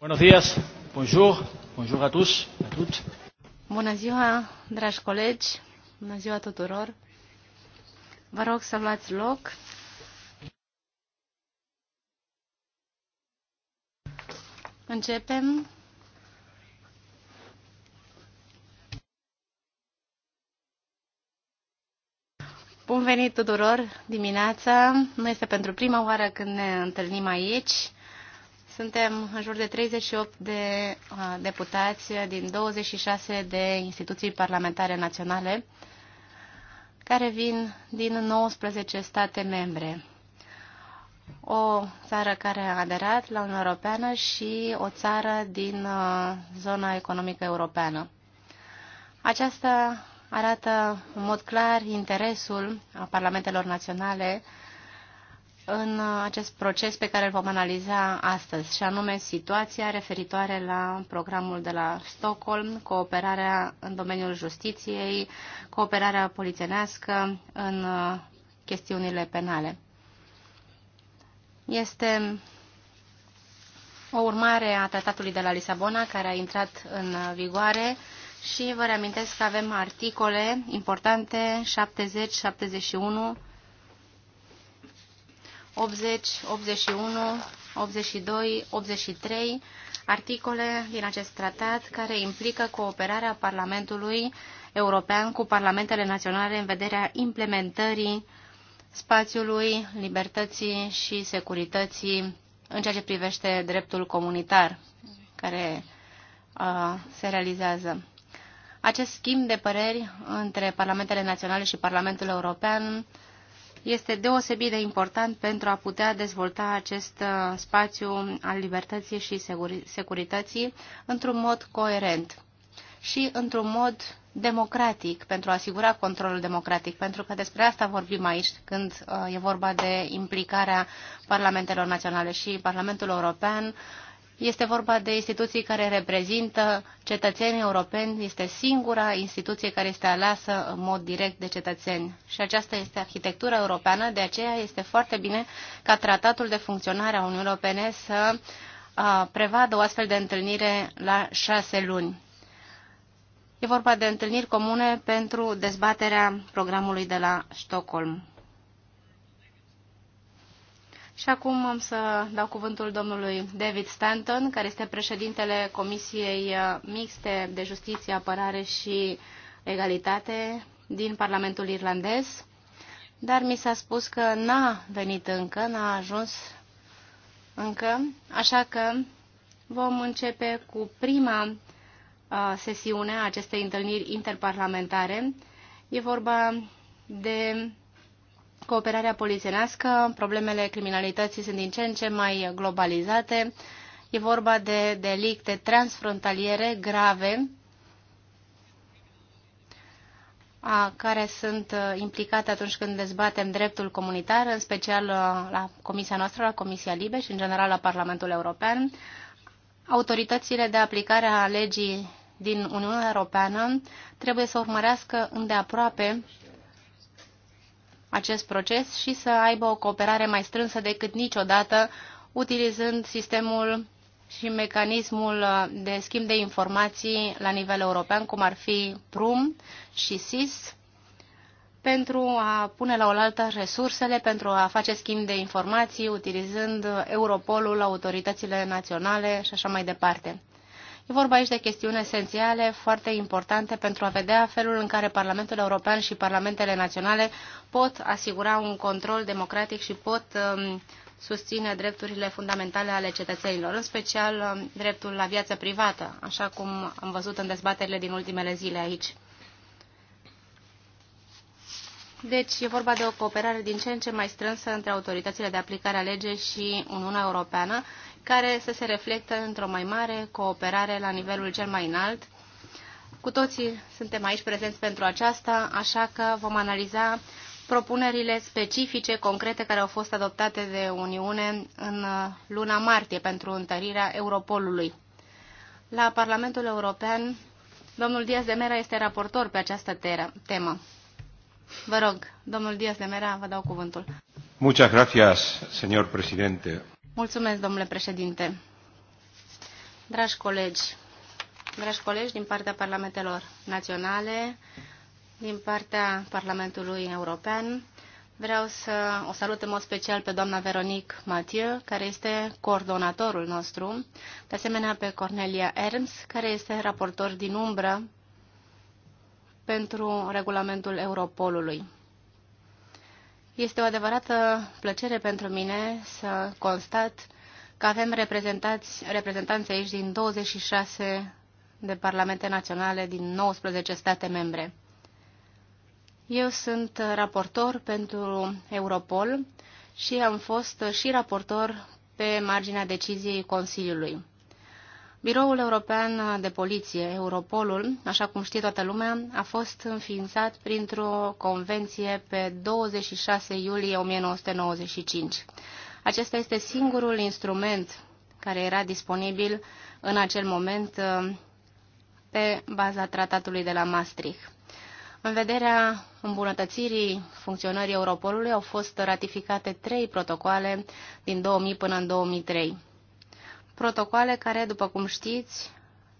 Buenos días, bonjour, bonjour tous, Bună ziua, dragi colegi, bună ziua tuturor. Vă rog să luați loc. Începem Bun venit tuturor dimineața! Nu este pentru prima oară când ne întâlnim aici. Suntem în jur de 38 de deputați din 26 de instituții parlamentare naționale care vin din 19 state membre. O țară care a aderat la Uniunea Europeană și o țară din zona economică europeană. Aceasta arată în mod clar interesul a parlamentelor naționale în acest proces pe care îl vom analiza astăzi, și anume situația referitoare la programul de la Stockholm, cooperarea în domeniul justiției, cooperarea polițienească în uh, chestiunile penale. Este o urmare a tratatului de la Lisabona, care a intrat în vigoare și vă reamintesc că avem articole importante 70, 71, 80, 81, 82, 83, articole din acest tratat care implică cooperarea Parlamentului European cu parlamentele naționale în vederea implementării spațiului, libertății și securității în ceea ce privește dreptul comunitar care uh, se realizează. Acest schimb de păreri între parlamentele naționale și Parlamentul European uh, este deosebit de important pentru a putea dezvolta acest uh, spațiu al libertății și securității într-un mod coerent și într-un mod democratic, pentru a asigura controlul democratic, pentru că despre asta vorbim aici când uh, e vorba de implicarea parlamentelor naționale și Parlamentul European este vorba de instituții care reprezintă cetățenii europeni, este singura instituție care este aleasă în mod direct de cetățeni. Și aceasta este arhitectura europeană, de aceea este foarte bine ca tratatul de funcționare a Uniunii Europene să prevadă o astfel de întâlnire la șase luni. E vorba de întâlniri comune pentru dezbaterea programului de la Stockholm. Și acum am să dau cuvântul domnului David Stanton, care este președintele Comisiei Mixte de Justiție, Apărare și Egalitate din Parlamentul Irlandez, dar mi s-a spus că n-a venit încă, n-a ajuns încă, așa că vom începe cu prima uh, sesiune a acestei întâlniri interparlamentare. E vorba de cooperarea polițienească, problemele criminalității sunt din ce în ce mai globalizate. E vorba de delicte transfrontaliere grave a, care sunt uh, implicate atunci când dezbatem dreptul comunitar, în special uh, la Comisia noastră, la Comisia Libe și în general la Parlamentul European. Autoritățile de aplicare a legii din Uniunea Europeană trebuie să urmărească îndeaproape acest proces și să aibă o cooperare mai strânsă decât niciodată, utilizând sistemul și mecanismul de schimb de informații la nivel european, cum ar fi PRUM și SIS, pentru a pune la oaltă resursele, pentru a face schimb de informații, utilizând Europolul, autoritățile naționale și așa mai departe. E vorba aici de chestiuni esențiale, foarte importante, pentru a vedea felul în care Parlamentul European și Parlamentele Naționale pot asigura un control democratic și pot um, susține drepturile fundamentale ale cetățenilor, în special um, dreptul la viață privată, așa cum am văzut în dezbaterile din ultimele zile aici. Deci e vorba de o cooperare din ce în ce mai strânsă între autoritățile de aplicare a legei și Uniunea Europeană care să se reflectă într-o mai mare cooperare la nivelul cel mai înalt. Cu toții suntem aici prezenți pentru aceasta, așa că vom analiza propunerile specifice, concrete, care au fost adoptate de Uniune în luna martie pentru întărirea Europolului. La Parlamentul European, domnul Diaz de Mera este raportor pe această teră, temă. Vă rog, domnul Diaz de Mera, vă dau cuvântul. Muchas gracias, señor presidente. Mulțumesc, domnule președinte. Dragi colegi, dragi colegi din partea parlamentelor naționale, din partea Parlamentului European, vreau să o salut în mod special pe doamna Veronique Mathieu, care este coordonatorul nostru, de asemenea pe Cornelia Erms, care este raportor din umbră pentru regulamentul Europolului. Este o adevărată plăcere pentru mine să constat că avem reprezentanți aici din 26 de parlamente naționale din 19 state membre. Eu sunt raportor pentru Europol și am fost și raportor pe marginea deciziei Consiliului. Biroul European de Poliție, Europolul, așa cum știe toată lumea, a fost înființat printr-o convenție pe 26 iulie 1995. Acesta este singurul instrument care era disponibil în acel moment uh, pe baza tratatului de la Maastricht. În vederea îmbunătățirii funcționării Europolului au fost ratificate trei protocoale din 2000 până în 2003 protocoale care, după cum știți,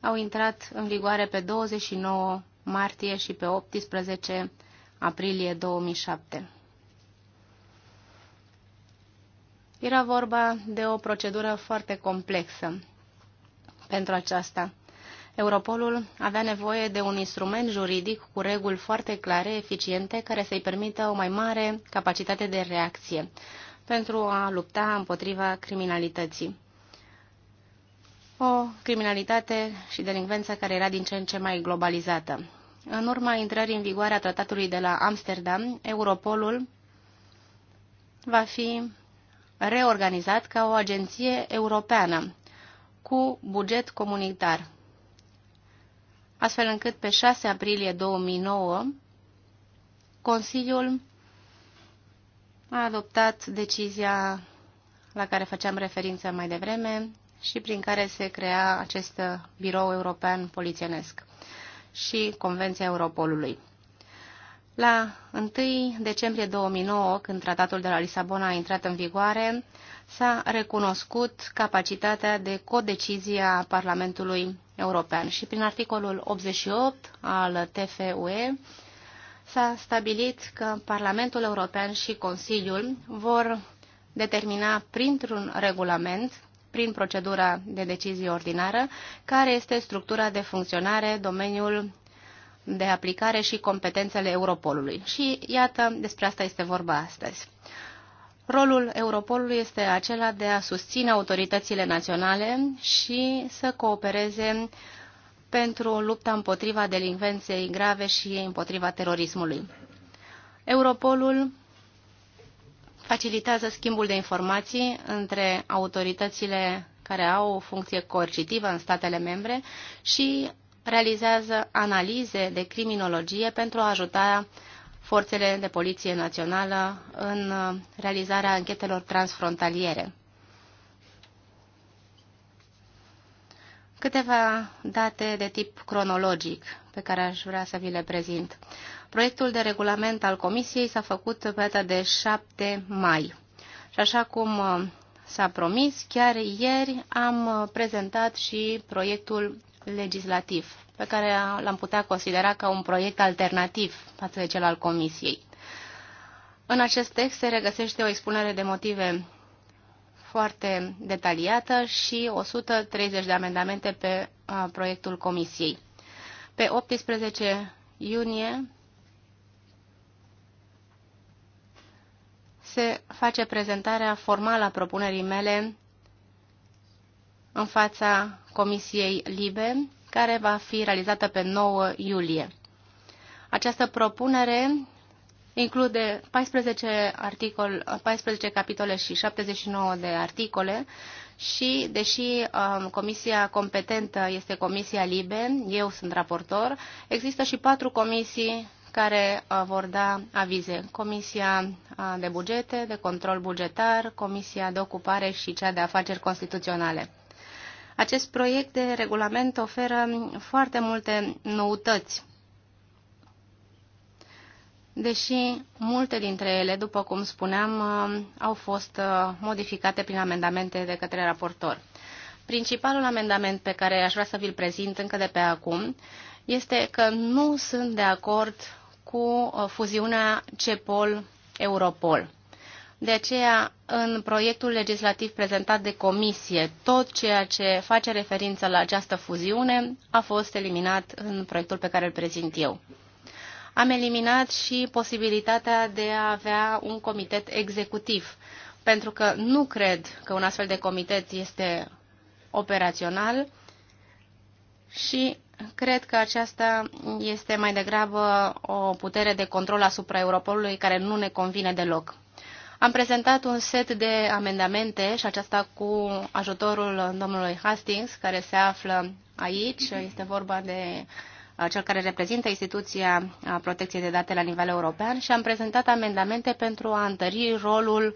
au intrat în vigoare pe 29 martie și pe 18 aprilie 2007. Era vorba de o procedură foarte complexă pentru aceasta. Europolul avea nevoie de un instrument juridic cu reguli foarte clare, eficiente, care să-i permită o mai mare capacitate de reacție pentru a lupta împotriva criminalității o criminalitate și delincvență care era din ce în ce mai globalizată. În urma intrării în vigoare a tratatului de la Amsterdam, Europolul va fi reorganizat ca o agenție europeană cu buget comunitar, astfel încât pe 6 aprilie 2009 Consiliul a adoptat decizia la care făceam referință mai devreme, și prin care se crea acest birou european polițienesc și Convenția Europolului. La 1 decembrie 2009, când tratatul de la Lisabona a intrat în vigoare, s-a recunoscut capacitatea de codecizie a Parlamentului European și prin articolul 88 al TFUE s-a stabilit că Parlamentul European și Consiliul vor determina printr-un regulament prin procedura de decizie ordinară, care este structura de funcționare, domeniul de aplicare și competențele Europolului. Și iată, despre asta este vorba astăzi. Rolul Europolului este acela de a susține autoritățile naționale și să coopereze pentru lupta împotriva delinvenței grave și împotriva terorismului. Europolul facilitează schimbul de informații între autoritățile care au o funcție coercitivă în statele membre și realizează analize de criminologie pentru a ajuta forțele de poliție națională în realizarea anchetelor transfrontaliere. Câteva date de tip cronologic pe care aș vrea să vi le prezint. Proiectul de regulament al Comisiei s-a făcut pe data de 7 mai. Și așa cum uh, s-a promis, chiar ieri am uh, prezentat și proiectul legislativ, pe care l-am putea considera ca un proiect alternativ față de cel al Comisiei. În acest text se regăsește o expunere de motive foarte detaliată și 130 de amendamente pe proiectul comisiei. Pe 18 iunie se face prezentarea formală a propunerii mele în fața Comisiei Libe, care va fi realizată pe 9 iulie. Această propunere include 14, articol, 14 capitole și 79 de articole și, deși um, comisia competentă este Comisia Libe, eu sunt raportor, există și patru comisii care uh, vor da avize. Comisia uh, de bugete, de control bugetar, Comisia de ocupare și cea de afaceri constituționale. Acest proiect de regulament oferă foarte multe noutăți deși multe dintre ele, după cum spuneam, uh, au fost uh, modificate prin amendamente de către raportor. Principalul amendament pe care aș vrea să vi-l prezint încă de pe acum este că nu sunt de acord cu uh, fuziunea CEPOL-Europol. De aceea, în proiectul legislativ prezentat de comisie, tot ceea ce face referință la această fuziune a fost eliminat în proiectul pe care îl prezint eu am eliminat și posibilitatea de a avea un comitet executiv, pentru că nu cred că un astfel de comitet este operațional și cred că aceasta este mai degrabă o putere de control asupra Europolului care nu ne convine deloc. Am prezentat un set de amendamente și aceasta cu ajutorul domnului Hastings, care se află aici. Este vorba de uh, cel care reprezintă instituția protecției de date la nivel european și am prezentat amendamente pentru a întări rolul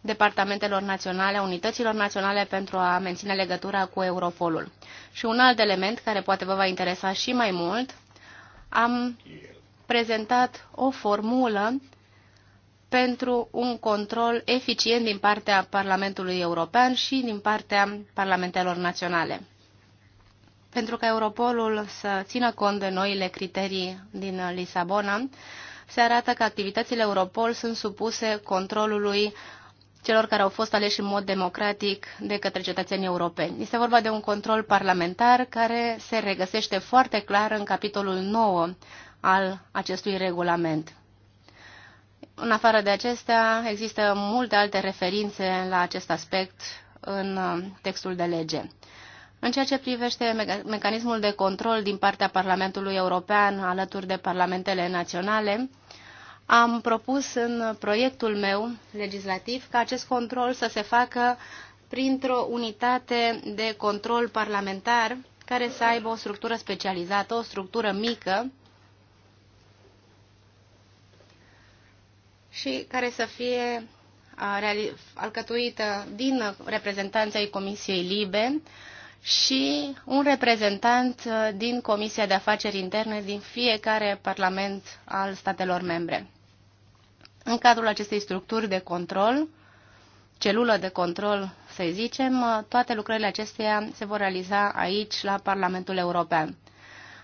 departamentelor naționale, unităților naționale pentru a menține legătura cu Europolul. Și un alt element care poate vă va interesa și mai mult, am prezentat o formulă pentru un control eficient din partea Parlamentului European și din partea Parlamentelor Naționale pentru ca Europolul să țină cont de noile criterii din Lisabona, se arată că activitățile Europol sunt supuse controlului celor care au fost aleși în mod democratic de către cetățenii europeni. Este vorba de un control parlamentar care se regăsește foarte clar în capitolul 9 al acestui regulament. În afară de acestea, există multe alte referințe la acest aspect în uh, textul de lege. În ceea ce privește mecanismul de control din partea Parlamentului European alături de parlamentele naționale, am propus în proiectul meu legislativ ca acest control să se facă printr-o unitate de control parlamentar care să aibă o structură specializată, o structură mică și care să fie alcătuită din reprezentanța Comisiei Libe, și un reprezentant uh, din Comisia de Afaceri Interne din fiecare parlament al statelor membre. În cadrul acestei structuri de control, celulă de control, să zicem, uh, toate lucrările acestea se vor realiza aici, la Parlamentul European.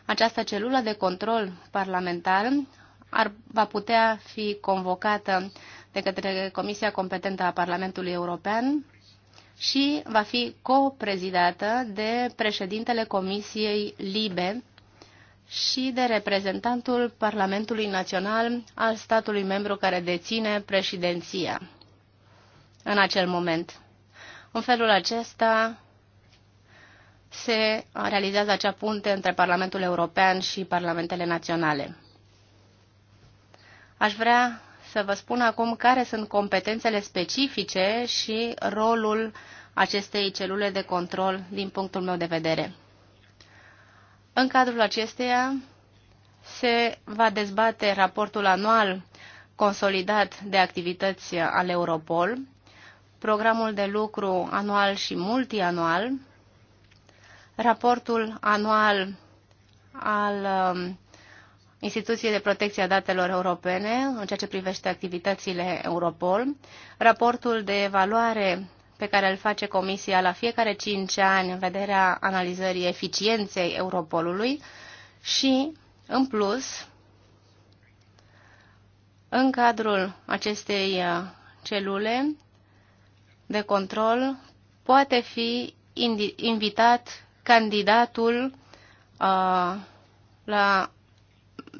Această celulă de control parlamentar ar, va putea fi convocată de către Comisia Competentă a Parlamentului European și va fi coprezidată de președintele Comisiei Libe și de reprezentantul Parlamentului Național al statului membru care deține președinția în acel moment. În felul acesta se realizează acea punte între Parlamentul European și Parlamentele Naționale. Aș vrea să vă spun acum care sunt competențele specifice și rolul acestei celule de control din punctul meu de vedere. În cadrul acesteia se va dezbate raportul anual consolidat de activități al Europol, programul de lucru anual și multianual, raportul anual al um, instituție de protecție a datelor europene în ceea ce privește activitățile Europol, raportul de evaluare pe care îl face Comisia la fiecare cinci ani în vederea analizării eficienței Europolului și, în plus, în cadrul acestei uh, celule de control poate fi invitat candidatul uh, la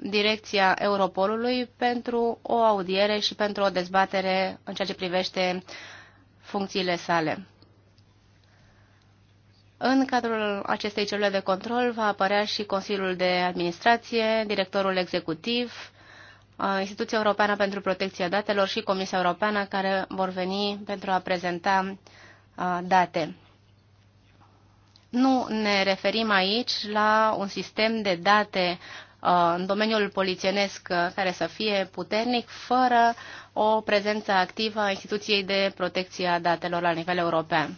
direcția Europolului pentru o audiere și pentru o dezbatere în ceea ce privește funcțiile sale. În cadrul acestei celule de control va apărea și Consiliul de Administrație, directorul executiv, Instituția Europeană pentru Protecția Datelor și Comisia Europeană care vor veni pentru a prezenta date. Nu ne referim aici la un sistem de date Uh, în domeniul polițienesc uh, care să fie puternic, fără o prezență activă a instituției de protecție a datelor la nivel european.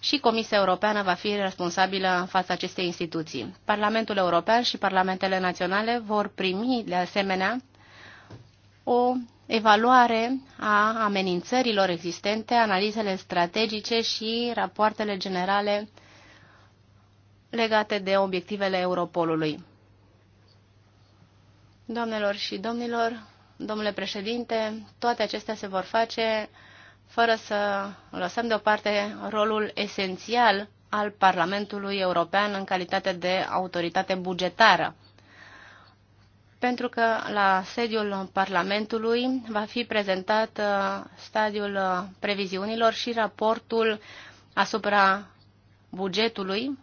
Și Comisia Europeană va fi responsabilă în fața acestei instituții. Parlamentul European și parlamentele naționale vor primi, de asemenea, o evaluare a amenințărilor existente, analizele strategice și rapoartele generale legate de obiectivele Europolului. Doamnelor și domnilor, domnule președinte, toate acestea se vor face fără să lăsăm deoparte rolul esențial al Parlamentului European în calitate de autoritate bugetară. Pentru că la sediul Parlamentului va fi prezentat uh, stadiul uh, previziunilor și raportul asupra bugetului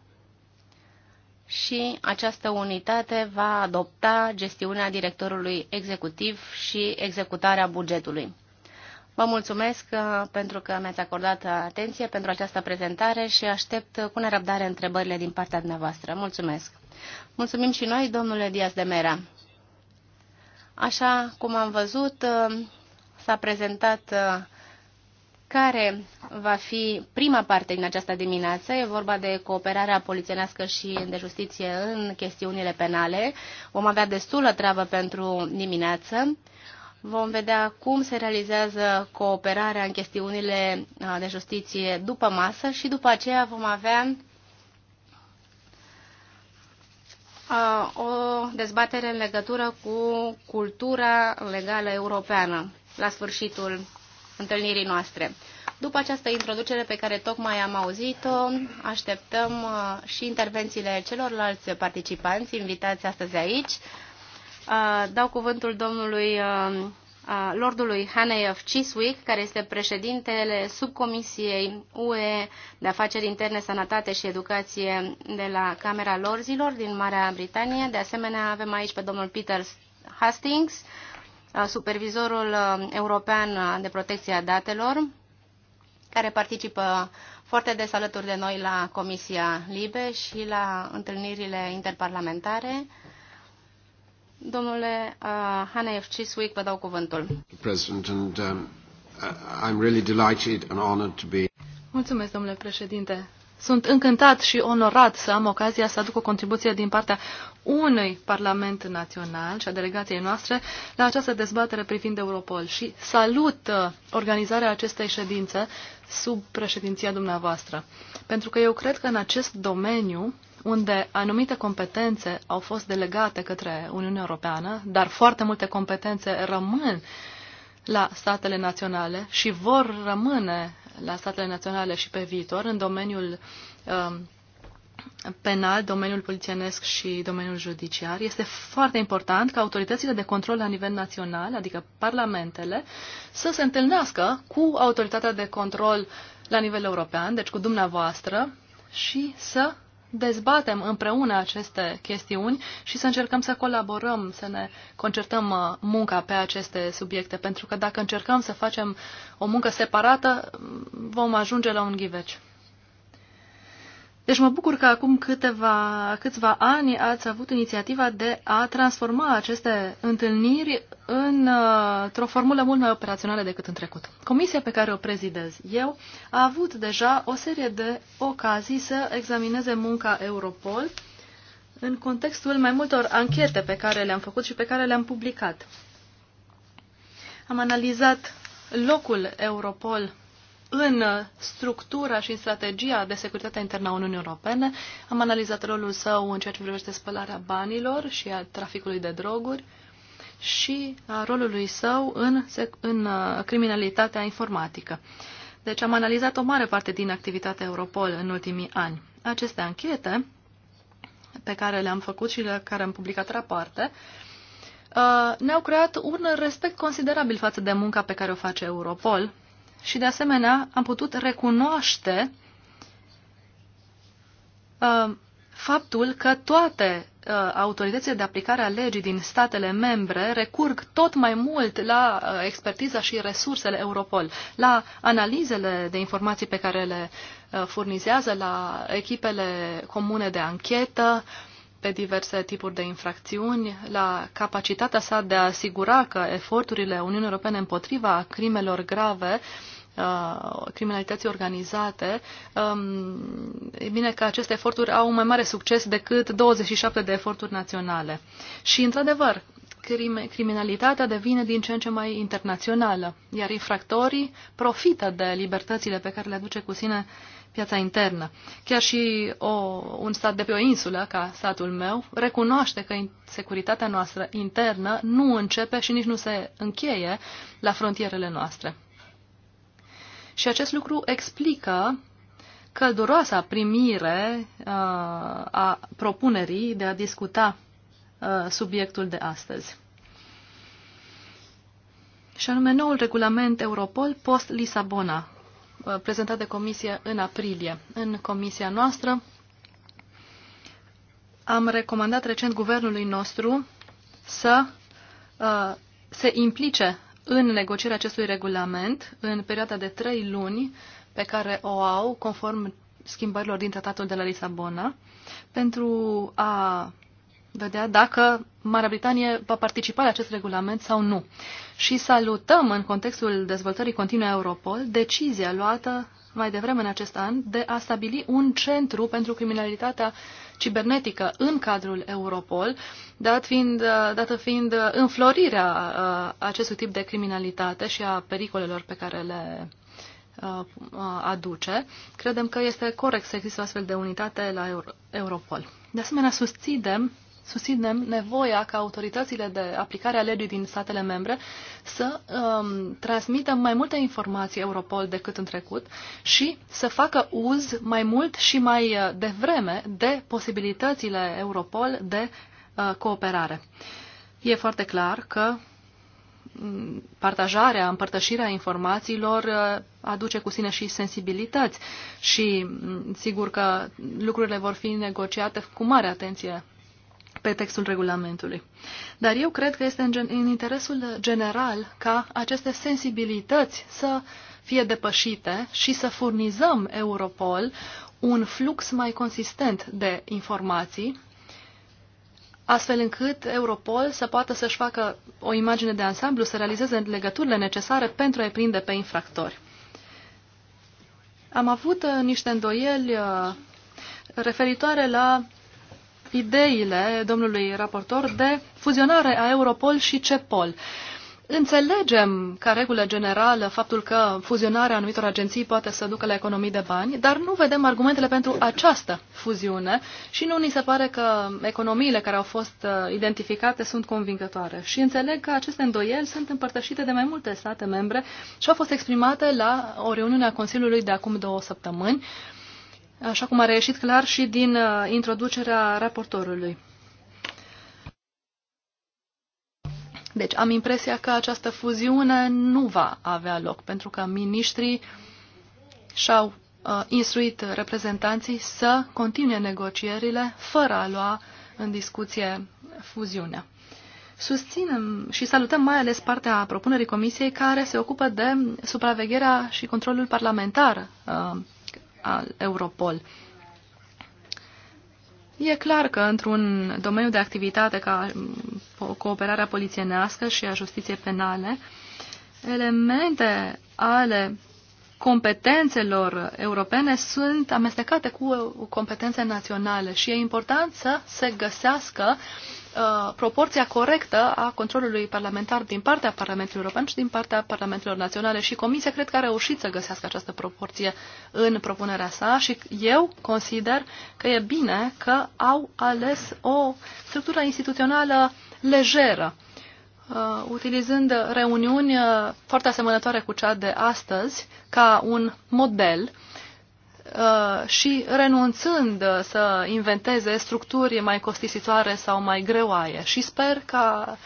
și această unitate va adopta gestiunea directorului executiv și executarea bugetului. Vă mulțumesc uh, pentru că mi-ați acordat atenție pentru această prezentare și aștept cu nerăbdare întrebările din partea dumneavoastră. Mulțumesc! Mulțumim și noi, domnule Diaz de Mera. Așa cum am văzut, uh, s-a prezentat uh, care va fi prima parte din această dimineață. E vorba de cooperarea polițienească și de justiție în chestiunile penale. Vom avea destulă treabă pentru dimineață. Vom vedea cum se realizează cooperarea în chestiunile de justiție după masă și după aceea vom avea o dezbatere în legătură cu cultura legală europeană la sfârșitul întâlnirii noastre. După această introducere pe care tocmai am auzit-o, așteptăm uh, și intervențiile celorlalți participanți invitați astăzi aici. Uh, dau cuvântul domnului uh, Lordului Hanei of Chiswick, care este președintele subcomisiei UE de afaceri interne, sănătate și educație de la Camera Lorzilor din Marea Britanie. De asemenea, avem aici pe domnul Peter Hastings, supervizorul uh, european uh, de protecție a datelor, care participă foarte des alături de noi la Comisia Libe și la întâlnirile interparlamentare. Domnule uh, Hanei Chiswick, vă dau cuvântul. Um, Mulțumesc, domnule președinte. Sunt încântat și onorat să am ocazia să aduc o contribuție din partea unui Parlament Național și a delegației noastre la această dezbatere privind Europol și salut uh, organizarea acestei ședințe sub președinția dumneavoastră. Pentru că eu cred că în acest domeniu, unde anumite competențe au fost delegate către Uniunea Europeană, dar foarte multe competențe rămân la statele naționale și vor rămâne la statele naționale și pe viitor în domeniul um, penal, domeniul polițienesc și domeniul judiciar, este foarte important ca autoritățile de control la nivel național, adică parlamentele, să se întâlnească cu autoritatea de control la nivel european, deci cu dumneavoastră, și să dezbatem împreună aceste chestiuni și să încercăm să colaborăm, să ne concertăm uh, munca pe aceste subiecte, pentru că dacă încercăm să facem o muncă separată, mm, vom ajunge la un ghiveci. Deci mă bucur că acum câteva, câțiva ani ați avut inițiativa de a transforma aceste întâlniri în, uh, într-o formulă mult mai operațională decât în trecut. Comisia pe care o prezidez eu a avut deja o serie de ocazii să examineze munca Europol în contextul mai multor anchete pe care le-am făcut și pe care le-am publicat. Am analizat locul Europol în structura și în strategia de securitate internă a Uniunii Europene. Am analizat rolul său în ceea ce privește spălarea banilor și a traficului de droguri și a rolului său în, în uh, criminalitatea informatică. Deci am analizat o mare parte din activitatea Europol în ultimii ani. Aceste anchete pe care le-am făcut și la care am publicat rapoarte uh, ne-au creat un respect considerabil față de munca pe care o face Europol și, de asemenea, am putut recunoaște uh, faptul că toate uh, autoritățile de aplicare a legii din statele membre recurg tot mai mult la uh, expertiza și resursele Europol, la analizele de informații pe care le uh, furnizează, la echipele comune de anchetă, uh, pe diverse tipuri de infracțiuni, la capacitatea sa de a asigura că eforturile Uniunii Europene împotriva crimelor grave uh, criminalității organizate, um, e bine că aceste eforturi au un mai mare succes decât 27 de eforturi naționale. Și, într-adevăr, criminalitatea devine din ce în ce mai internațională, iar infractorii profită de libertățile pe care le aduce cu sine piața internă. Chiar și o, un stat de pe o insulă, ca statul meu, recunoaște că securitatea noastră internă nu începe și nici nu se încheie la frontierele noastre. Și acest lucru explică călduroasa primire uh, a propunerii de a discuta uh, subiectul de astăzi. Și anume noul regulament Europol post-Lisabona, Uh, prezentat de comisie în aprilie. În comisia noastră am recomandat recent guvernului nostru să uh, se implice în negocierea acestui regulament în perioada de trei luni pe care o au conform schimbărilor din tratatul de la Lisabona pentru a vedea dacă Marea Britanie va participa la acest regulament sau nu. Și salutăm în contextul dezvoltării continue a Europol decizia luată mai devreme în acest an de a stabili un centru pentru criminalitatea cibernetică în cadrul Europol, dat fiind, dată fiind înflorirea uh, acestui tip de criminalitate și a pericolelor pe care le uh, aduce. Credem că este corect să există o astfel de unitate la Europol. De asemenea, susținem susținem nevoia ca autoritățile de aplicare a legii din statele membre să um, transmită mai multe informații Europol decât în trecut și să facă uz mai mult și mai uh, devreme de posibilitățile Europol de uh, cooperare. E foarte clar că mm, partajarea, împărtășirea informațiilor uh, aduce cu sine și sensibilități și mm, sigur că lucrurile vor fi negociate cu mare atenție pe textul regulamentului. Dar eu cred că este în, gen, în interesul general ca aceste sensibilități să fie depășite și să furnizăm Europol un flux mai consistent de informații, astfel încât Europol să poată să-și facă o imagine de ansamblu, să realizeze legăturile necesare pentru a-i prinde pe infractori. Am avut uh, niște îndoieli uh, referitoare la ideile domnului raportor de fuzionare a Europol și CEPOL. Înțelegem ca regulă generală faptul că fuzionarea anumitor agenții poate să ducă la economii de bani, dar nu vedem argumentele pentru această fuziune și nu ni se pare că economiile care au fost uh, identificate sunt convingătoare. Și înțeleg că aceste îndoieli sunt împărtășite de mai multe state membre și au fost exprimate la o reuniune a Consiliului de acum două săptămâni așa cum a reieșit clar și din uh, introducerea raportorului. Deci am impresia că această fuziune nu va avea loc, pentru că miniștrii și-au uh, instruit reprezentanții să continue negocierile fără a lua în discuție fuziunea. Susținem și salutăm mai ales partea propunerii Comisiei care se ocupă de supravegherea și controlul parlamentar uh, al Europol. E clar că într-un domeniu de activitate ca cooperarea polițienească și a justiției penale, elemente ale competențelor europene sunt amestecate cu competențe naționale și e important să se găsească uh, proporția corectă a controlului parlamentar din partea Parlamentului European și din partea Parlamentelor Naționale și Comisia cred că a reușit să găsească această proporție în propunerea sa și eu consider că e bine că au ales o structură instituțională lejeră Uh, utilizând reuniuni uh, foarte asemănătoare cu cea de astăzi ca un model uh, și renunțând să inventeze structuri mai costisitoare sau mai greoaie. Și sper ca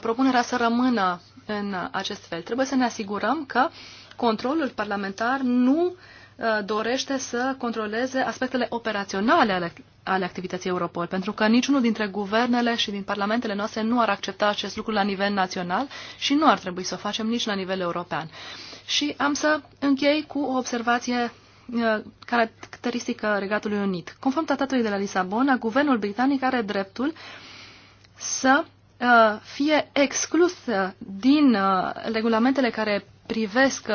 propunerea să rămână în acest fel. Trebuie să ne asigurăm că controlul parlamentar nu dorește să controleze aspectele operaționale ale ale activității Europol, pentru că niciunul dintre guvernele și din parlamentele noastre nu ar accepta acest lucru la nivel național și nu ar trebui să o facem nici la nivel european. Și am să închei cu o observație uh, caracteristică Regatului Unit. Conform tratatului de la Lisabona, guvernul britanic are dreptul să uh, fie exclus uh, din regulamentele care privesc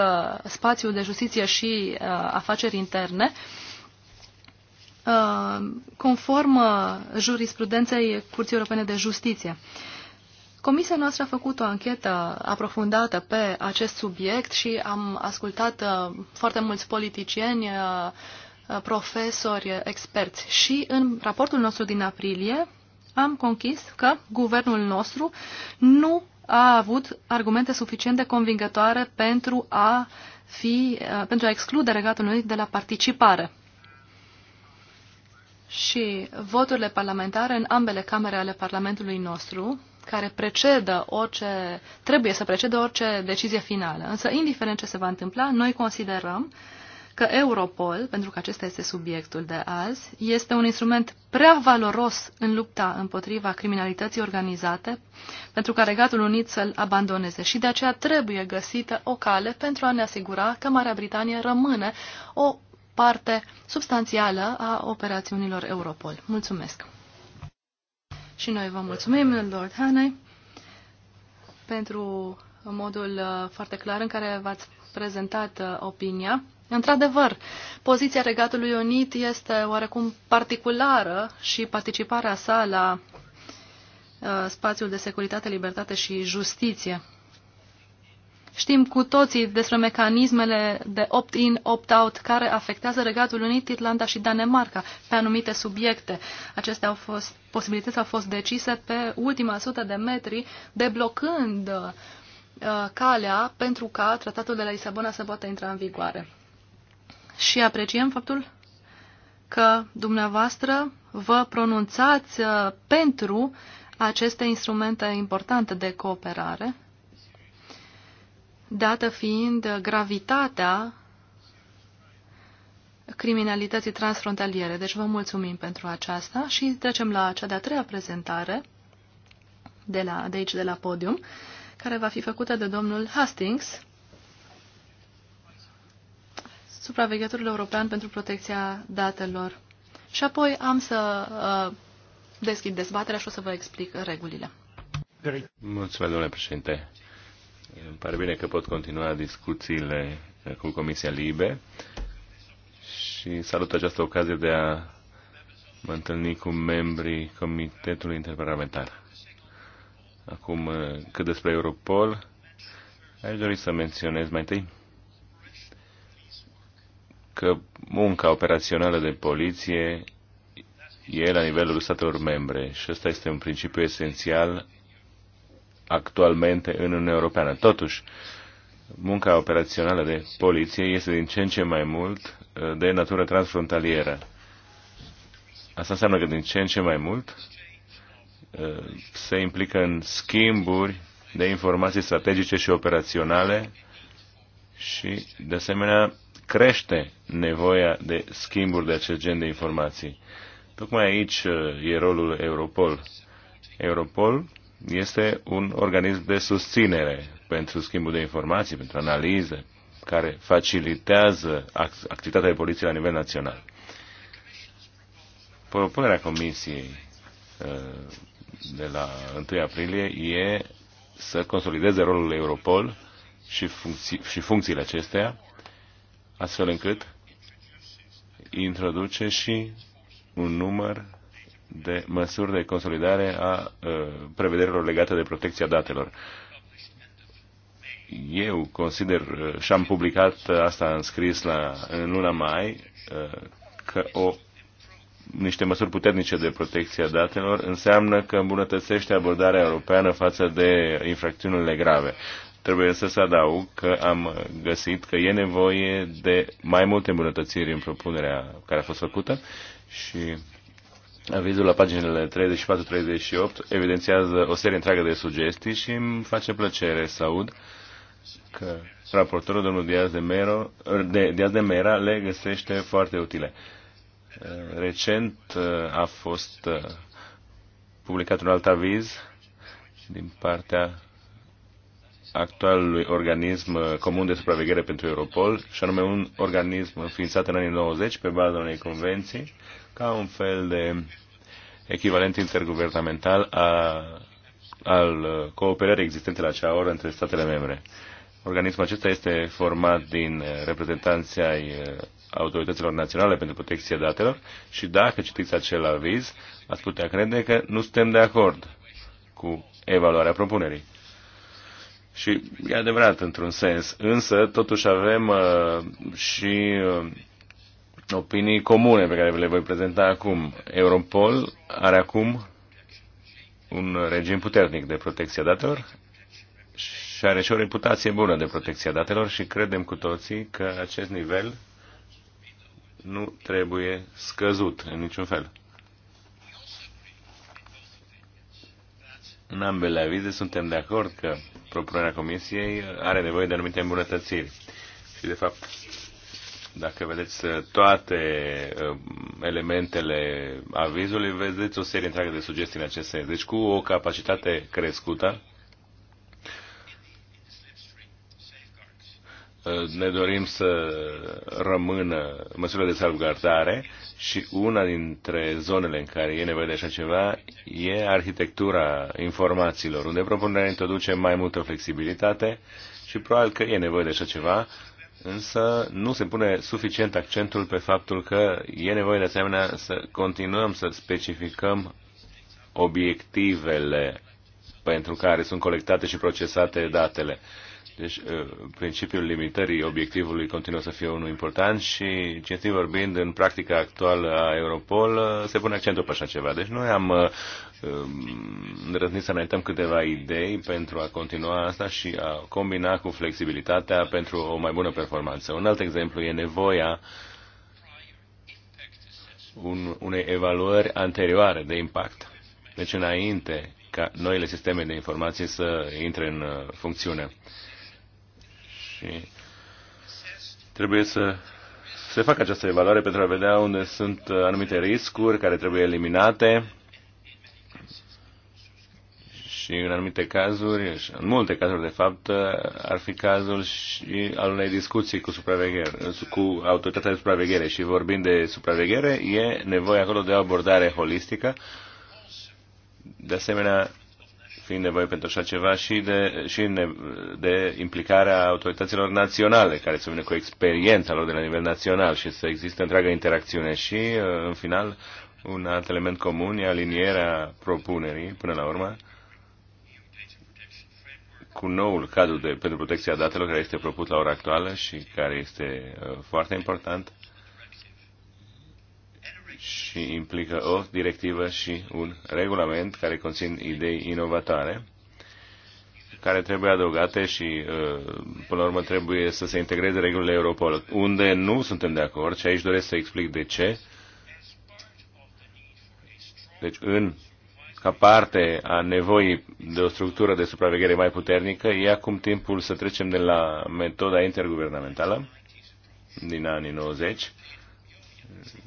spațiul de justiție și afaceri interne uh, Uh, conform uh, jurisprudenței Curții Europene de Justiție. Comisia noastră a făcut o anchetă aprofundată pe acest subiect și am ascultat uh, foarte mulți politicieni, profesori, experți. Și în raportul nostru din aprilie am conchis că guvernul nostru nu a avut argumente suficient de convingătoare pentru a, fi, pentru a exclude Regatul Unit de la participare și voturile parlamentare în ambele camere ale Parlamentului nostru, care precedă orice, trebuie să precedă orice decizie finală. Însă, indiferent ce se va întâmpla, noi considerăm că Europol, pentru că acesta este subiectul de azi, este un instrument prea valoros în lupta împotriva criminalității organizate, pentru ca Regatul Unit să-l abandoneze și de aceea trebuie găsită o cale pentru a ne asigura că Marea Britanie rămâne o parte substanțială a operațiunilor Europol. Mulțumesc! Și noi vă mulțumim, Lord Haney, pentru modul uh, foarte clar în care v-ați prezentat uh, opinia. Într-adevăr, poziția Regatului Unit este oarecum particulară și participarea sa la uh, spațiul de securitate, libertate și justiție. Știm cu toții despre mecanismele de opt-in, opt-out care afectează Regatul Unit, Irlanda și Danemarca pe anumite subiecte. Acestea au fost, posibilități au fost decise pe ultima sută de metri, deblocând uh, calea pentru ca tratatul de la Lisabona să poată intra în vigoare. Și apreciem faptul că dumneavoastră vă pronunțați uh, pentru aceste instrumente importante de cooperare dată fiind gravitatea criminalității transfrontaliere. Deci vă mulțumim pentru aceasta și trecem la cea de-a treia prezentare de, la, de aici, de la podium, care va fi făcută de domnul Hastings, supraveghetorul european pentru protecția datelor. Și apoi am să uh, deschid dezbaterea și o să vă explic regulile. Mulțumesc, domnule președinte. Îmi pare bine că pot continua discuțiile cu Comisia Libe și salut această ocazie de a mă întâlni cu membrii Comitetului Interparlamentar. Acum, cât despre Europol, aș dori să menționez mai întâi că munca operațională de poliție e la nivelul statelor membre și ăsta este un principiu esențial actualmente în Uniunea Europeană. Totuși, munca operațională de poliție este din ce în ce mai mult uh, de natură transfrontalieră. Asta înseamnă că din ce în ce mai mult uh, se implică în schimburi de informații strategice și operaționale și, de asemenea, crește nevoia de schimburi de acest gen de informații. Tocmai aici uh, e rolul Europol. Europol este un organism de susținere pentru schimbul de informații, pentru analize, care facilitează activitatea de poliție la nivel național. Propunerea Comisiei uh, de la 1 aprilie e să consolideze rolul Europol și, funcții, și funcțiile acesteia, astfel încât introduce și un număr de măsuri de consolidare a uh, prevederilor legate de protecția datelor. Eu consider, uh, și am publicat uh, asta în scris la, în luna mai, că o niște măsuri puternice de protecție a datelor înseamnă că îmbunătățește abordarea europeană față de infracțiunile grave. Trebuie să se adaug că am găsit că e nevoie de mai multe îmbunătățiri în propunerea care a fost făcută și Avizul la paginile 34-38 evidențiază o serie întreagă de sugestii și îmi face plăcere să aud că raportorul domnul Diaz de, Mero, de, Diaz de Mera le găsește foarte utile. Uh, recent uh, a fost uh, publicat un alt aviz din partea actualului organism uh, comun de supraveghere pentru Europol, și anume un organism înființat în anii 90 pe baza unei convenții, ca un fel de echivalent interguvernamental a, al uh, cooperării existente la acea oră între statele membre. Organismul acesta este format din uh, reprezentanții ai autorităților naționale pentru protecția datelor și dacă citiți acel aviz, ați putea crede că nu suntem de acord cu evaluarea propunerii. Și e adevărat într-un sens, însă totuși avem uh, și uh, opinii comune pe care le voi prezenta acum. Europol are acum un regim puternic de protecție datelor și are și o reputație bună de protecție datelor și credem cu toții că acest nivel nu trebuie scăzut în niciun fel. În ambele avize suntem de acord că propunerea Comisiei are nevoie de anumite îmbunătățiri. Și, de fapt, dacă vedeți uh, toate uh, elementele avizului, vedeți o serie întreagă de sugestii în acest sens. Deci, cu o capacitate crescută, ne dorim să rămână măsurile de salvgardare și una dintre zonele în care e nevoie de așa ceva e arhitectura informațiilor, unde propunerea introduce mai multă flexibilitate și probabil că e nevoie de așa ceva, însă nu se pune suficient accentul pe faptul că e nevoie de asemenea să continuăm să specificăm obiectivele pentru care sunt colectate și procesate datele deci, uh, principiul limitării obiectivului continuă să fie unul important și, cinstit vorbind, în practica actuală a Europol uh, se pune accentul pe așa ceva. Deci noi am îndrăznit uh, um, să înaintăm câteva idei pentru a continua asta și a combina cu flexibilitatea pentru o mai bună performanță. Un alt exemplu e nevoia un, unei evaluări anterioare de impact. Deci înainte ca noile sisteme de informații să intre în funcțiune și trebuie să se facă această evaluare pentru a vedea unde sunt anumite riscuri care trebuie eliminate și în anumite cazuri, în multe cazuri de fapt, ar fi cazul și al unei discuții cu, cu autoritatea de supraveghere. Și vorbind de supraveghere, e nevoie acolo de o abordare holistică. De asemenea, Fiind nevoie pentru așa ceva și de, și de implicarea autorităților naționale, care să vină cu experiența lor de la nivel național și să existe întreaga interacțiune. Și, uh, în final, un alt element comun e alinierea propunerii, până la urmă, cu noul cadru de, pentru protecția datelor care este propus la ora actuală și care este uh, foarte important și implică o directivă și un regulament care conțin idei inovatoare care trebuie adăugate și, uh, până la urmă, trebuie să se integreze regulile Europol. Unde nu suntem de acord, și aici doresc să explic de ce, deci, în, ca parte a nevoii de o structură de supraveghere mai puternică, e acum timpul să trecem de la metoda interguvernamentală din anii 90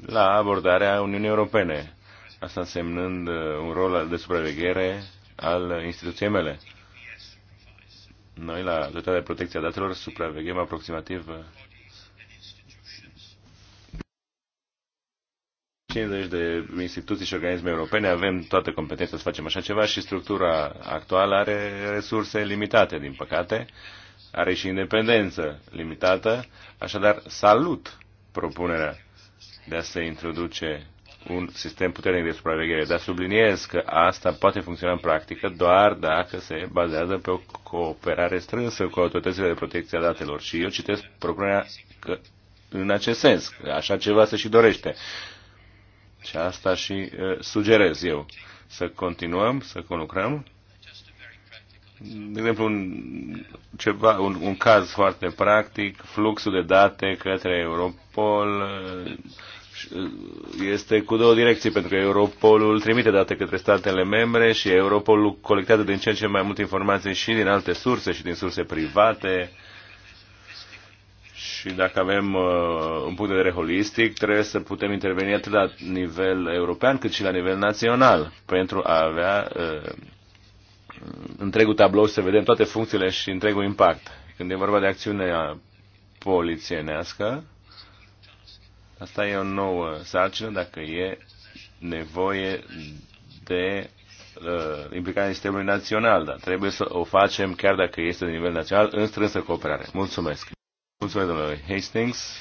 la abordarea Uniunii Europene, asta însemnând uh, un rol de supraveghere al instituției mele. Noi, la Autoritatea de Protecție a Datelor, supraveghem aproximativ 50 uh, de instituții și organisme europene, avem toată competența să facem așa ceva și structura actuală are resurse limitate, din păcate, are și independență limitată, așadar salut propunerea de a se introduce un sistem puternic de supraveghere, dar subliniez că asta poate funcționa în practică doar dacă se bazează pe o cooperare strânsă cu autoritățile de protecție a datelor. Și eu citesc propunerea că în acest sens, că așa ceva se și dorește. Și asta și uh, sugerez eu. Să continuăm, să conlucrăm. De exemplu, un, ceva, un, un caz foarte practic, fluxul de date către Europol. Uh, Uh, este cu două direcții, pentru că Europolul trimite date către statele membre și Europolul colectează din ce în ce mai multe informații și din alte surse și din surse private. Și dacă avem uh, un punct de vedere holistic, trebuie să putem interveni atât la nivel european cât și la nivel național pentru a avea uh, întregul tablou să vedem toate funcțiile și întregul impact. Când e vorba de acțiunea polițienească, Asta e o nouă sarcină dacă e nevoie de uh, implicarea sistemului național, dar trebuie să o facem chiar dacă este de nivel național în strânsă cooperare. Mulțumesc! Mulțumesc, domnule Hastings,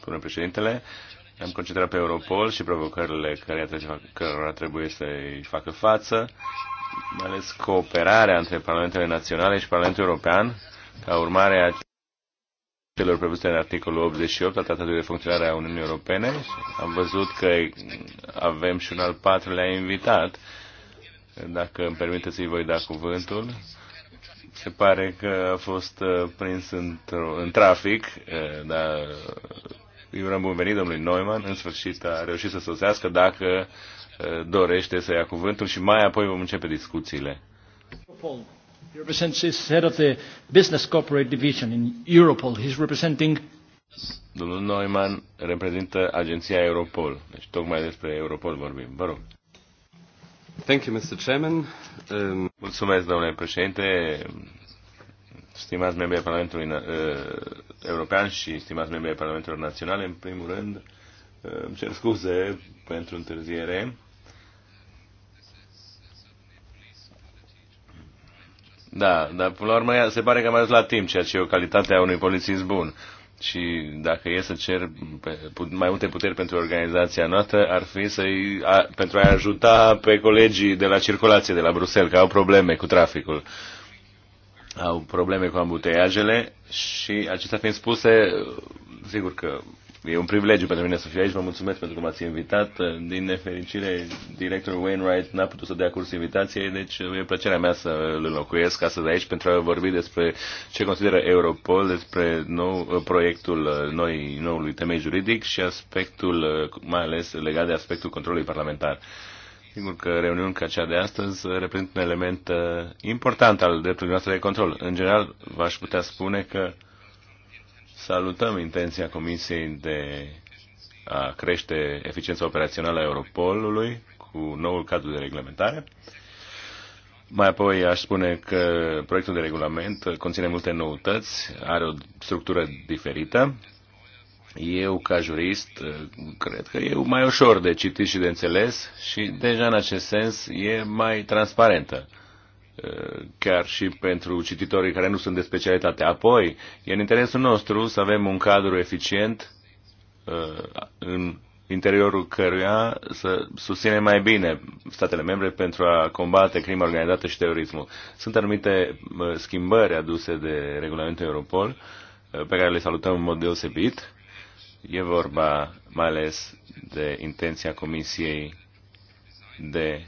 domnule președintele. Am concentrat pe Europol și provocările care trebuie să-i facă față, mai ales cooperarea între Parlamentele Naționale și Parlamentul European, ca urmare a celor prevăzute în articolul 88 al Tratatului de Funcționare a Uniunii Europene. Am văzut că avem și un al patrulea invitat. Dacă îmi permiteți, îi voi da cuvântul. Se pare că a fost uh, prins în trafic, uh, dar îi urăm bun venit domnului Neumann. În sfârșit a reușit să sosească dacă uh, dorește să ia cuvântul și mai apoi vom începe discuțiile represents his head of the business corporate division in Europol. He's representing Domnul Neumann reprezintă agenția Europol. Deci tocmai despre Europol vorbim. Vă rog. Thank you, Mr. Chairman. Um... Mulțumesc, domnule președinte, stimați membri ai Parlamentului uh, European și stimați membri ai Parlamentelor Naționale. În primul rând, uh, îmi uh, cer scuze pentru întârziere. Da, dar până la urmă se pare că mai ajuns la timp, ceea ce e o calitate a unui polițist bun. Și dacă e să cer mai multe puteri pentru organizația noastră, ar fi să a, pentru a ajuta pe colegii de la circulație, de la Bruxelles, că au probleme cu traficul, au probleme cu ambuteiajele și acestea fiind spuse, sigur că e un privilegiu pentru mine să fiu aici. Vă mulțumesc pentru că m-ați invitat. Din nefericire, directorul Wainwright n-a putut să dea curs invitației, deci e plăcerea mea să îl înlocuiesc de aici pentru a vorbi despre ce consideră Europol, despre nou, proiectul noi, noului temei juridic și aspectul, mai ales legat de aspectul controlului parlamentar. Sigur că reuniunea ca cea de astăzi reprezintă un element uh, important al dreptului noastră de control. În general, v-aș putea spune că Salutăm intenția Comisiei de a crește eficiența operațională a Europolului cu noul cadru de reglementare. Mai apoi aș spune că proiectul de regulament conține multe noutăți, are o structură diferită. Eu, ca jurist, cred că e mai ușor de citit și de înțeles și deja în acest sens e mai transparentă chiar și pentru cititorii care nu sunt de specialitate. Apoi, e în interesul nostru să avem un cadru eficient uh, în interiorul căruia să susținem mai bine statele membre pentru a combate crima organizată și terorismul. Sunt anumite uh, schimbări aduse de regulamentul Europol uh, pe care le salutăm în mod deosebit. E vorba mai ales de intenția Comisiei de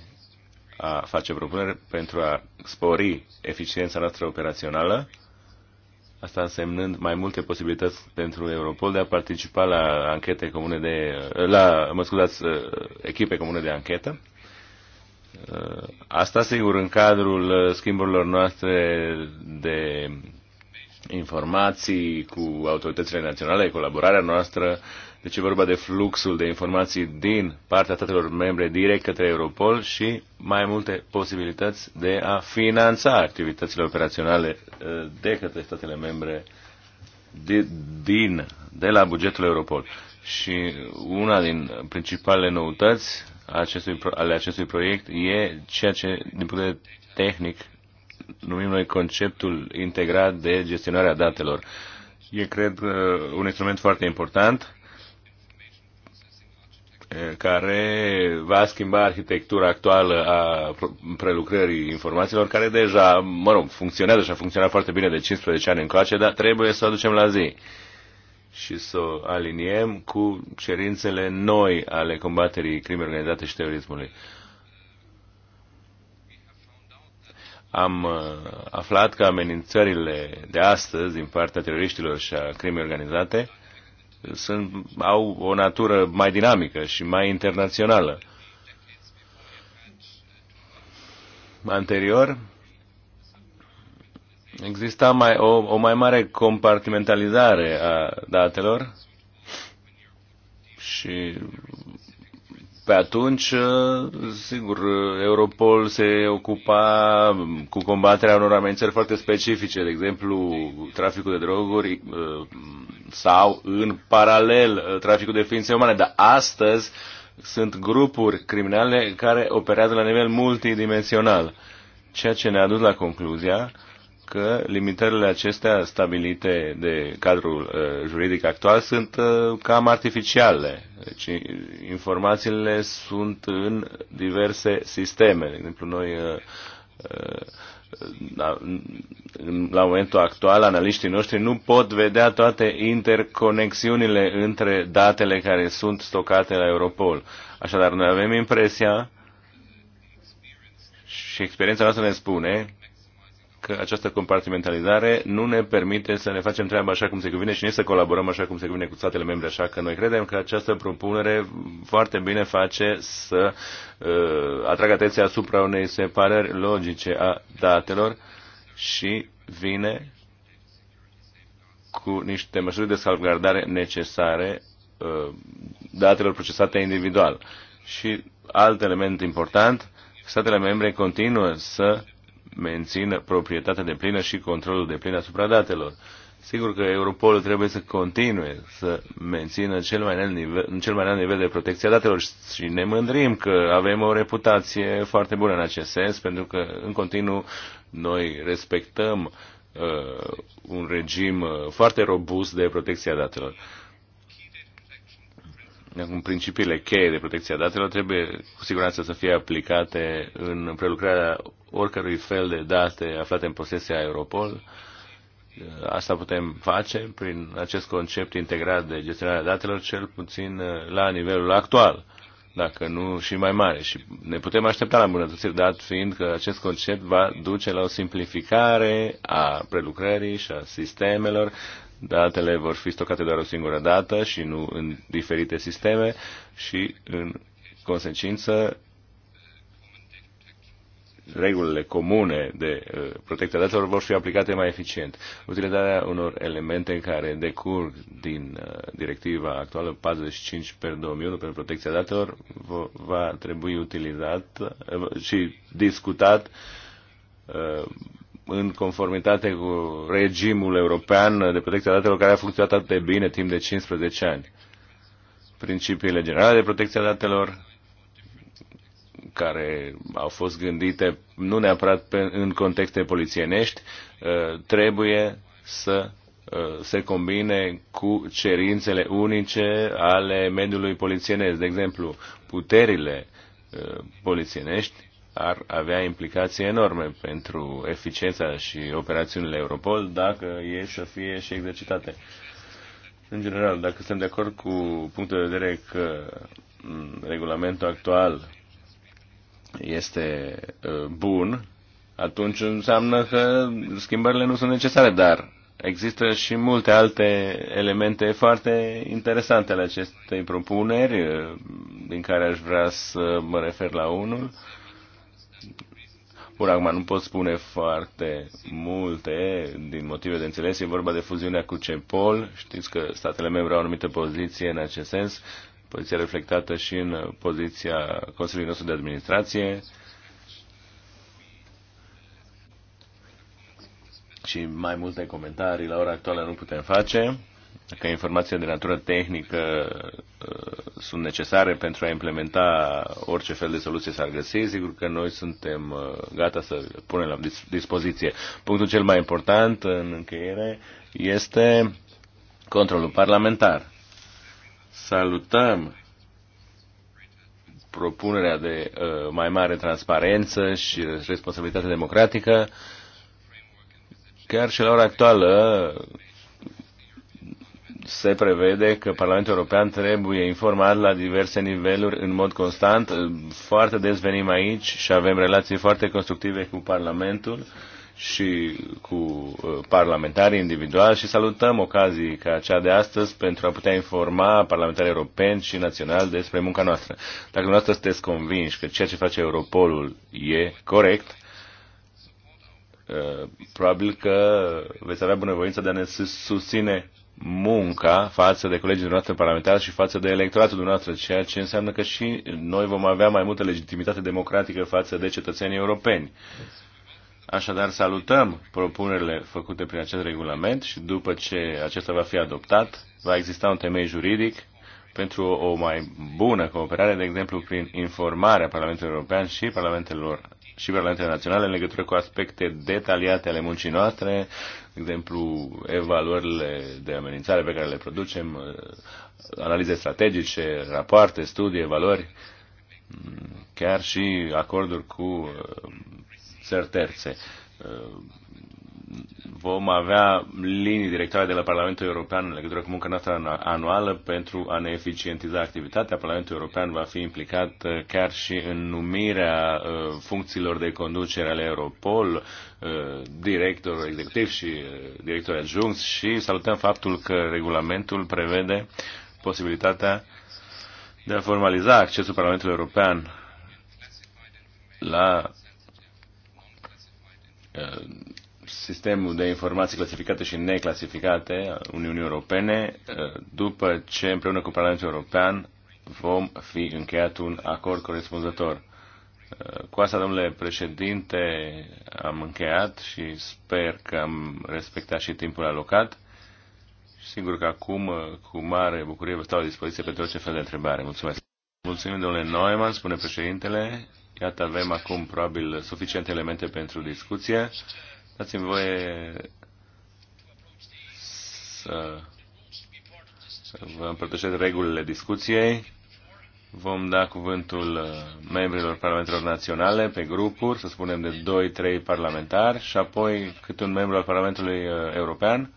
a face propuneri pentru a spori eficiența noastră operațională, asta însemnând mai multe posibilități pentru Europol de a participa la anchete comune de, la, mă scuzați, uh, echipe comune de anchetă. Uh, asta, sigur, în cadrul uh, schimburilor noastre de informații cu autoritățile naționale, colaborarea noastră deci e vorba de fluxul de informații din partea statelor membre direct către Europol și mai multe posibilități de a finanța activitățile operaționale uh, de către statele membre de, din, de la bugetul Europol. Și una din principalele noutăți acestui, ale acestui proiect e ceea ce, din punct de vedere tehnic, numim noi conceptul integrat de gestionarea datelor. E, cred, uh, un instrument foarte important care va schimba arhitectura actuală a prelucrării informațiilor, care deja, mă rog, funcționează și a funcționat foarte bine de 15 ani încoace, dar trebuie să o aducem la zi și să o aliniem cu cerințele noi ale combaterii crimei organizate și terorismului. Am uh, aflat că amenințările de astăzi din partea teroriștilor și a crimei organizate sunt, au o natură mai dinamică și mai internațională. Anterior, exista mai, o, o mai mare compartimentalizare a datelor și pe atunci, ă, sigur, Europol se ocupa cu combaterea unor amenințări foarte specifice, de exemplu, traficul de droguri ă, sau, în paralel, ă, traficul de ființe umane. Dar astăzi sunt grupuri criminale care operează la nivel multidimensional, ceea ce ne-a dus la concluzia că limitările acestea stabilite de cadrul uh, juridic actual sunt uh, cam artificiale. Deci informațiile sunt în diverse sisteme. De exemplu, noi uh, la momentul actual, analiștii noștri nu pot vedea toate interconexiunile între datele care sunt stocate la Europol. Așadar, noi avem impresia și experiența noastră ne spune că această compartimentalizare nu ne permite să ne facem treaba așa cum se cuvine și nici să colaborăm așa cum se cuvine cu statele membre. Așa că noi credem că această propunere foarte bine face să uh, atragă atenția asupra unei separări logice a datelor și vine cu niște măsuri de salvgardare necesare uh, datelor procesate individual. Și alt element important, statele membre continuă să mențină proprietatea de plină și controlul de plin asupra datelor. Sigur că Europol trebuie să continue să mențină cel mai înalt nivel, cel mai înalt nivel de protecție a datelor și ne mândrim că avem o reputație foarte bună în acest sens, pentru că în continuu noi respectăm uh, un regim uh, foarte robust de protecție a datelor. Uh, în principiile cheie de protecție a datelor trebuie cu siguranță să fie aplicate în prelucrarea oricărui fel de date aflate în posesia Europol. Asta putem face prin acest concept integrat de gestionare a datelor, cel puțin uh, la nivelul actual, dacă nu și mai mare. Și ne putem aștepta la îmbunătățiri, dat fiind că acest concept va duce la o simplificare a prelucrării și a sistemelor Datele vor fi stocate doar o singură dată și nu în diferite sisteme și, în consecință, regulile comune de uh, protecție a datelor vor fi aplicate mai eficient. Utilizarea unor elemente care decurg din uh, directiva actuală 45 per 2001 pentru protecția datelor va trebui utilizat uh, și discutat în conformitate cu regimul european de protecție a datelor care a funcționat atât de bine timp de 15 ani. Principiile generale de protecție a datelor care au fost gândite nu neapărat pe, în contexte polițienești, ă, trebuie să ă, se combine cu cerințele unice ale mediului polițienesc. De exemplu, puterile ă, polițienești ar avea implicații enorme pentru eficiența și operațiunile Europol dacă e să fie și exercitate. În general, dacă suntem de acord cu punctul de vedere că regulamentul actual este uh, bun, atunci înseamnă că schimbările nu sunt necesare, dar există și multe alte elemente foarte interesante ale acestei propuneri, uh, din care aș vrea să mă refer la unul. Bun, acum nu pot spune foarte multe din motive de înțeles. E vorba de fuziunea cu CEPOL. Știți că statele membre au anumită poziție în acest sens, poziția reflectată și în poziția Consiliului nostru de administrație. Și mai multe comentarii la ora actuală nu putem face dacă informații de natură tehnică uh, sunt necesare pentru a implementa orice fel de soluție s-ar găsi, sigur că noi suntem uh, gata să punem la dispoziție. Punctul cel mai important în încheiere este controlul parlamentar. Salutăm propunerea de uh, mai mare transparență și responsabilitate democratică Chiar și la ora actuală, se prevede că Parlamentul European trebuie informat la diverse niveluri în mod constant. Foarte des venim aici și avem relații foarte constructive cu Parlamentul și cu uh, parlamentarii individuali și salutăm ocazii ca cea de astăzi pentru a putea informa parlamentarii europeni și naționali despre munca noastră. Dacă dumneavoastră sunteți convinși că ceea ce face Europolul e corect, uh, probabil că veți avea bunăvoința de a ne susține munca față de colegii dumneavoastră parlamentari și față de electoratul dumneavoastră, ceea ce înseamnă că și noi vom avea mai multă legitimitate democratică față de cetățenii europeni. Așadar, salutăm propunerile făcute prin acest regulament și după ce acesta va fi adoptat, va exista un temei juridic pentru o mai bună cooperare, de exemplu, prin informarea Parlamentului European și Parlamentelor și pe relațiile naționale în legătură cu aspecte detaliate ale muncii noastre, de exemplu, evaluările de amenințare pe care le producem, uh, analize strategice, rapoarte, studii, evaluări, mm, chiar și acorduri cu uh, țări terțe uh, vom avea linii directoare de la Parlamentul European în legătură cu munca noastră anuală pentru a ne eficientiza activitatea. Parlamentul European va fi implicat uh, chiar și în numirea uh, funcțiilor de conducere ale Europol, uh, director executiv și director adjunct și salutăm faptul că regulamentul prevede posibilitatea de a formaliza accesul Parlamentului European la sistemul de informații clasificate și neclasificate al Uniunii Europene uh, după ce împreună cu Parlamentul European vom fi încheiat un acord corespunzător. Uh, cu asta, domnule președinte, am încheiat și sper că am respectat și timpul alocat. Sigur că acum, uh, cu mare bucurie, vă stau la dispoziție pentru orice fel de întrebare. Mulțumesc. Mulțumim, domnule Neumann, spune președintele. Iată, avem acum probabil suficiente elemente pentru discuție. Dați-mi voie să vă împărtășesc regulile discuției. Vom da cuvântul uh, membrilor Parlamentelor Naționale pe grupuri, să spunem de 2-3 parlamentari și apoi cât un membru al Parlamentului uh, European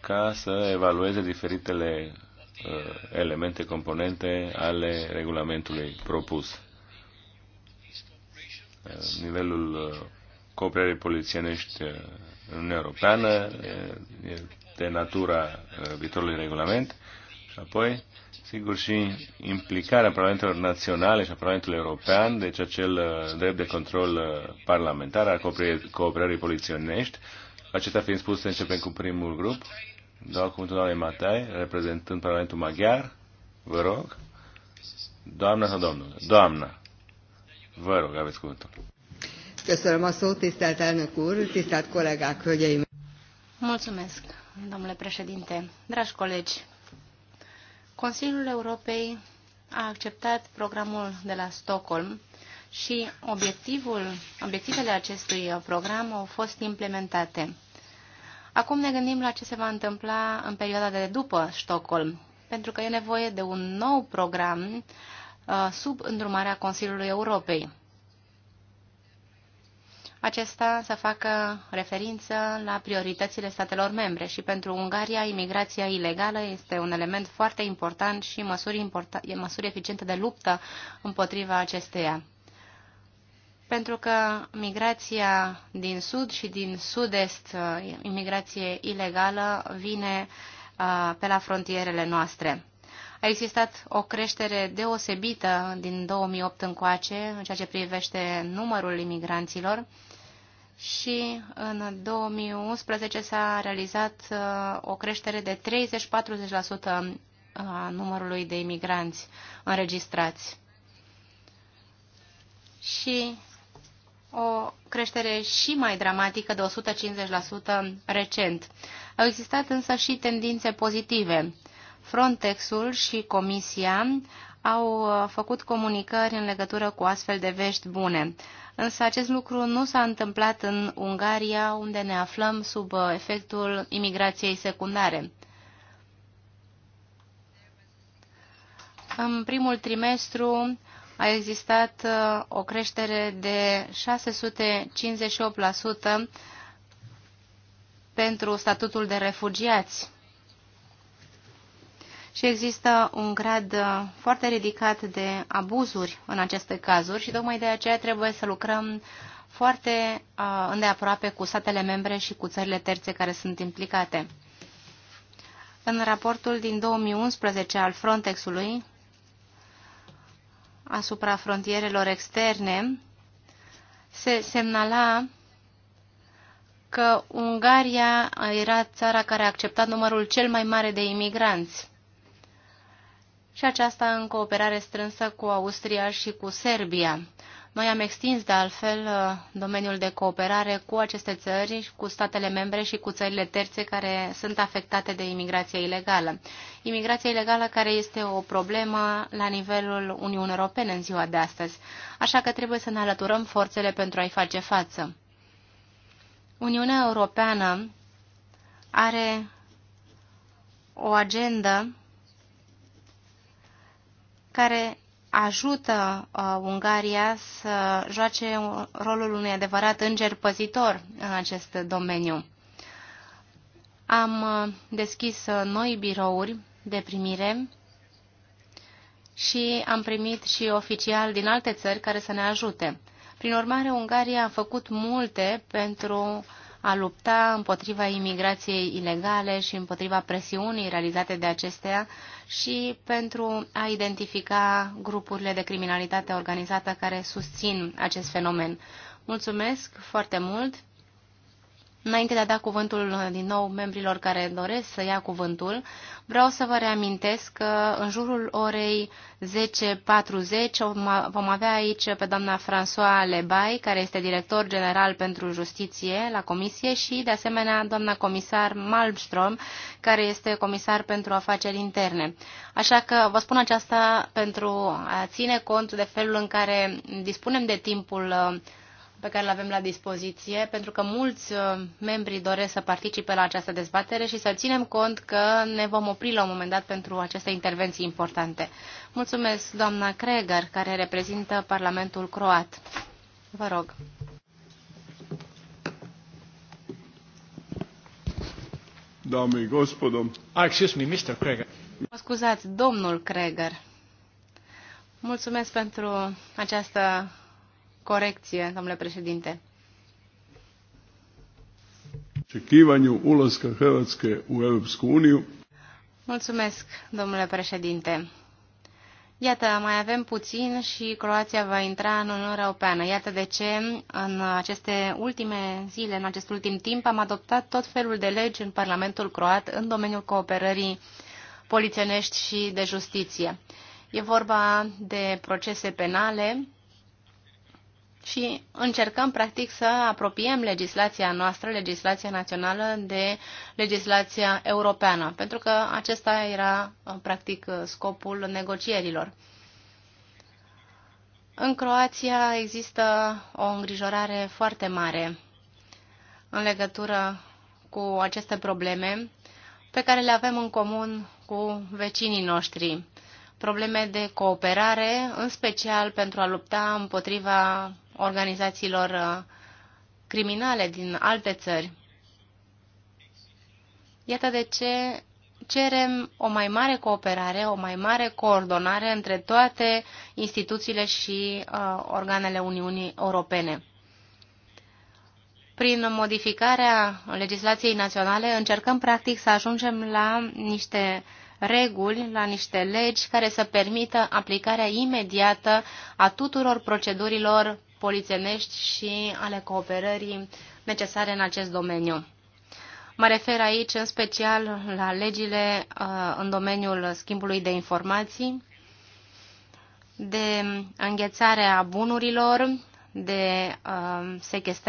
ca să evalueze diferitele uh, elemente, componente ale regulamentului propus. Nivelul cooperării polițienești uh, în Uniunea Europeană, de natura uh, viitorului regulament și apoi, sigur, și implicarea parlamentelor naționale și a Parlamentului European, deci acel uh, drept de control parlamentar al cooperării polițienești. Acesta fiind spus, să începem cu primul grup. Doamna cuvântul doamnei Matai, reprezentând Parlamentul Maghiar. Vă rog. Doamna sau domnul? Doamna. Vă rog, aveți cuvântul. Köszönöm a szót, tisztelt elnök úr, tisztelt kollégák, hölgyeim. Mulțumesc, domnule președinte. Dragi colegi, Consiliul Europei a acceptat programul de la Stockholm și obiectivul, obiectivele acestui program au fost implementate. Acum ne gândim la ce se va întâmpla în perioada de după Stockholm, pentru că e nevoie de un nou program uh, sub îndrumarea Consiliului Europei acesta să facă referință la prioritățile statelor membre și pentru Ungaria imigrația ilegală este un element foarte important și măsuri, importa, măsuri eficiente de luptă împotriva acesteia. Pentru că migrația din sud și din sud-est, uh, imigrație ilegală, vine uh, pe la frontierele noastre. A existat o creștere deosebită din 2008 încoace în ceea ce privește numărul imigranților și în 2011 s-a realizat uh, o creștere de 30-40% a numărului de imigranți înregistrați. Și o creștere și mai dramatică de 150% recent. Au existat însă și tendințe pozitive. Frontexul și Comisia au uh, făcut comunicări în legătură cu astfel de vești bune. Însă acest lucru nu s-a întâmplat în Ungaria, unde ne aflăm sub uh, efectul imigrației secundare. În primul trimestru a existat uh, o creștere de 658% pentru statutul de refugiați și există un grad uh, foarte ridicat de abuzuri în aceste cazuri și tocmai de aceea trebuie să lucrăm foarte uh, îndeaproape cu statele membre și cu țările terțe care sunt implicate. În raportul din 2011 al Frontexului asupra frontierelor externe se semnala că Ungaria era țara care a acceptat numărul cel mai mare de imigranți și aceasta în cooperare strânsă cu Austria și cu Serbia. Noi am extins, de altfel, domeniul de cooperare cu aceste țări, cu statele membre și cu țările terțe care sunt afectate de imigrația ilegală. Imigrația ilegală care este o problemă la nivelul Uniunii Europene în ziua de astăzi, așa că trebuie să ne alăturăm forțele pentru a-i face față. Uniunea Europeană are o agendă care ajută uh, Ungaria să joace rolul unui adevărat înger păzitor în acest domeniu. Am uh, deschis uh, noi birouri de primire și am primit și oficial din alte țări care să ne ajute. Prin urmare, Ungaria a făcut multe pentru uh, a lupta împotriva imigrației ilegale și împotriva presiunii realizate de acestea și pentru a identifica grupurile de criminalitate organizată care susțin acest fenomen. Mulțumesc foarte mult! Înainte de a da cuvântul uh, din nou membrilor care doresc să ia cuvântul, vreau să vă reamintesc că în jurul orei 10.40 vom avea aici pe doamna François Lebai, care este director general pentru justiție la comisie și, de asemenea, doamna comisar Malmström, care este comisar pentru afaceri interne. Așa că vă spun aceasta pentru a ține cont de felul în care dispunem de timpul uh, pe care îl avem la dispoziție, pentru că mulți uh, membri doresc să participe la această dezbatere și să ținem cont că ne vom opri la un moment dat pentru aceste intervenții importante. Mulțumesc, doamna Kreger, care reprezintă Parlamentul Croat. Vă rog. Doamne, gospodom. Ah, excuse me, Mr. Kreger. Mă scuzați, domnul Kreger. Mulțumesc pentru această corecție, domnule președinte. Cechivaniu ulaska Hrvatske u Europsku uniju. Mulțumesc, domnule președinte. Iată, mai avem puțin și Croația va intra în Uniunea Europeană. Iată de ce în aceste ultime zile, în acest ultim timp, am adoptat tot felul de legi în Parlamentul Croat în domeniul cooperării polițienești și de justiție. E vorba de procese penale și încercăm practic să apropiem legislația noastră, legislația națională, de legislația europeană, pentru că acesta era uh, practic uh, scopul negocierilor. În Croația există o îngrijorare foarte mare în legătură cu aceste probleme pe care le avem în comun cu vecinii noștri. Probleme de cooperare, în special pentru a lupta împotriva organizațiilor uh, criminale din alte țări. Iată de ce cerem o mai mare cooperare, o mai mare coordonare între toate instituțiile și uh, organele Uniunii Europene. Prin modificarea legislației naționale încercăm practic să ajungem la niște reguli, la niște legi care să permită aplicarea imediată a tuturor procedurilor polițenești și ale cooperării necesare în acest domeniu. Mă refer aici în special la legile uh, în domeniul schimbului de informații, de a bunurilor, de uh,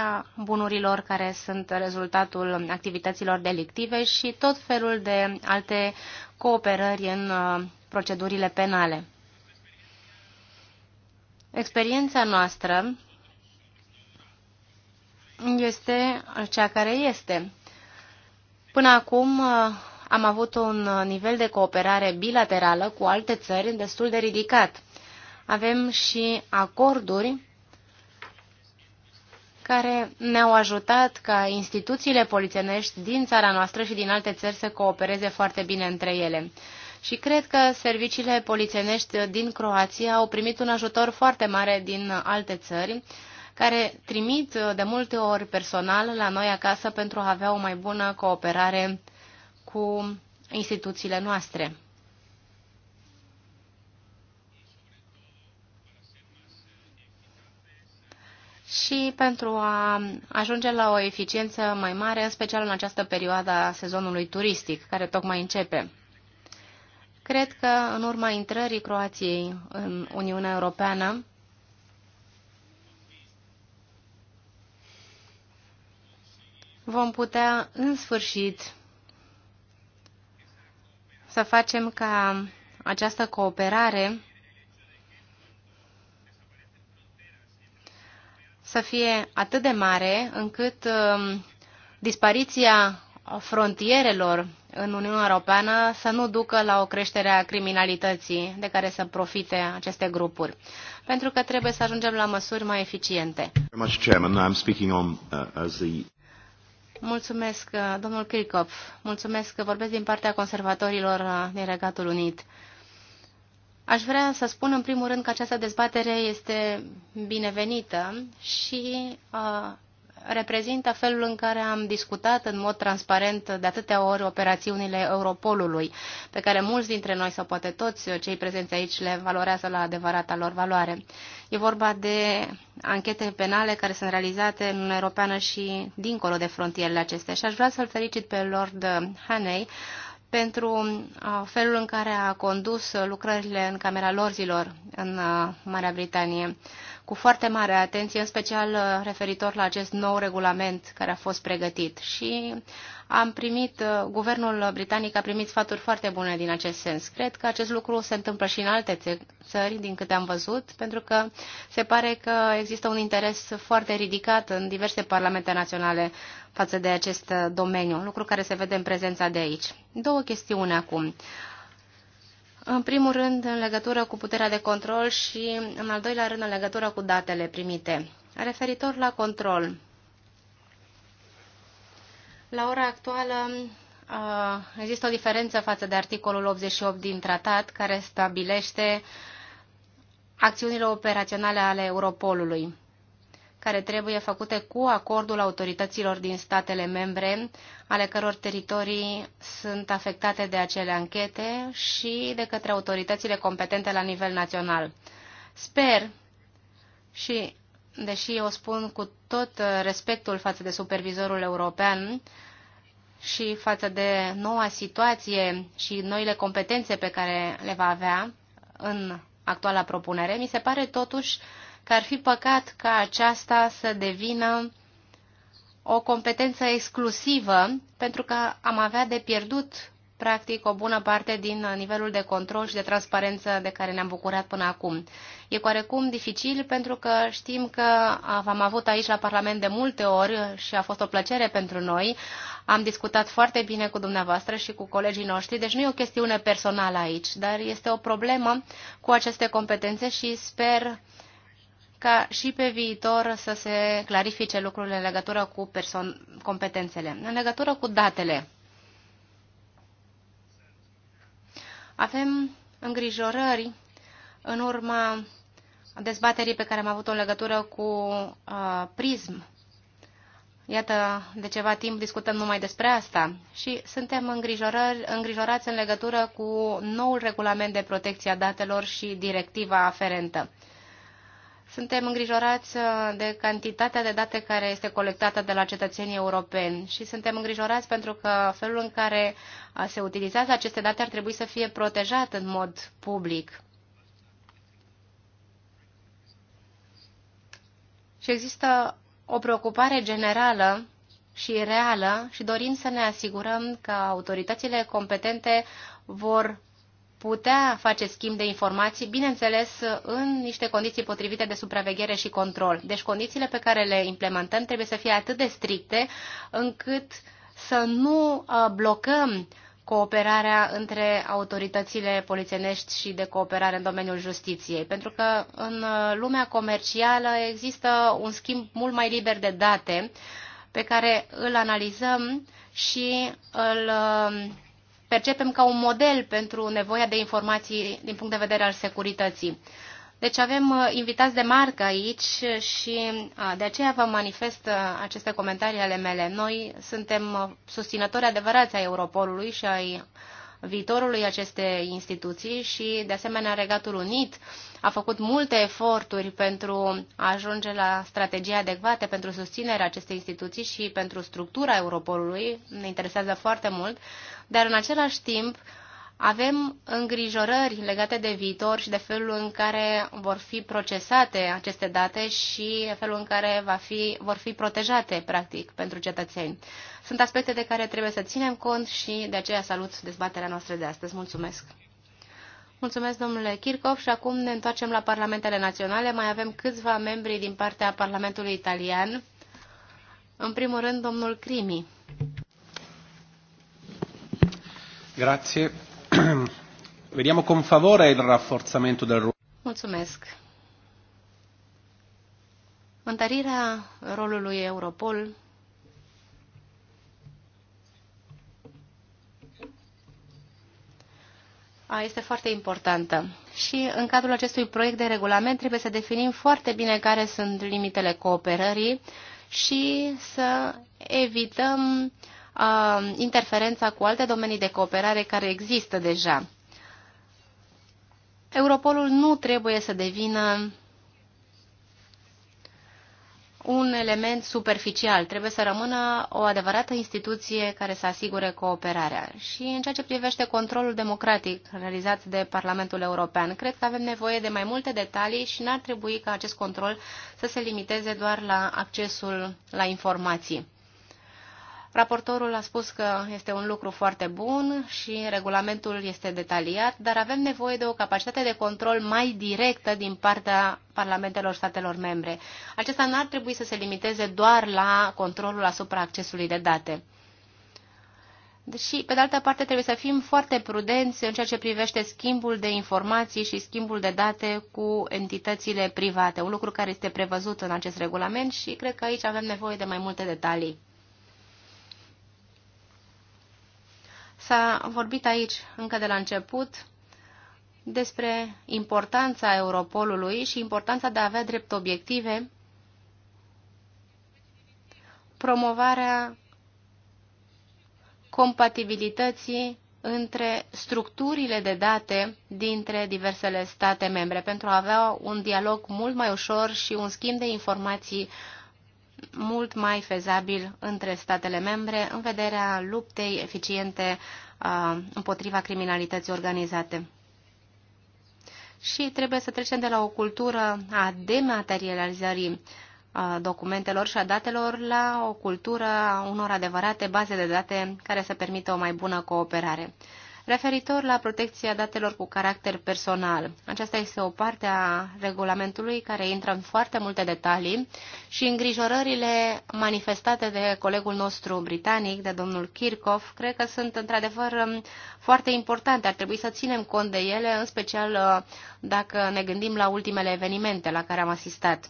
a bunurilor care sunt rezultatul activităților delictive și tot felul de alte cooperări în uh, procedurile penale. Experiența noastră este cea care este. Până acum uh, am avut un uh, nivel de cooperare bilaterală cu alte țări destul de ridicat. Avem și acorduri care ne-au ajutat ca instituțiile polițienești din țara noastră și din alte țări să coopereze foarte bine între ele. Și cred că serviciile polițienești din Croația au primit un ajutor foarte mare din alte țări, care trimit de multe ori personal la noi acasă pentru a avea o mai bună cooperare cu instituțiile noastre. și pentru a ajunge la o eficiență mai mare, în special în această perioadă a sezonului turistic, care tocmai începe. Cred că în urma intrării Croației în Uniunea Europeană, vom putea în sfârșit să facem ca această cooperare să fie atât de mare încât um, dispariția frontierelor în Uniunea Europeană să nu ducă la o creștere a criminalității de care să profite aceste grupuri, pentru că trebuie să ajungem la măsuri mai eficiente. Uh, Mulțumesc, uh, domnul Kirchhoff. Mulțumesc că vorbesc din partea conservatorilor uh, din Regatul Unit. Aș vrea să spun în primul rând că această dezbatere este binevenită și uh, reprezintă felul în care am discutat în mod transparent de atâtea ori operațiunile Europolului, pe care mulți dintre noi sau poate toți cei prezenți aici le valorează la adevărata lor valoare. E vorba de anchete penale care sunt realizate în Uniunea Europeană și dincolo de frontierele acestea. Și aș vrea să-l felicit pe Lord Haney pentru uh, felul în care a condus lucrările în Camera Lorzilor în uh, Marea Britanie cu foarte mare atenție, în special uh, referitor la acest nou regulament care a fost pregătit. Și am primit, uh, guvernul britanic a primit sfaturi foarte bune din acest sens. Cred că acest lucru se întâmplă și în alte țări, din câte am văzut, pentru că se pare că există un interes foarte ridicat în diverse parlamente naționale față de acest uh, domeniu, lucru care se vede în prezența de aici. Două chestiuni acum. Uh, în primul rând, în legătură cu puterea de control și, în al doilea rând, în legătură cu datele primite. Referitor la control, la ora actuală există o diferență față de articolul 88 din tratat, care stabilește acțiunile operaționale ale Europolului care trebuie făcute cu acordul autorităților din statele membre, ale căror teritorii sunt afectate de acele anchete și de către autoritățile competente la nivel național. Sper și, deși eu spun cu tot uh, respectul față de supervizorul european, și față de noua situație și noile competențe pe care le va avea în actuala propunere, mi se pare totuși că ar fi păcat ca aceasta să devină o competență exclusivă, pentru că am avea de pierdut, practic, o bună parte din nivelul de control și de transparență de care ne-am bucurat până acum. E cu oarecum dificil, pentru că știm că v-am avut aici la Parlament de multe ori și a fost o plăcere pentru noi. Am discutat foarte bine cu dumneavoastră și cu colegii noștri, deci nu e o chestiune personală aici, dar este o problemă cu aceste competențe și sper ca și pe viitor să se clarifice lucrurile în legătură cu competențele. În legătură cu datele, avem îngrijorări în urma dezbaterii pe care am avut-o în legătură cu uh, prism. Iată, de ceva timp discutăm numai despre asta și suntem îngrijorați în legătură cu noul regulament de protecție a datelor și directiva aferentă. Suntem îngrijorați uh, de cantitatea de date care este colectată de la cetățenii europeni și suntem îngrijorați pentru că felul în care uh, se utilizează aceste date ar trebui să fie protejat în mod public. Și există o preocupare generală și reală și dorim să ne asigurăm că autoritățile competente vor putea face schimb de informații, bineînțeles, în niște condiții potrivite de supraveghere și control. Deci condițiile pe care le implementăm trebuie să fie atât de stricte încât să nu uh, blocăm cooperarea între autoritățile polițienești și de cooperare în domeniul justiției. Pentru că în uh, lumea comercială există un schimb mult mai liber de date pe care îl analizăm și îl uh, percepem ca un model pentru nevoia de informații din punct de vedere al securității. Deci avem uh, invitați de marcă aici și uh, de aceea vă manifest uh, aceste comentarii ale mele. Noi suntem susținători adevărați ai Europolului și ai viitorului aceste instituții și, de asemenea, Regatul Unit a făcut multe eforturi pentru a ajunge la strategii adecvate pentru susținerea acestei instituții și pentru structura Europolului. Ne interesează foarte mult dar în același timp avem îngrijorări legate de viitor și de felul în care vor fi procesate aceste date și felul în care va fi, vor fi protejate, practic, pentru cetățeni. Sunt aspecte de care trebuie să ținem cont și de aceea salut dezbaterea noastră de astăzi. Mulțumesc! Mulțumesc, domnule Kirchhoff, și acum ne întoarcem la parlamentele naționale. Mai avem câțiva membri din partea Parlamentului Italian. În primul rând, domnul Crimi. Grazie. Vediamo con favore il rafforzamento del ruolo. Mulțumesc. Întărirea rolului Europol este foarte importantă. Și în cadrul acestui proiect de regulament trebuie să definim foarte bine care sunt limitele cooperării și să evităm uh, uh, interferența cu alte domenii de cooperare care există deja. Europolul nu trebuie să devină un element superficial. Trebuie să rămână o adevărată instituție care să asigure cooperarea. Și în ceea ce privește controlul democratic realizat de Parlamentul European, cred că avem nevoie de mai multe detalii și n-ar trebui ca acest control să se limiteze doar la accesul la informații. Raportorul a spus că este un lucru foarte bun și regulamentul este detaliat, dar avem nevoie de o capacitate de control mai directă din partea parlamentelor statelor membre. Acesta nu ar trebui să se limiteze doar la controlul asupra accesului de date. Și pe de altă parte, trebuie să fim foarte prudenți în ceea ce privește schimbul de informații și schimbul de date cu entitățile private, un lucru care este prevăzut în acest regulament și cred că aici avem nevoie de mai multe detalii. S-a vorbit aici încă de la început despre importanța Europolului și importanța de a avea drept obiective promovarea compatibilității între structurile de date dintre diversele state membre, pentru a avea un dialog mult mai ușor și un schimb de informații mult mai fezabil între statele membre în vederea luptei eficiente uh, împotriva criminalității organizate. Și trebuie să trecem de la o cultură a dematerializării uh, documentelor și a datelor la o cultură a unor adevărate baze de date care să permită o mai bună cooperare. Referitor la protecția datelor cu caracter personal, aceasta este o parte a regulamentului care intră în foarte multe detalii și îngrijorările manifestate de colegul nostru britanic, de domnul Kirchhoff, cred că sunt într-adevăr um, foarte importante. Ar trebui să ținem cont de ele, în special uh, dacă ne gândim la ultimele evenimente la care am asistat.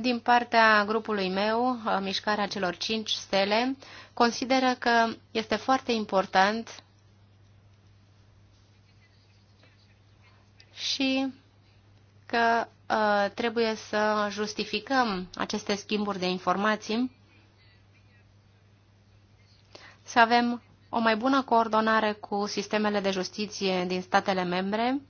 Din partea grupului meu, Mișcarea celor cinci stele, consideră că este foarte important și că uh, trebuie să justificăm aceste schimburi de informații, să avem o mai bună coordonare cu sistemele de justiție din statele membre,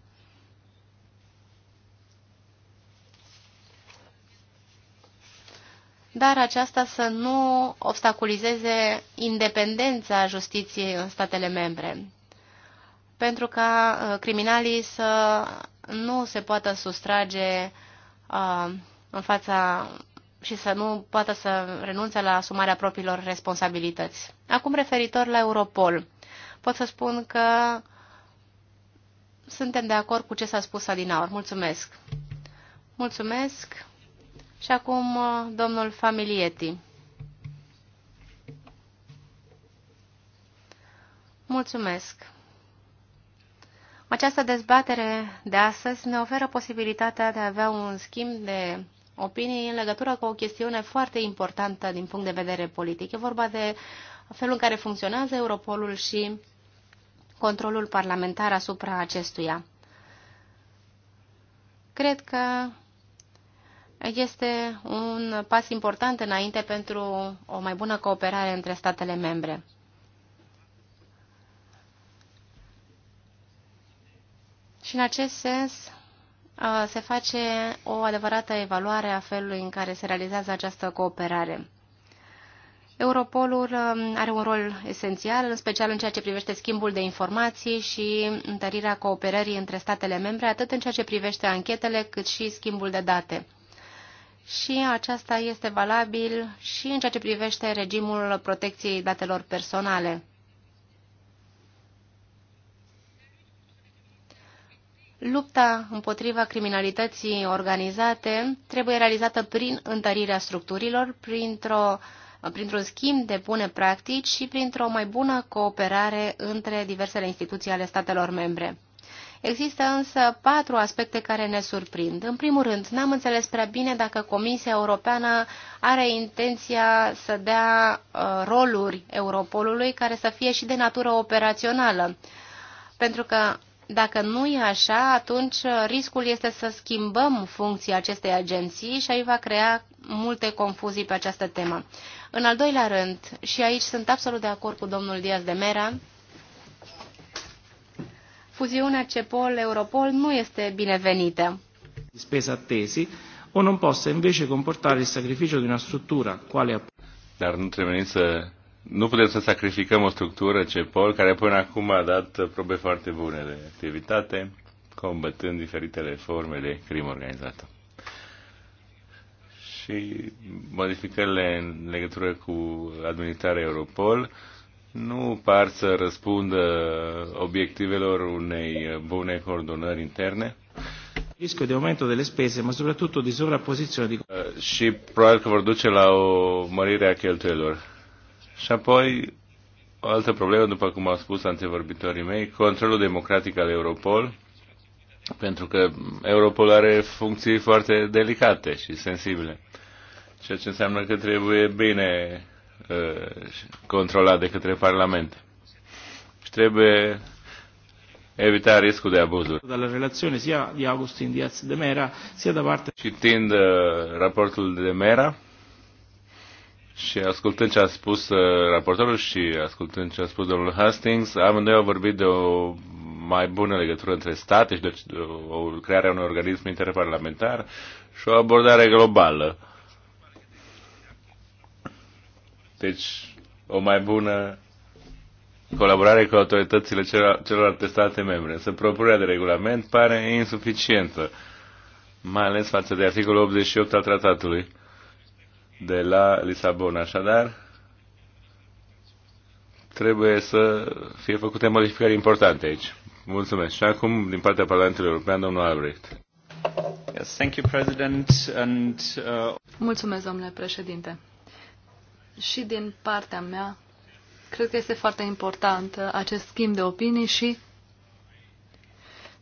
dar aceasta să nu obstaculizeze independența justiției în statele membre, pentru ca uh, criminalii să nu se poată sustrage uh, în fața și să nu poată să renunțe la asumarea propriilor responsabilități. Acum, referitor la Europol, pot să spun că suntem de acord cu ce s-a spus Adinaur. Mulțumesc! Mulțumesc! Și acum uh, domnul Familieti. Mulțumesc! Această dezbatere de astăzi ne oferă posibilitatea de a avea un schimb de opinii în legătură cu o chestiune foarte importantă din punct de vedere politic. E vorba de felul în care funcționează Europolul și controlul parlamentar asupra acestuia. Cred că este un pas important înainte pentru o mai bună cooperare între statele membre. Și în acest sens se face o adevărată evaluare a felului în care se realizează această cooperare. Europolul are un rol esențial, în special în ceea ce privește schimbul de informații și întărirea cooperării între statele membre, atât în ceea ce privește anchetele, cât și schimbul de date și aceasta este valabil și în ceea ce privește regimul protecției datelor personale. Lupta împotriva criminalității organizate trebuie realizată prin întărirea structurilor, printr-o, printr-un schimb de bune practici și printr-o mai bună cooperare între diversele instituții ale statelor membre. Există însă patru aspecte care ne surprind. În primul rând, n-am înțeles prea bine dacă Comisia Europeană are intenția să dea uh, roluri Europolului care să fie și de natură operațională. Pentru că dacă nu e așa, atunci uh, riscul este să schimbăm funcția acestei agenții și aici va crea multe confuzii pe această temă. În al doilea rând, și aici sunt absolut de acord cu domnul Diaz de Mera, fuziunea CEPOL-Europol nu este binevenită. Spesa tesi o non possa invece comportare il sacrificio di una struttura quale Dar nu trebuie să nu putem să sacrificăm o structură CEPOL care până acum a dat probe foarte bune de activitate, combătând diferitele forme de crimă organizată. Și modificările în legătură cu administrarea Europol nu par să răspundă obiectivelor unei bune coordonări interne. Riscul de aumento delle spese, ma soprattutto di sovrapposizione di... Uh, și probabil că vor duce la o mărire a cheltuielor. Și apoi, o altă problemă, după cum au spus antevorbitorii mei, controlul democratic al Europol, pentru că Europol are funcții foarte delicate și sensibile. Ceea ce înseamnă că trebuie bine Uh, controlat de către Parlament. Și trebuie evita riscul de abuzuri. la relațiune sia de Agustin Diaz de Mera, sia de parte... Citind uh, raportul de Mera și ascultând ce a spus uh, raportorul și ascultând ce a spus domnul Hastings, amândoi au vorbit de o mai bună legătură între state și de o, o crearea unui organism interparlamentar și o abordare globală. Uh, deci, o mai bună colaborare cu autoritățile celorlalte state membre. Să propunerea de regulament pare insuficientă, mai ales față de articolul 88 al tratatului de la Lisabona. Așadar, trebuie să fie făcute modificări importante aici. Mulțumesc. Și acum, din partea Parlamentului European, domnul Albrecht. Yes, thank you, President, and, uh... Mulțumesc, domnule președinte și din partea mea, cred că este foarte important uh, acest schimb de opinii și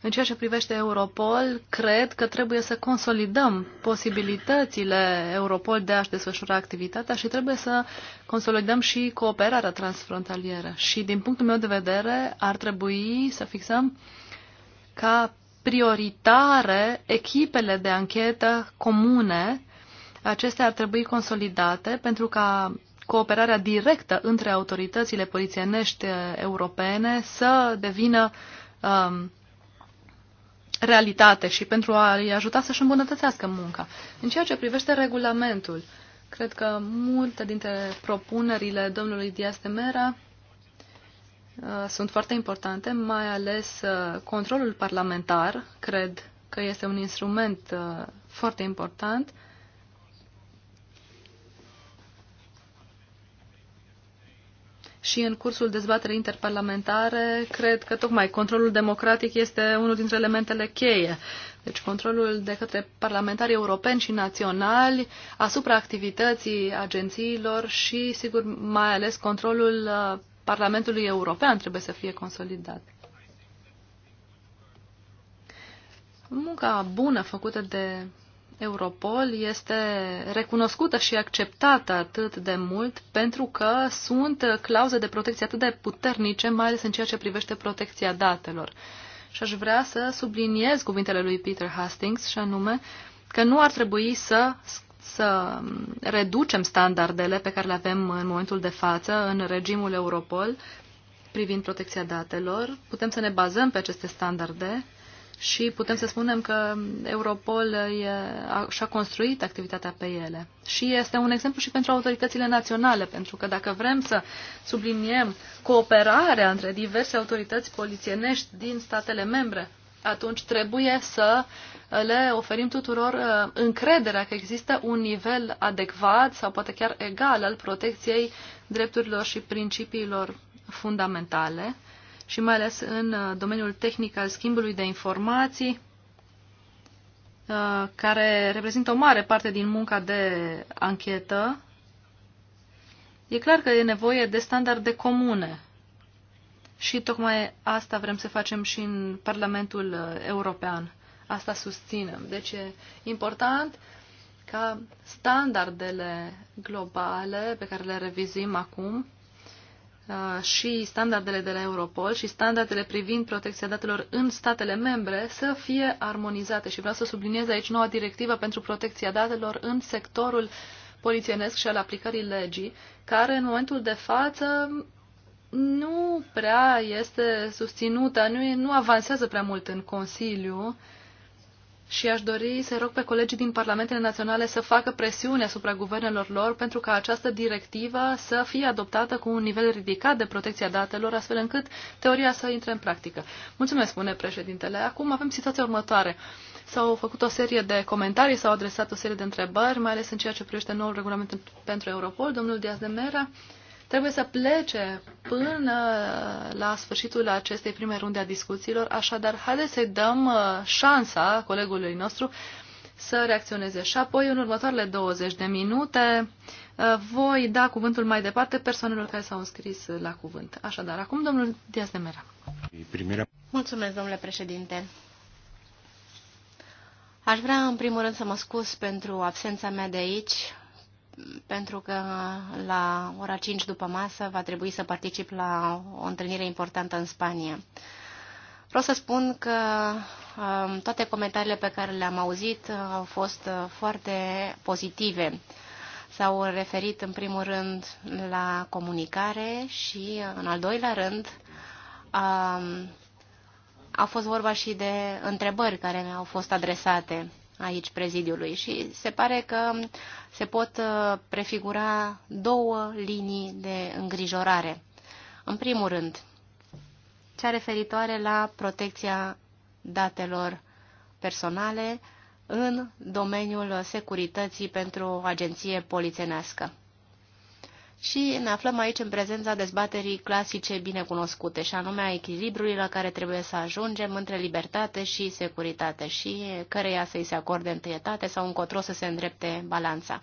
în ceea ce privește Europol, cred că trebuie să consolidăm posibilitățile Europol de a-și desfășura activitatea și trebuie să consolidăm și cooperarea transfrontalieră. Și din punctul meu de vedere, ar trebui să fixăm ca prioritare echipele de anchetă comune. Acestea ar trebui consolidate pentru ca cooperarea directă între autoritățile polițienești uh, europene să devină um, realitate și pentru a-i ajuta să-și îmbunătățească munca. În ceea ce privește regulamentul, cred că multe dintre propunerile domnului Dias de Mera uh, sunt foarte importante, mai ales uh, controlul parlamentar, cred că este un instrument uh, foarte important și în cursul dezbaterii interparlamentare, cred că tocmai controlul democratic este unul dintre elementele cheie. Deci controlul de către parlamentari europeni și naționali asupra activității agențiilor și, sigur, mai ales controlul uh, Parlamentului European trebuie să fie consolidat. Munca bună făcută de Europol este recunoscută și acceptată atât de mult pentru că sunt clauze de protecție atât de puternice, mai ales în ceea ce privește protecția datelor. Și aș vrea să subliniez cuvintele lui Peter Hastings și anume că nu ar trebui să, să reducem standardele pe care le avem în momentul de față în regimul Europol privind protecția datelor. Putem să ne bazăm pe aceste standarde și putem să spunem că Europol și-a construit activitatea pe ele. Și este un exemplu și pentru autoritățile naționale, pentru că dacă vrem să subliniem cooperarea între diverse autorități polițienești din statele membre, atunci trebuie să le oferim tuturor uh, încrederea că există un nivel adecvat sau poate chiar egal al protecției drepturilor și principiilor fundamentale și mai ales în uh, domeniul tehnic al schimbului de informații, uh, care reprezintă o mare parte din munca de anchetă, e clar că e nevoie de standarde comune. Și tocmai asta vrem să facem și în Parlamentul uh, European. Asta susținem. Deci e important ca standardele globale pe care le revizim acum Ah, și standardele de la Europol și standardele privind protecția datelor în statele membre să fie armonizate. Și vreau să subliniez aici noua directivă pentru protecția datelor în sectorul polițienesc și al aplicării legii, care în momentul de față nu prea este susținută, nu, nu avansează prea mult în Consiliu și aș dori să rog pe colegii din Parlamentele Naționale să facă presiune asupra guvernelor lor pentru ca această directivă să fie adoptată cu un nivel ridicat de protecție a datelor, astfel încât teoria să intre în practică. Mulțumesc, spune președintele. Acum avem situația următoare. S-au făcut o serie de comentarii, s-au adresat o serie de întrebări, mai ales în ceea ce privește noul regulament pentru Europol. Domnul Diaz de Mera trebuie să plece până la sfârșitul acestei prime runde a discuțiilor, așadar haideți să-i dăm uh, șansa colegului nostru să reacționeze. Și apoi, în următoarele 20 de minute, uh, voi da cuvântul mai departe persoanelor care s-au înscris la cuvânt. Așadar, acum domnul Diaz de Mera. Primirea... Mulțumesc, domnule președinte. Aș vrea, în primul rând, să mă scuz pentru absența mea de aici pentru că la ora 5 după masă va trebui să particip la o întâlnire importantă în Spania. Vreau să spun că um, toate comentariile pe care le-am auzit uh, au fost uh, foarte pozitive. S-au referit în primul rând la comunicare și în al doilea rând a, um, a fost vorba și de întrebări care mi-au fost adresate aici prezidiului și se pare că se pot uh, prefigura două linii de îngrijorare. În primul rând, cea referitoare la protecția datelor personale în domeniul securității pentru o agenție polițenească și ne aflăm aici în prezența dezbaterii clasice binecunoscute, și anume a echilibrului la care trebuie să ajungem între libertate și securitate și căreia să-i se acorde întâietate sau încotro să se îndrepte balanța.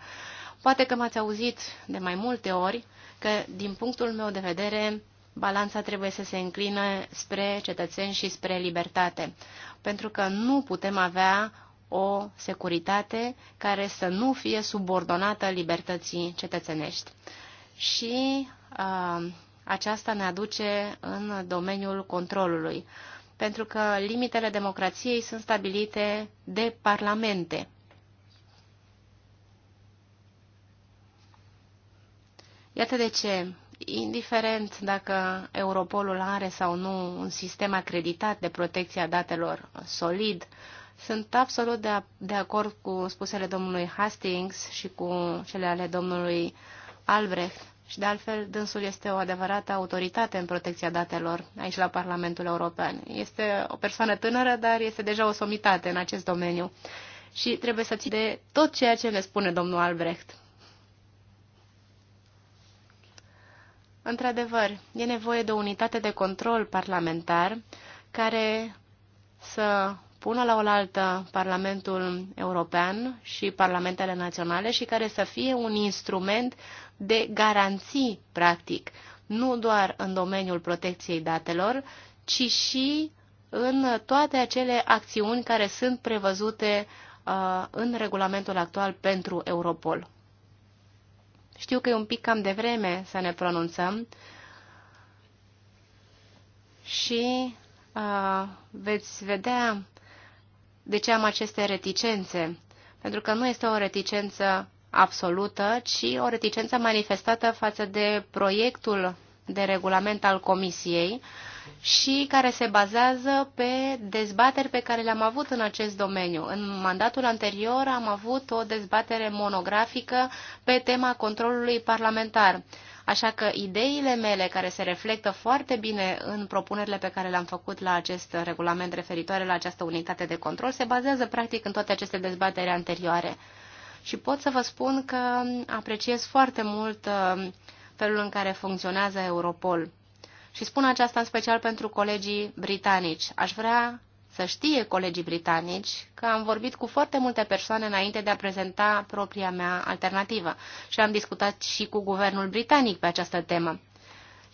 Poate că m-ați auzit de mai multe ori că, din punctul meu de vedere, balanța trebuie să se înclină spre cetățeni și spre libertate, pentru că nu putem avea o securitate care să nu fie subordonată libertății cetățenești și uh, aceasta ne aduce în domeniul controlului, pentru că limitele democrației sunt stabilite de parlamente. Iată de ce, indiferent dacă Europolul are sau nu un sistem acreditat de protecție a datelor solid, sunt absolut de, de acord cu spusele domnului Hastings și cu cele ale domnului uh, Albrecht și de altfel dânsul este o adevărată autoritate în protecția datelor aici la Parlamentul European. Este o persoană tânără, dar este deja o somitate în acest domeniu și trebuie să ții de tot ceea ce ne spune domnul Albrecht. Într-adevăr, e nevoie de o unitate de control parlamentar care să pună la oaltă Parlamentul European și Parlamentele Naționale și care să fie un instrument uh, de garanții, practic, nu doar în domeniul protecției datelor, ci și în toate acele acțiuni care sunt prevăzute uh, în regulamentul actual pentru Europol. Știu că e un pic cam de vreme să ne pronunțăm și uh, veți vedea de ce am aceste reticențe, pentru că nu este o reticență absolută, ci o reticență manifestată față de proiectul de regulament al Comisiei și care se bazează pe dezbateri pe care le-am avut în acest domeniu. În mandatul anterior am avut o dezbatere monografică pe tema controlului parlamentar. Așa că ideile mele, care se reflectă foarte bine în propunerile pe care le-am făcut la acest regulament referitoare la această unitate de control, se bazează practic în toate aceste dezbateri anterioare. Și pot să vă spun că apreciez foarte mult uh, felul în care funcționează Europol. Și spun aceasta în special pentru colegii britanici. Aș vrea să știe colegii britanici că am vorbit cu foarte multe persoane înainte de a prezenta propria mea alternativă și am discutat și cu guvernul britanic pe această temă.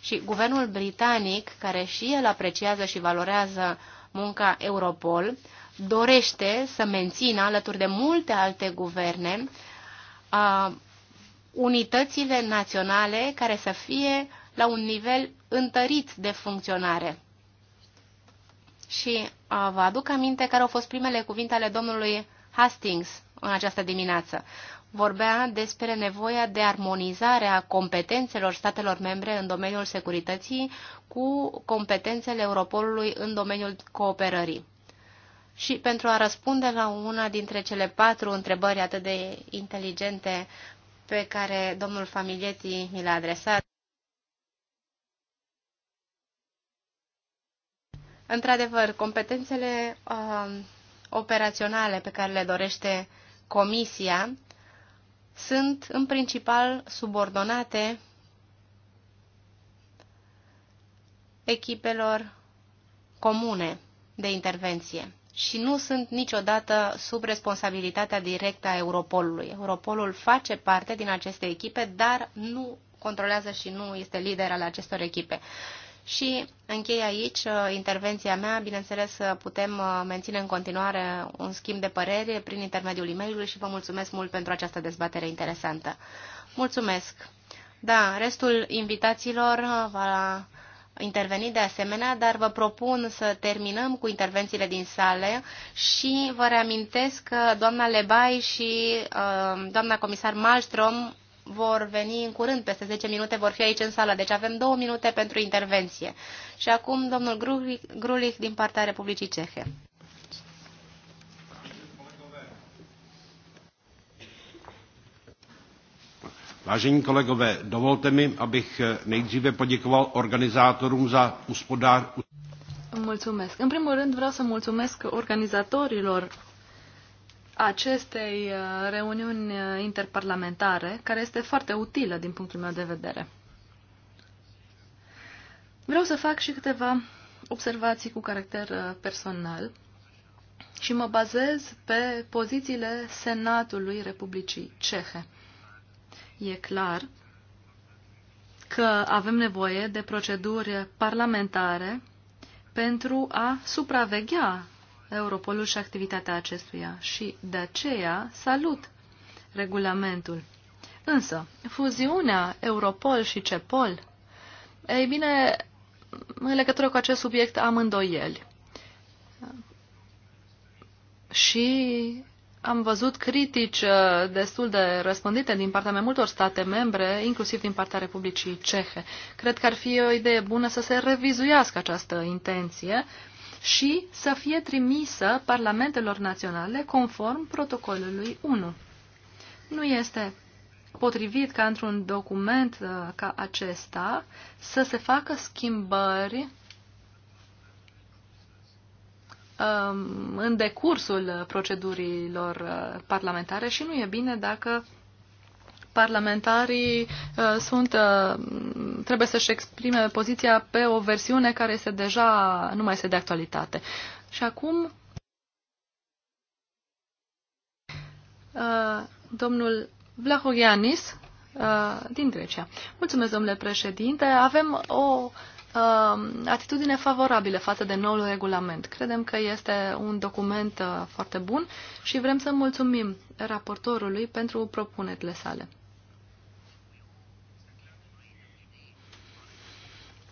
Și guvernul britanic, care și el apreciază și valorează munca Europol, dorește să mențină, alături de multe alte guverne, unitățile naționale care să fie la un nivel întărit de funcționare. Și vă aduc aminte care au fost primele cuvinte ale domnului Hastings în această dimineață. Vorbea despre nevoia de armonizare a competențelor statelor membre în domeniul securității cu competențele Europolului în domeniul cooperării. Și pentru a răspunde la una dintre cele patru întrebări atât de inteligente pe care domnul familieti mi le a adresat, Într-adevăr, competențele uh, operaționale pe care le dorește Comisia sunt în principal subordonate echipelor comune de intervenție și nu sunt niciodată sub responsabilitatea directă a Europolului. Europolul face parte din aceste echipe, dar nu controlează și nu este lider al acestor echipe. Și închei aici uh, intervenția mea. Bineînțeles, uh, putem uh, menține în continuare un schimb de păreri prin intermediul e și vă mulțumesc mult pentru această dezbatere interesantă. Mulțumesc! Da, restul invitațiilor va interveni de asemenea, dar vă propun să terminăm cu intervențiile din sale și vă reamintesc că doamna Lebai și uh, doamna comisar Malstrom vor veni în curând, peste 10 minute vor fi aici în sală, deci avem două minute pentru intervenție. Și acum domnul Grulich din partea Republicii Cehe. Vážení kolegové, dovolte mi, abych eh, nejdříve poděkoval organizátorům za uspodár... Mulțumesc. În primul rând vreau să mulțumesc organizatorilor acestei eh, reuniuni eh, interparlamentare, care este foarte utilă din punctul meu de vedere. Vreau să fac și câteva observații cu caracter personal și mă bazez pe pozițiile Senatului Republicii Cehe e clar că avem nevoie de proceduri parlamentare pentru a supraveghea Europolul și activitatea acestuia și de aceea salut regulamentul. Însă, fuziunea Europol și Cepol, ei bine, în legătură cu acest subiect am îndoieli. Și am văzut critici uh, destul de răspândite din partea mai multor state membre, inclusiv din partea Republicii Cehe. Cred că ar fi o idee bună să se revizuiască această intenție și să fie trimisă parlamentelor naționale conform protocolului 1. Nu este potrivit ca într-un document uh, ca acesta să se facă schimbări Um, în decursul procedurilor uh, parlamentare și nu e bine dacă parlamentarii uh, sunt, uh, trebuie să-și exprime poziția pe o versiune care este deja, nu mai este de actualitate. Și acum, domnul Vlahogianis din Grecia. Mulțumesc, domnule președinte. Avem o Um, atitudine favorabilă față de noul regulament. Credem că este un document uh, foarte bun și vrem să mulțumim raportorului pentru propunerile sale.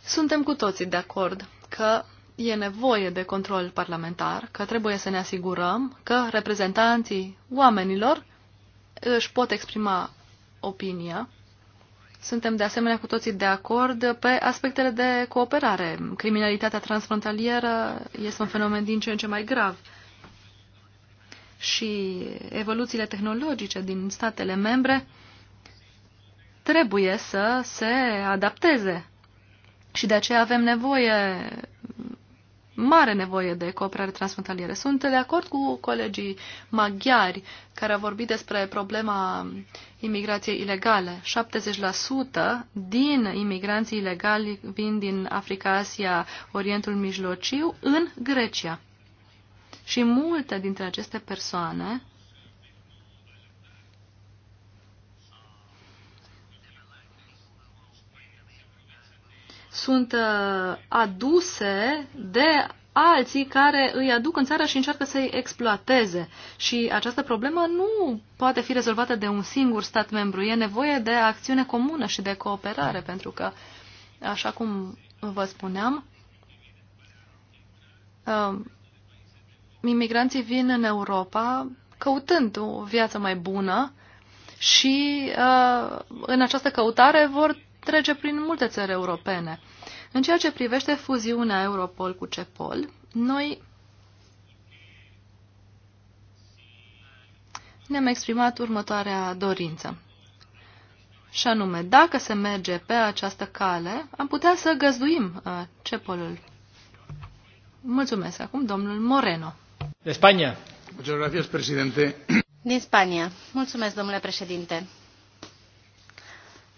Suntem cu toții de acord că e nevoie de control parlamentar, că trebuie să ne asigurăm că reprezentanții oamenilor își pot exprima opinia suntem de asemenea cu toții de acord pe aspectele de cooperare. Criminalitatea transfrontalieră este un fenomen din ce în ce mai grav și evoluțiile tehnologice din statele membre trebuie să se adapteze. Și de aceea avem nevoie mare nevoie de cooperare transfrontalieră. Sunt de acord cu colegii maghiari care au vorbit despre problema imigrației ilegale. 70% din imigranții ilegali vin din Africa, Asia, Orientul Mijlociu în Grecia. Și multe dintre aceste persoane sunt uh, aduse de alții care îi aduc în țară și încearcă să-i exploateze. Și această problemă nu poate fi rezolvată de un singur stat membru. E nevoie de acțiune comună și de cooperare, pentru că, așa cum vă spuneam, um, imigranții vin în Europa căutând o viață mai bună și uh, în această căutare vor trece prin multe țări europene. În ceea ce privește fuziunea Europol cu CEPOL, noi ne-am exprimat următoarea dorință. Și anume, dacă se merge pe această cale, am putea să găzduim uh, cepolul. Mulțumesc. Acum domnul Moreno. De Spania. Din Spania. Mulțumesc, domnule președinte.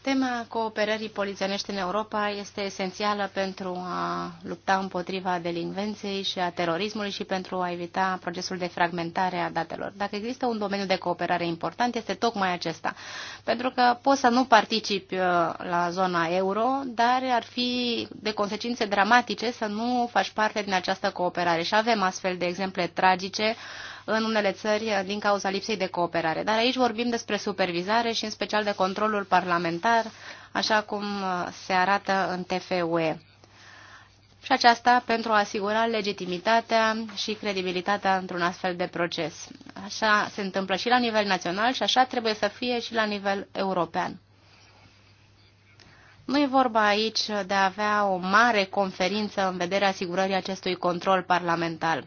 Tema cooperării polițienești în Europa este esențială pentru a lupta împotriva delinvenței și a terorismului și pentru a evita procesul de fragmentare a datelor. Dacă există un domeniu de cooperare important, este tocmai acesta. Pentru că poți să nu participi uh, la zona euro, dar ar fi de consecințe dramatice să nu faci parte din această cooperare. Și avem astfel de exemple tragice uh, în unele țări din cauza lipsei de cooperare. Dar aici vorbim despre supervizare și în special de controlul parlamentar, așa cum uh, se arată în TFUE. Și aceasta pentru a asigura legitimitatea și credibilitatea într-un astfel de proces. Așa se întâmplă și la nivel național și așa trebuie să fie și la nivel european. Nu e vorba aici de a avea o mare conferință în vederea asigurării acestui control parlamentar.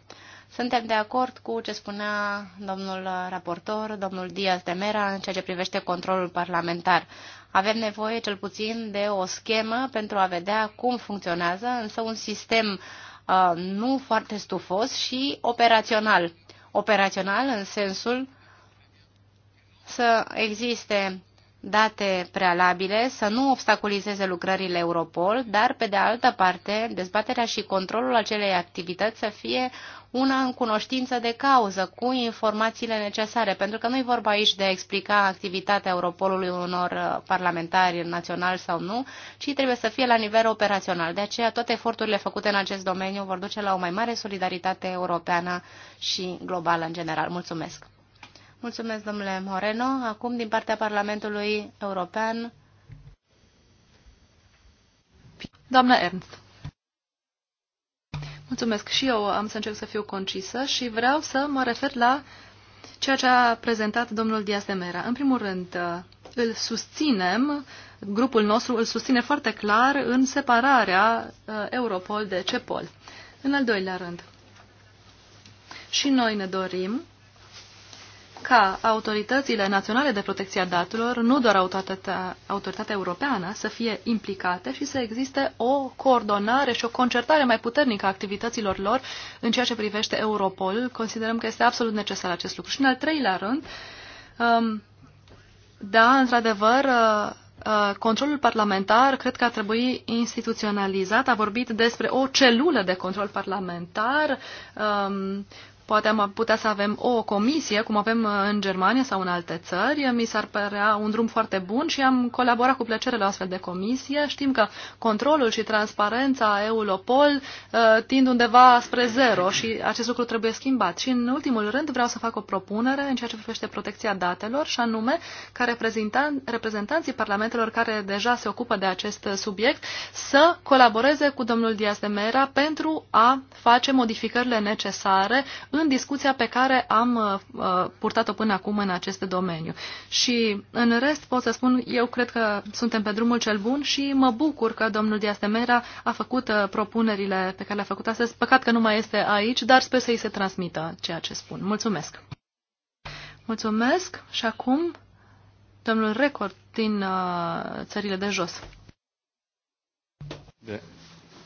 Suntem de acord cu ce spunea domnul raportor, domnul Diaz de Mera, în ceea ce privește controlul parlamentar. Avem nevoie cel puțin de o schemă pentru a vedea cum funcționează, însă un sistem uh, nu foarte stufos și operațional. Operațional în sensul să existe date prealabile, să nu obstaculizeze lucrările Europol, dar, pe de altă parte, dezbaterea și controlul acelei activități să fie una în cunoștință de cauză, cu informațiile necesare, pentru că nu e vorba aici de a explica activitatea Europolului unor uh, parlamentari național sau nu, ci trebuie să fie la nivel operațional. De aceea toate eforturile făcute în acest domeniu vor duce la o mai mare solidaritate europeană și globală în general. Mulțumesc! Mulțumesc, domnule Moreno. Acum, din partea Parlamentului European, doamna Ernst. Mulțumesc. Și eu am să încerc să fiu concisă și vreau să mă refer la ceea ce a prezentat domnul Diaz de Mera. În primul rând, uh, îl susținem, grupul nostru îl susține foarte clar în separarea uh, Europol de CEPOL. În al doilea rând, și noi ne dorim ca autoritățile naționale de protecție a datelor, nu doar autoritatea, autoritatea europeană, să fie implicate și să existe o coordonare și o concertare mai puternică a activităților lor în ceea ce privește Europol. Considerăm că este absolut necesar acest lucru. Și în al treilea rând, um, da, într-adevăr, uh, uh, controlul parlamentar cred că ar trebui instituționalizat. A vorbit despre o celulă de control parlamentar, um, Poate am putea să avem o comisie, cum avem uh, în Germania sau în alte țări. Mi s-ar părea un drum foarte bun și am colaborat cu plăcere la astfel de comisie. Știm că controlul și transparența Europol uh, tind undeva spre zero și acest lucru trebuie schimbat. Și în ultimul rând vreau să fac o propunere în ceea ce privește protecția datelor și anume ca reprezentan reprezentanții parlamentelor care deja se ocupă de acest subiect să colaboreze cu domnul Diaz de Mera pentru a face modificările necesare în discuția pe care am uh, uh, purtat-o până acum în acest domeniu. Și în rest pot să spun, eu cred că suntem pe drumul cel bun și mă bucur că domnul Diastemera a făcut uh, propunerile pe care le-a făcut astăzi. Păcat că nu mai este aici, dar sper să-i se transmită ceea ce spun. Mulțumesc! Mulțumesc și acum domnul Record din uh, țările de jos. De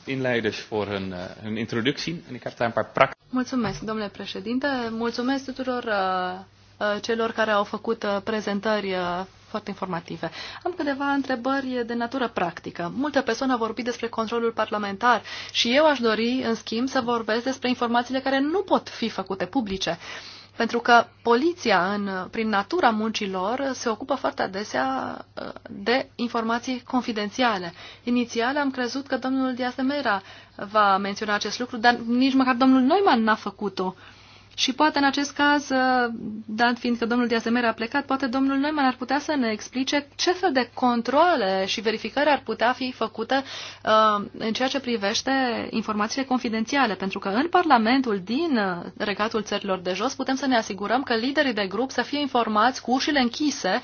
inleiders voor hun, uh, hun introductie. En ik heb daar een paar praktische Mulțumesc, domnule președinte. Mulțumesc tuturor uh, uh, celor care au făcut uh, prezentări uh, foarte informative. Am câteva întrebări de natură practică. Multe persoane au vorbit despre controlul parlamentar și eu aș dori, în schimb, să vorbesc despre informațiile care nu pot fi făcute publice. Uh, pentru că poliția, în, prin natura muncilor, se ocupă foarte adesea uh, de informații confidențiale. Inițial am crezut că domnul Diaz de Mera va menționa acest lucru, dar nici măcar domnul Neumann n-a făcut-o. Uh, și poate în acest caz, uh, dat fiind că domnul Diazemer a plecat, poate domnul Neumann ar putea să ne explice ce fel de controle și verificări ar putea fi făcute uh, în ceea ce privește informațiile confidențiale. Pentru că în Parlamentul din uh, Regatul Țărilor de Jos putem să ne asigurăm că liderii de grup să fie informați cu ușile închise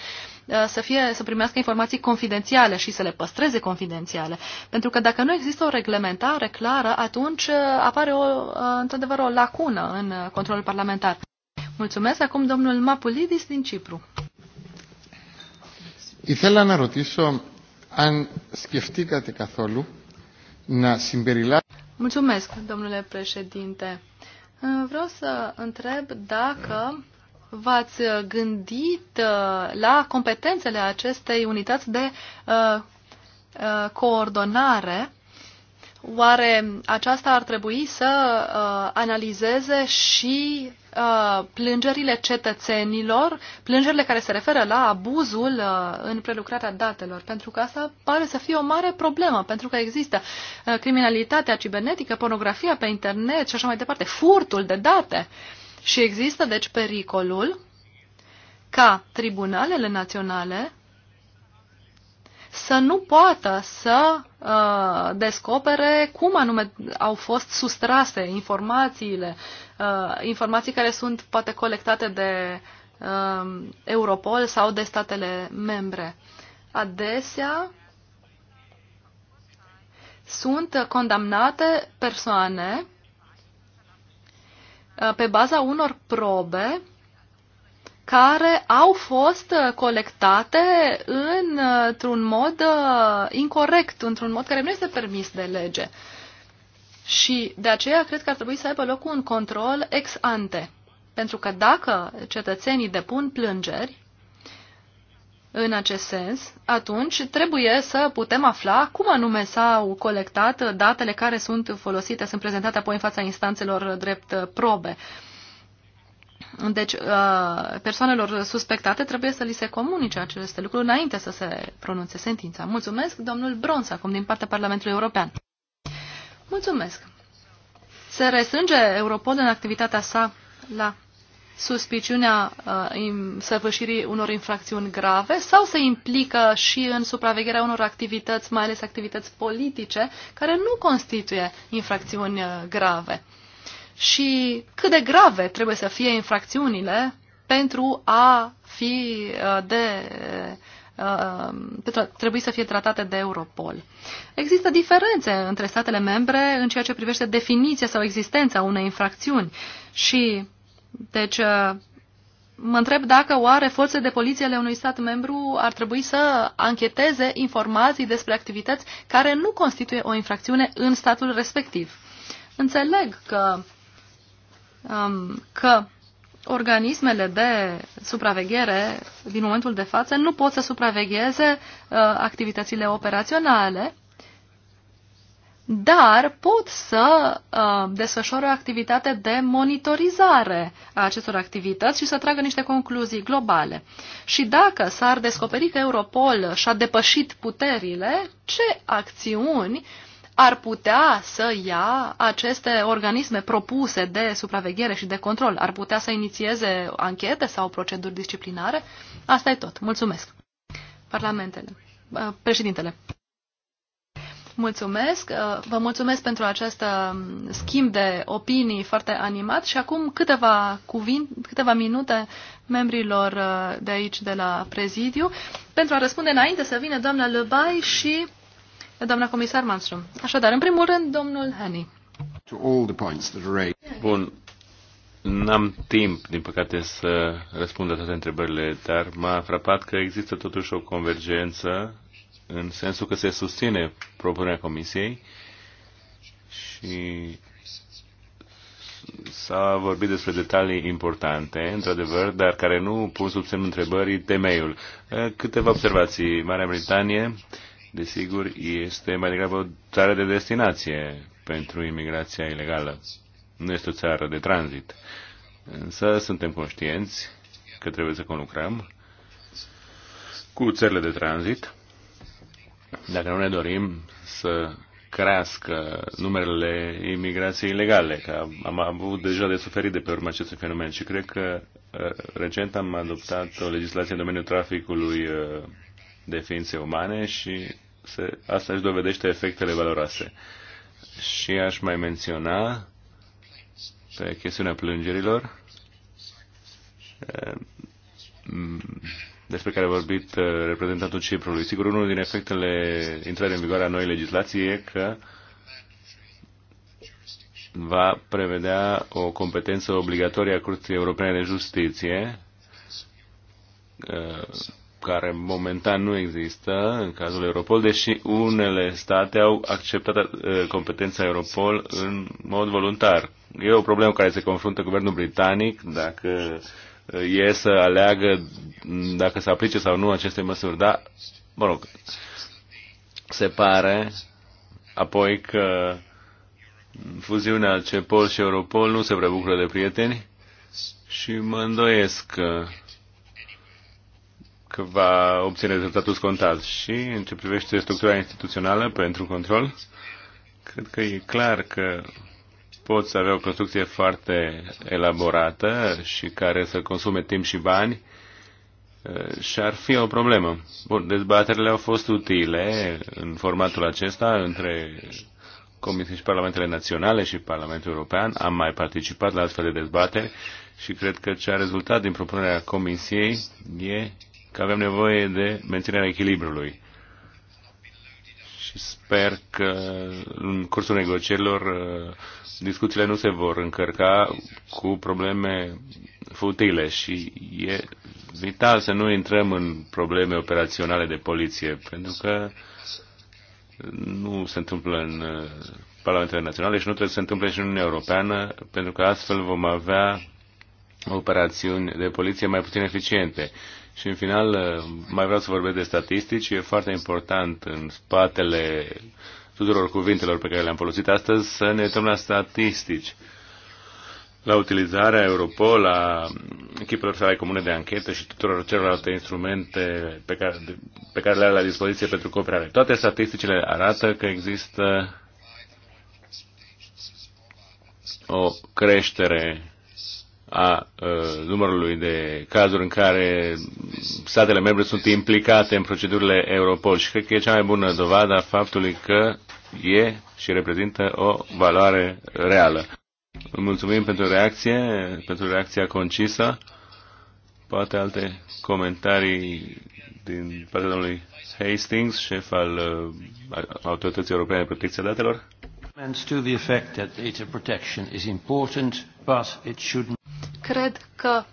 Uh, să, fie, să primească informații confidențiale și să le păstreze confidențiale. Pentru că dacă nu există o reglementare clară, atunci uh, apare o, uh, într-adevăr o lacună în controlul parlamentar. Mulțumesc. Acum domnul Mapulidis din Cipru. Ήθελα να ρωτήσω αν σκεφτήκατε καθόλου να συμπεριλάβετε. Mulțumesc, domnule președinte. Vreau să întreb dacă v-ați uh, gândit uh, la competențele acestei unități de uh, coordonare? Oare aceasta ar trebui să analizeze și plângerile cetățenilor, plângerile care se referă la abuzul în prelucrarea datelor? Pentru că asta pare să fie o mare problemă, pentru că există criminalitatea cibernetică, pornografia pe internet și așa mai departe, furtul de date. Uh, și există, deci, pericolul ca tribunalele naționale să nu poată să uh, descopere cum anume au fost sustrase informațiile, uh, informații care sunt poate colectate de uh, Europol sau de statele membre. Adesea sunt condamnate persoane Uh, pe baza unor probe care au fost uh, colectate uh, într-un mod incorrect, într-un mod care nu este permis de lege. Și de aceea cred că ar trebui să aibă loc un control ex ante. Pentru că dacă cetățenii depun plângeri, în acest sens, atunci trebuie să putem afla cum anume s-au colectat datele care sunt folosite, sunt prezentate apoi în fața instanțelor drept probe. Deci, uh, persoanelor suspectate trebuie să li se comunice aceste lucruri înainte să se pronunțe sentința. Mulțumesc, domnul Brons, acum din partea Parlamentului European. Mulțumesc. Se restrânge Europol în activitatea sa la suspiciunea uh, săvârșirii unor infracțiuni grave sau se implică și în supravegherea unor activități, mai ales activități politice, care nu constituie infracțiuni uh, grave. Și cât de grave trebuie să fie infracțiunile pentru a fi uh, de uh, pentru trebuie să fie tratate de Europol. Există diferențe între statele membre în ceea ce privește definiția sau existența unei infracțiuni și deci, uh, mă întreb dacă oare forțe de poliție ale unui stat membru ar trebui să ancheteze informații despre activități care nu constituie o infracțiune în statul respectiv. Înțeleg că, um, că organismele de supraveghere din momentul de față nu pot să supravegheze uh, activitățile operaționale, dar pot să uh, desfășoare o activitate de monitorizare a acestor activități și să tragă niște concluzii globale. Și dacă s-ar descoperi că Europol și-a depășit puterile, ce acțiuni ar putea să ia aceste organisme propuse de supraveghere și de control? Ar putea să inițieze anchete sau proceduri disciplinare? Asta e tot. Mulțumesc. Parlamentele. Uh, președintele. Mulțumesc. Uh, vă mulțumesc pentru acest uh, schimb de opinii foarte animat și acum câteva cuvinte, câteva minute membrilor uh, de aici, de la prezidiu, pentru a răspunde înainte să vină doamna Lăbai și doamna comisar Manstrom. Așadar, în primul rând, domnul Hani. Bun. N-am timp, din păcate, să răspund la toate întrebările, dar m-a frapat că există totuși o convergență în sensul că se susține propunerea Comisiei și s-a vorbit despre detalii importante, într-adevăr, dar care nu pun sub semnul întrebării temeiul. Câteva observații. Marea Britanie, desigur, este mai degrabă o țară de destinație pentru imigrația ilegală. Nu este o țară de tranzit. Însă suntem conștienți că trebuie să conlucrăm cu țările de tranzit dacă nu ne dorim să crească numerele imigrației ilegale, că am avut deja de suferit de pe urma acestui fenomen și cred că uh, recent am adoptat o legislație în domeniul traficului uh, de ființe umane și se, asta își dovedește efectele valoroase. Și aș mai menționa pe chestiunea plângerilor uh, despre care a vorbit uh, reprezentantul Ciprului. Sigur, unul din efectele intrării în vigoare a noii legislații e că va prevedea o competență obligatorie a Curții Europene de Justiție, uh, care momentan nu există în cazul Europol, deși unele state au acceptat uh, competența Europol în mod voluntar. E o problemă care se confruntă guvernul britanic, dacă e să aleagă dacă să aplice sau nu aceste măsuri. Dar, mă rog, se pare apoi că fuziunea CEPOL și Europol nu se prebucură de prieteni și mă îndoiesc că, că va obține rezultatul scontat. Și în ce privește structura instituțională pentru control, cred că e clar că poți să avea o construcție foarte elaborată și care să consume timp și bani eh, și ar fi o problemă. Bun, dezbaterile au fost utile în formatul acesta între Comisia și Parlamentele Naționale și Parlamentul European. Am mai participat la astfel de dezbateri și cred că ce a rezultat din propunerea Comisiei e că avem nevoie de menținerea echilibrului și sper că în cursul negocierilor uh, discuțiile nu se vor încărca cu probleme futile și e vital să nu intrăm în probleme operaționale de poliție, pentru că nu se întâmplă în uh, Parlamentele Naționale și nu trebuie să se întâmple și în Uniunea Europeană, pentru că astfel vom avea operațiuni de poliție mai puțin eficiente. Și în final, uh, mai vreau să vorbesc de statistici. E foarte important în spatele tuturor cuvintelor pe care le-am folosit astăzi să ne uităm la statistici la utilizarea Europol, la echipelor sale comune de anchetă și tuturor celorlalte instrumente pe care, pe care le are la dispoziție pentru cooperare. Toate statisticile arată că există o creștere a numărului de cazuri în care statele membre sunt implicate în procedurile Europol și cred că e cea mai bună dovadă a faptului că e și reprezintă o valoare reală. Mulțumim pentru reacție, pentru reacția concisă. Poate alte comentarii din partea domnului Hastings, șef al uh, Autorității Europene de Protecție a Datelor. Cred că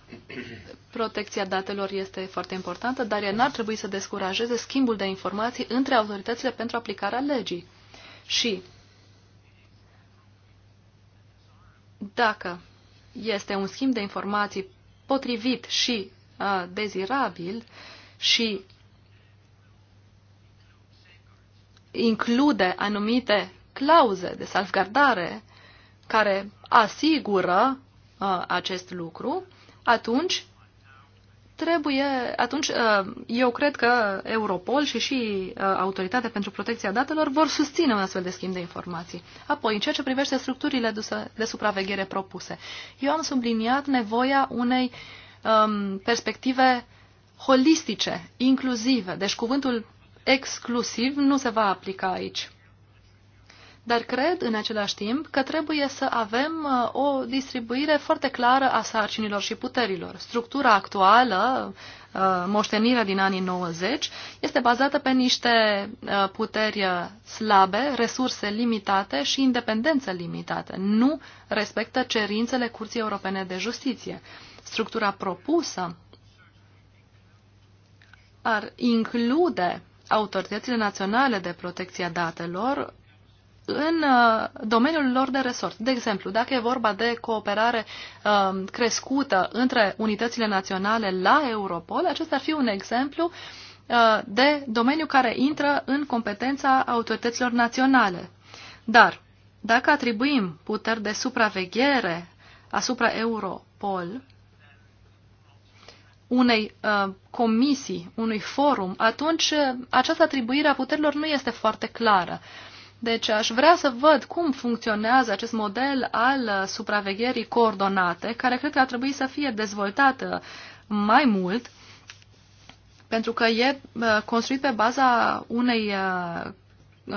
protecția datelor este foarte importantă, dar ea n-ar trebui să descurajeze schimbul de informații între autoritățile pentru aplicarea legii. Și dacă este un schimb de informații potrivit și uh, dezirabil și include anumite clauze de salvgardare care asigură uh, acest lucru, atunci trebuie, atunci uh, eu cred că Europol și și uh, Autoritatea pentru Protecția Datelor vor susține un astfel de schimb de informații. Apoi, în ceea ce privește structurile de supraveghere propuse, eu am subliniat nevoia unei um, perspective holistice, inclusive. Deci cuvântul exclusiv nu se va aplica aici. Dar cred în același timp că trebuie să avem uh, o distribuire foarte clară a sarcinilor și puterilor. Structura actuală, uh, moștenirea din anii 90, este bazată pe niște uh, puteri slabe, resurse limitate și independență limitată. Nu respectă cerințele Curții Europene de Justiție. Structura propusă ar include autoritățile naționale de protecție a datelor în uh, domeniul lor de resort. De exemplu, dacă e vorba de cooperare um, crescută între unitățile naționale la Europol, acesta ar fi un exemplu uh, de domeniu care intră în competența autorităților naționale. Dar, dacă atribuim puteri de supraveghere asupra Europol, unei uh, comisii, unui forum, atunci uh, această atribuire a puterilor nu este foarte clară. Uh, deci aș vrea să văd cum funcționează acest model al supravegherii coordonate, care cred că ar trebui să fie dezvoltată uh, mai mult, pentru că e uh, construit pe baza unei uh,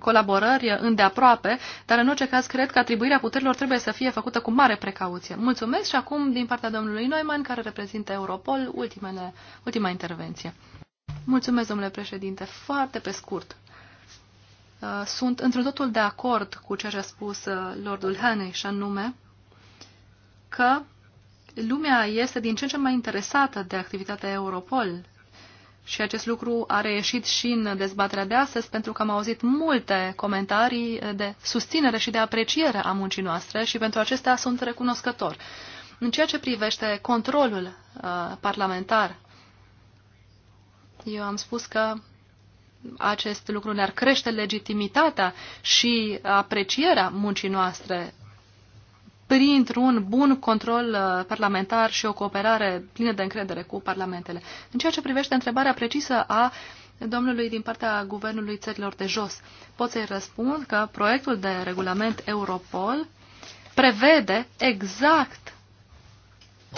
colaborări îndeaproape, dar în orice caz cred că atribuirea puterilor trebuie să fie făcută cu mare precauție. Mulțumesc și acum din partea domnului Neumann, care reprezintă Europol, ultimele, ultima intervenție. Mulțumesc, domnule președinte, foarte pe scurt. Uh, sunt într totul de acord cu ceea ce a spus uh, Lordul Haney, și anume că lumea este din ce în ce mai interesată de activitatea Europol și acest lucru a reieșit și în dezbaterea de astăzi, pentru că am auzit multe comentarii de susținere și de apreciere a muncii noastre și pentru acestea sunt recunoscător. În ceea ce privește controlul uh, parlamentar, eu am spus că acest lucru ne-ar crește legitimitatea și aprecierea muncii noastre printr-un bun control uh, parlamentar și o cooperare plină de încredere cu parlamentele. În ceea ce privește întrebarea precisă a domnului din partea Guvernului Țărilor de Jos, pot să-i răspund că proiectul de regulament Europol prevede exact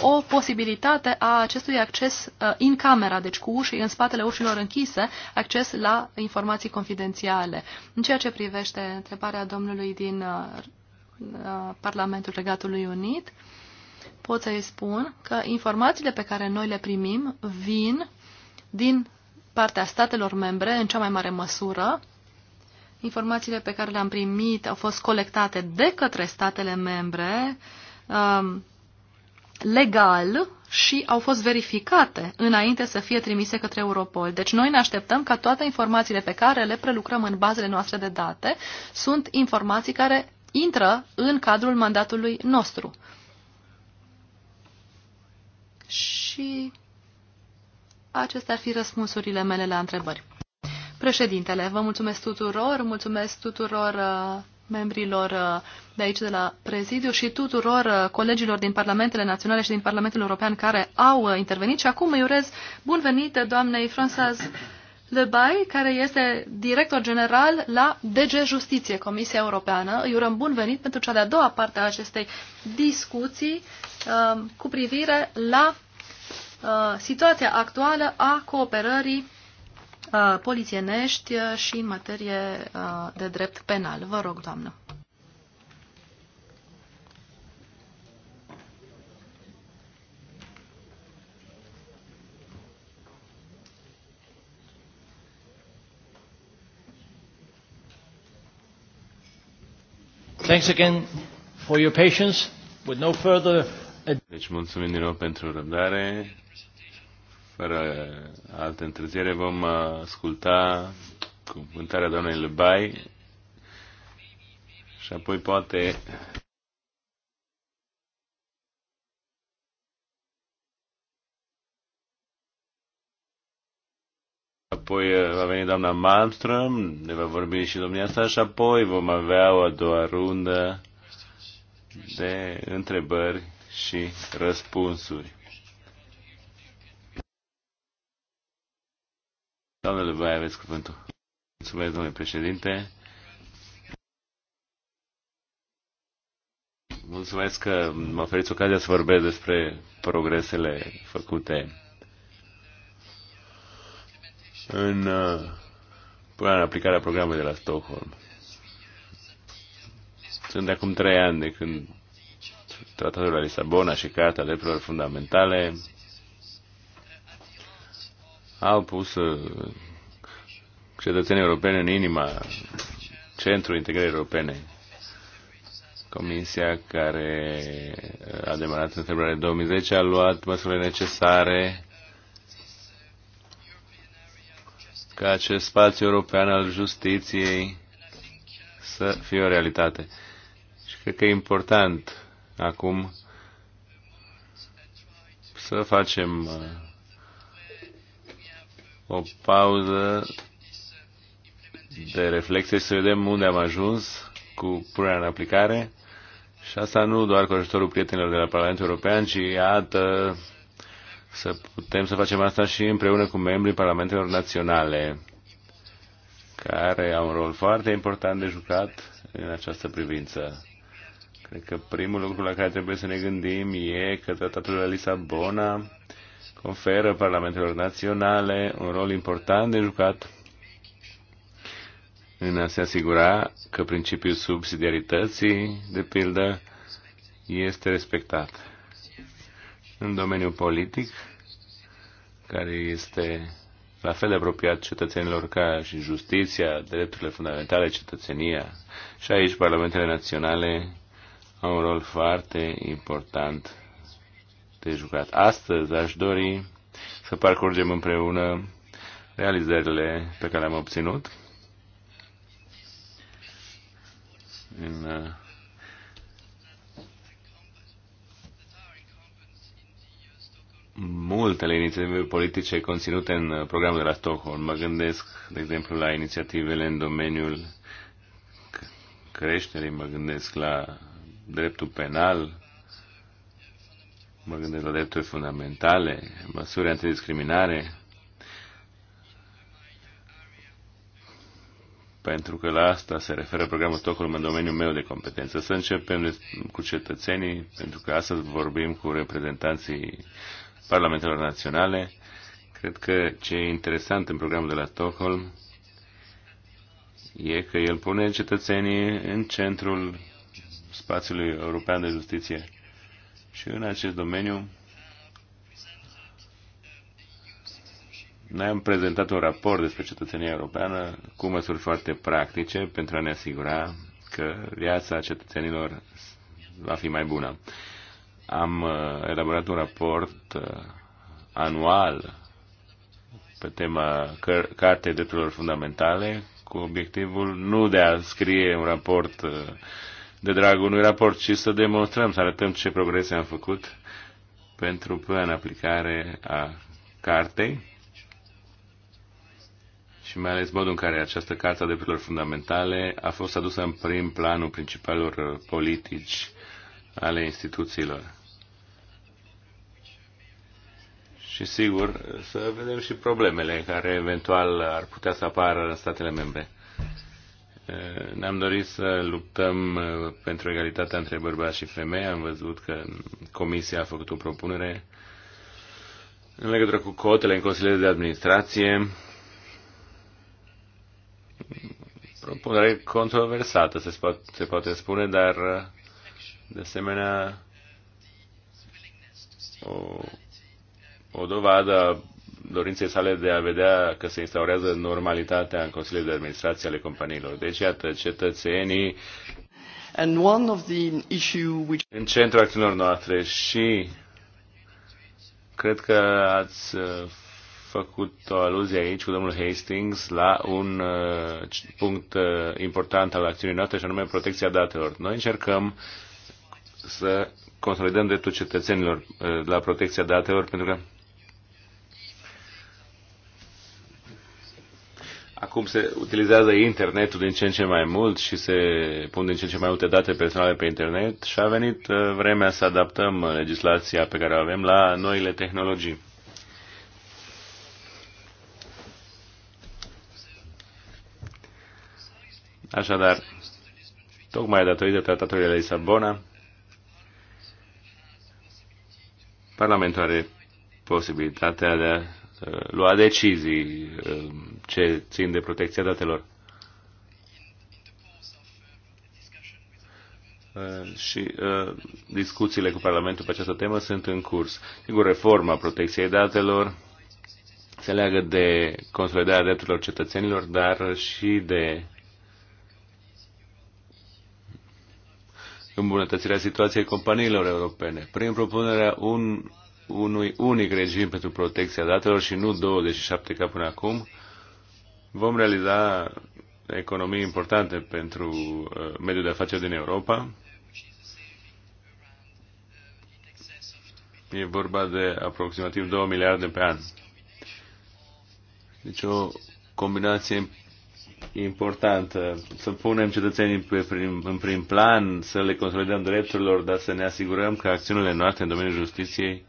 o posibilitate a acestui acces uh, în camera, deci cu uși în spatele ușilor închise, acces la informații confidențiale. În ceea ce privește întrebarea domnului din uh, uh, Parlamentul Regatului Unit, pot să-i spun că informațiile pe care noi le primim vin din partea statelor membre, în cea mai mare măsură. Informațiile pe care le-am primit au fost colectate de către statele membre, um, legal și au fost verificate înainte să fie trimise către Europol. Deci noi ne așteptăm ca toate informațiile pe care le prelucrăm în bazele noastre de date sunt informații care intră în cadrul mandatului nostru. Și acestea ar fi răspunsurile mele la întrebări. Președintele, vă mulțumesc tuturor, mulțumesc tuturor uh, membrilor uh, de aici de la prezidiu și tuturor uh, colegilor din Parlamentele Naționale și din Parlamentul European care au uh, intervenit. Și acum îi urez bun venit doamnei Françoise Lebai, care este director general la DG Justiție, Comisia Europeană. Îi urăm bun venit pentru cea de-a doua parte a acestei discuții cu privire la situația actuală a cooperării Uh, polițienești uh, și în materie uh, de drept penal. Vă rog, doamnă. Thanks again for your patience. With no further deci mulțumim din nou pentru răbdare fără altă întârziere, vom uh, asculta cuvântarea doamnei Lebai și apoi poate apoi uh, va veni doamna Malmström, ne va vorbi și domnia sa și apoi vom avea o a doua rundă de întrebări și răspunsuri. Doamnele, voi aveți cuvântul. Mulțumesc, domnule președinte. Mulțumesc că mă oferiți ocazia să vorbesc despre progresele făcute în uh, până în aplicarea programului de la Stockholm. Sunt de acum trei ani de când Tratatul de la Lisabona și Carta Drepturilor Fundamentale au pus uh, cetățenii europene în inima centrul integrării europene. Comisia care uh, a demarat în februarie 2010 a luat măsurile necesare ca acest spațiu european al justiției să fie o realitate. Și cred că e important acum să facem uh, o pauză de reflexie să vedem unde am ajuns cu punerea în aplicare și asta nu doar cu ajutorul prietenilor de la Parlamentul European, ci iată să putem să facem asta și împreună cu membrii Parlamentelor Naționale, care au un rol foarte important de jucat în această privință. Cred că primul lucru la care trebuie să ne gândim e că tratatul de la Lisabona conferă parlamentelor naționale un rol important de jucat în a se asigura că principiul subsidiarității, de pildă, este respectat. În domeniul politic, care este la fel de apropiat cetățenilor ca și justiția, drepturile fundamentale, cetățenia. Și aici parlamentele naționale au un rol foarte important de jucat. Astăzi aș dori să parcurgem împreună realizările pe care le-am obținut în multele inițiative politice conținute în programul de la Stockholm. Mă gândesc, de exemplu, la inițiativele în domeniul creșterii, mă gândesc la dreptul penal, Mă gândesc la drepturi fundamentale, măsuri antidiscriminare, pentru că la asta se referă programul Stockholm în domeniul meu de competență. Să începem cu cetățenii, pentru că astăzi vorbim cu reprezentanții parlamentelor naționale. Cred că ce e interesant în programul de la Stockholm e că el pune cetățenii în centrul spațiului european de justiție. Și în acest domeniu noi am prezentat un raport despre cetățenia europeană cu măsuri foarte practice pentru a ne asigura că viața cetățenilor va fi mai bună. Am uh, elaborat un raport uh, anual pe tema Cartei Drepturilor Fundamentale cu obiectivul nu de a scrie un raport uh, de dragul unui raport, ci să demonstrăm, să arătăm ce progrese am făcut pentru până în aplicare a cartei și mai ales modul în care această carte a Drepturilor Fundamentale a fost adusă în prim planul principalelor politici ale instituțiilor. Și sigur, să vedem și problemele care eventual ar putea să apară în statele membre. Ne-am dorit să luptăm uh, pentru egalitatea între bărbați și femei. Am văzut că Comisia a făcut o propunere în legătură cu cotele în consiliile de administrație. Propunere controversată, se poate, se poate spune, dar uh, de asemenea o, o dovadă dorinței sale de a vedea că se instaurează normalitatea în Consiliul de Administrație ale companiilor. Deci, iată, cetățenii And one of the issue which... în centrul acțiunilor noastre și cred că ați uh, făcut o aluzie aici cu domnul Hastings la un uh, punct uh, important al acțiunii noastre și anume protecția datelor. Noi încercăm să consolidăm dreptul cetățenilor uh, la protecția datelor pentru că Acum se utilizează internetul din ce în ce mai mult și se pun din ce în ce mai multe date personale pe internet și a venit uh, vremea să adaptăm uh, legislația pe care o avem la noile tehnologii. Așadar, tocmai datorită tratatului de Lisabona, Parlamentul are posibilitatea de a Uh, lua decizii uh, ce țin de protecția datelor. Uh, și discuțiile cu Parlamentul pe această temă sunt în curs. Sigur, reforma protecției datelor se leagă de consolidarea drepturilor cetățenilor, dar și de îmbunătățirea situației companiilor europene. Prin propunerea un, unui unic regim pentru protecția datelor și nu 27 ca până acum, vom realiza economii importante pentru uh, mediul de afaceri din Europa. E vorba de aproximativ 2 miliarde pe an. Deci o combinație importantă. Să punem cetățenii pe prim, în prim plan, să le consolidăm drepturilor, dar să ne asigurăm că acțiunile noastre în domeniul justiției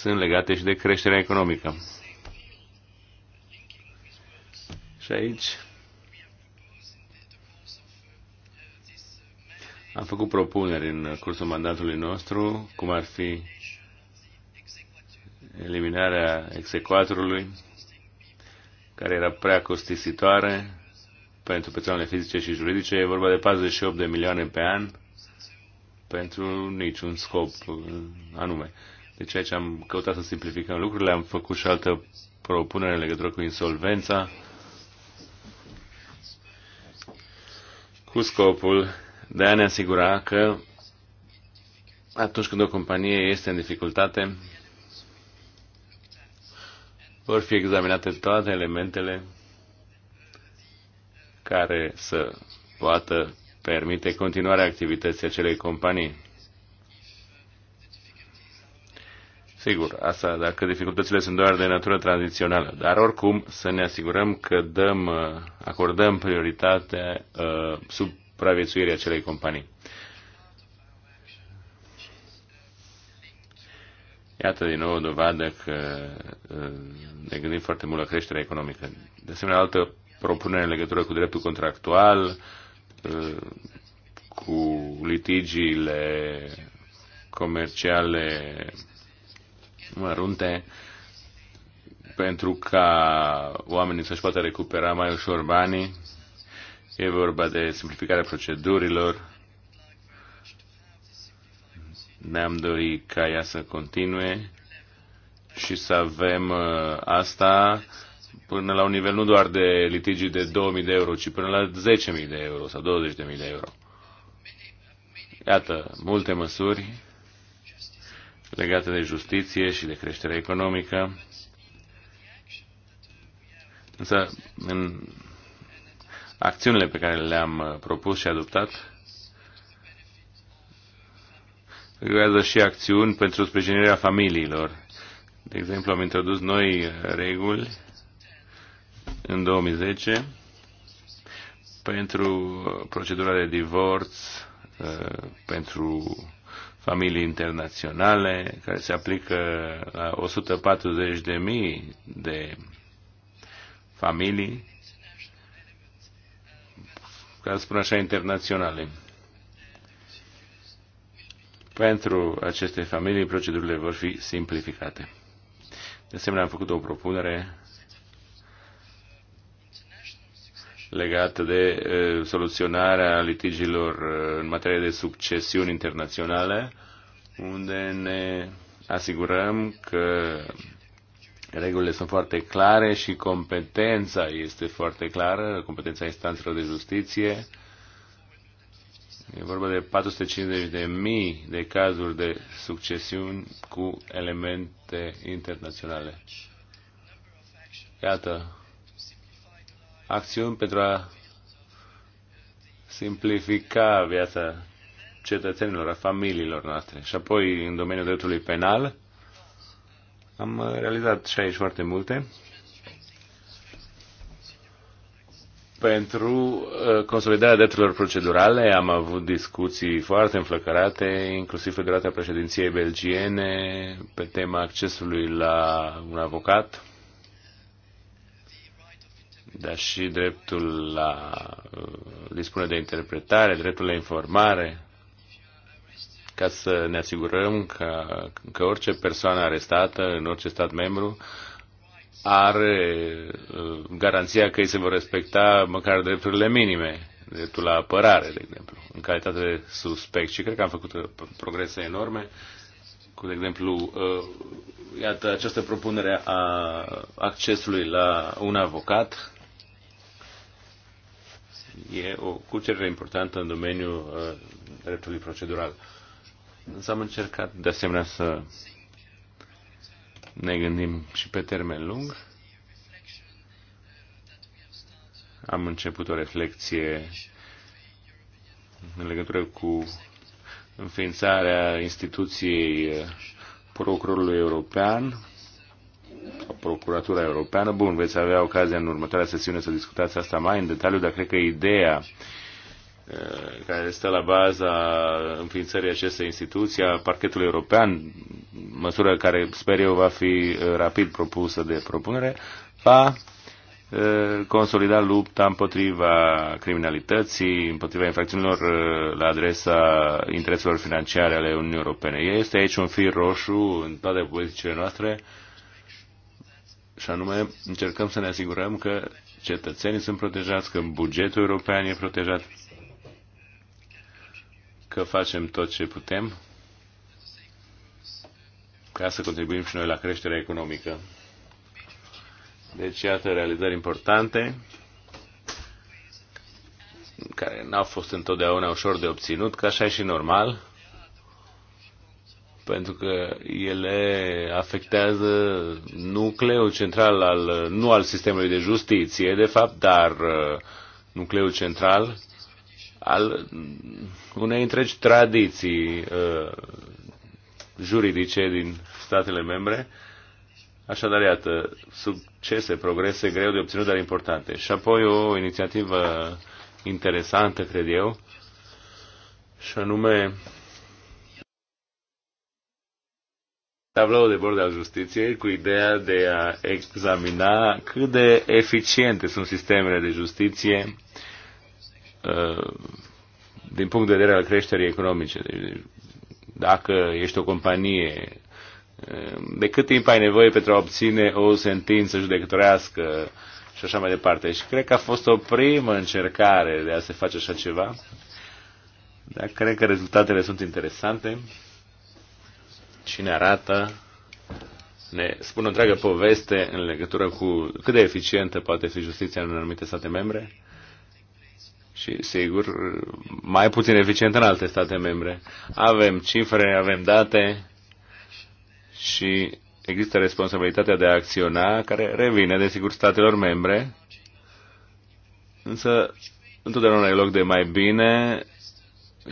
sunt legate și de creșterea economică. Și aici am făcut propuneri în cursul mandatului nostru, cum ar fi eliminarea execuatorului, care era prea costisitoare pentru persoanele fizice și juridice. E vorba de 48 de milioane pe an pentru niciun scop anume. Deci aici am căutat să simplificăm lucrurile, am făcut și altă propunere în legătură cu insolvența, cu scopul de a ne asigura că atunci când o companie este în dificultate, vor fi examinate toate elementele care să poată permite continuarea activității acelei companii. Sigur, asta dacă dificultățile sunt doar de natură tradițională, dar oricum să ne asigurăm că dăm, uh, acordăm prioritate uh, supraviețuirii acelei companii. Iată din nou o dovadă că uh, ne gândim foarte mult la creșterea economică. De asemenea, altă propunere în legătură cu dreptul contractual, uh, cu litigiile comerciale mărunte pentru ca oamenii să-și poată recupera mai ușor banii. E vorba de simplificarea procedurilor. Ne-am dorit ca ea să continue și să avem uh, asta până la un nivel nu doar de litigii de 2000 de euro, ci până la 10.000 de euro sau 20.000 de euro. Iată, multe măsuri legate de justiție și de creștere economică. Însă, în acțiunile pe care le-am uh, propus și adoptat, creează și acțiuni pentru sprijinirea familiilor. De exemplu, am introdus noi uh, reguli în 2010 pentru procedura de divorț, uh, pentru familii internaționale, care se aplică la 140.000 de familii, ca să spun așa, internaționale. Pentru aceste familii, procedurile vor fi simplificate. De asemenea, am făcut o propunere legată de soluționarea litigiilor în materie de succesiuni internaționale, unde ne asigurăm că regulile sunt foarte clare și competența este foarte clară, competența instanțelor de justiție. E vorba de 450.000 de, de cazuri de succesiuni cu elemente internaționale. Iată, acțiuni pentru a simplifica viața cetățenilor, a familiilor noastre. Și apoi, în domeniul dreptului penal, am realizat și aici foarte multe pentru uh, consolidarea drepturilor procedurale. Am avut discuții foarte înflăcărate, inclusiv pe durata președinției belgiene, pe tema accesului la un avocat dar și dreptul la uh, dispune de interpretare, dreptul la informare, ca să ne asigurăm că, că orice persoană arestată în orice stat membru are uh, garanția că îi se vor respecta măcar drepturile minime, dreptul la apărare, de exemplu, în calitate de suspect. Și cred că am făcut uh, progrese enorme cu, de exemplu, iată această propunere a accesului la un avocat e o cucerere importantă în domeniul uh, dreptului procedural. Însă am încercat de asemenea să ne gândim și pe termen lung. Am început o reflexie în legătură cu înființarea instituției uh, procurorului european Procuratura Europeană. Bun, veți avea ocazia în următoarea sesiune să discutați asta mai în detaliu, dar cred că ideea uh, care stă la baza înființării acestei instituții, a parchetului european, măsură care sper eu va fi uh, rapid propusă de propunere, va uh, consolida lupta împotriva criminalității, împotriva infracțiunilor la adresa intereselor financiare ale Uniunii Europene. Este aici un fir roșu în toate politicile noastre și anume, încercăm să ne asigurăm că cetățenii sunt protejați, că bugetul european e protejat, că facem tot ce putem ca să contribuim și noi la creșterea economică. Deci, iată realizări importante care n-au fost întotdeauna ușor de obținut, ca așa e și normal pentru că ele afectează nucleul central al, nu al sistemului de justiție, de fapt, dar uh, nucleul central al unei întregi tradiții uh, juridice din statele membre. Așadar, iată, succese, progrese greu de obținut, dar importante. Și apoi o inițiativă interesantă, cred eu, și anume tablou de bord al justiției cu ideea de a examina cât de eficiente sunt sistemele de justiție uh, din punct de vedere al creșterii economice. Deci, dacă ești o companie, uh, de cât timp ai nevoie pentru a obține o sentință judecătorească și așa mai departe. Și cred că a fost o primă încercare de a se face așa ceva. Dar cred că rezultatele sunt interesante și ne arată, ne spun o întreagă poveste în legătură cu cât de eficientă poate fi justiția în anumite state membre și, sigur, mai puțin eficientă în alte state membre. Avem cifre, avem date și există responsabilitatea de a acționa, care revine, desigur, statelor membre, însă întotdeauna e loc de mai bine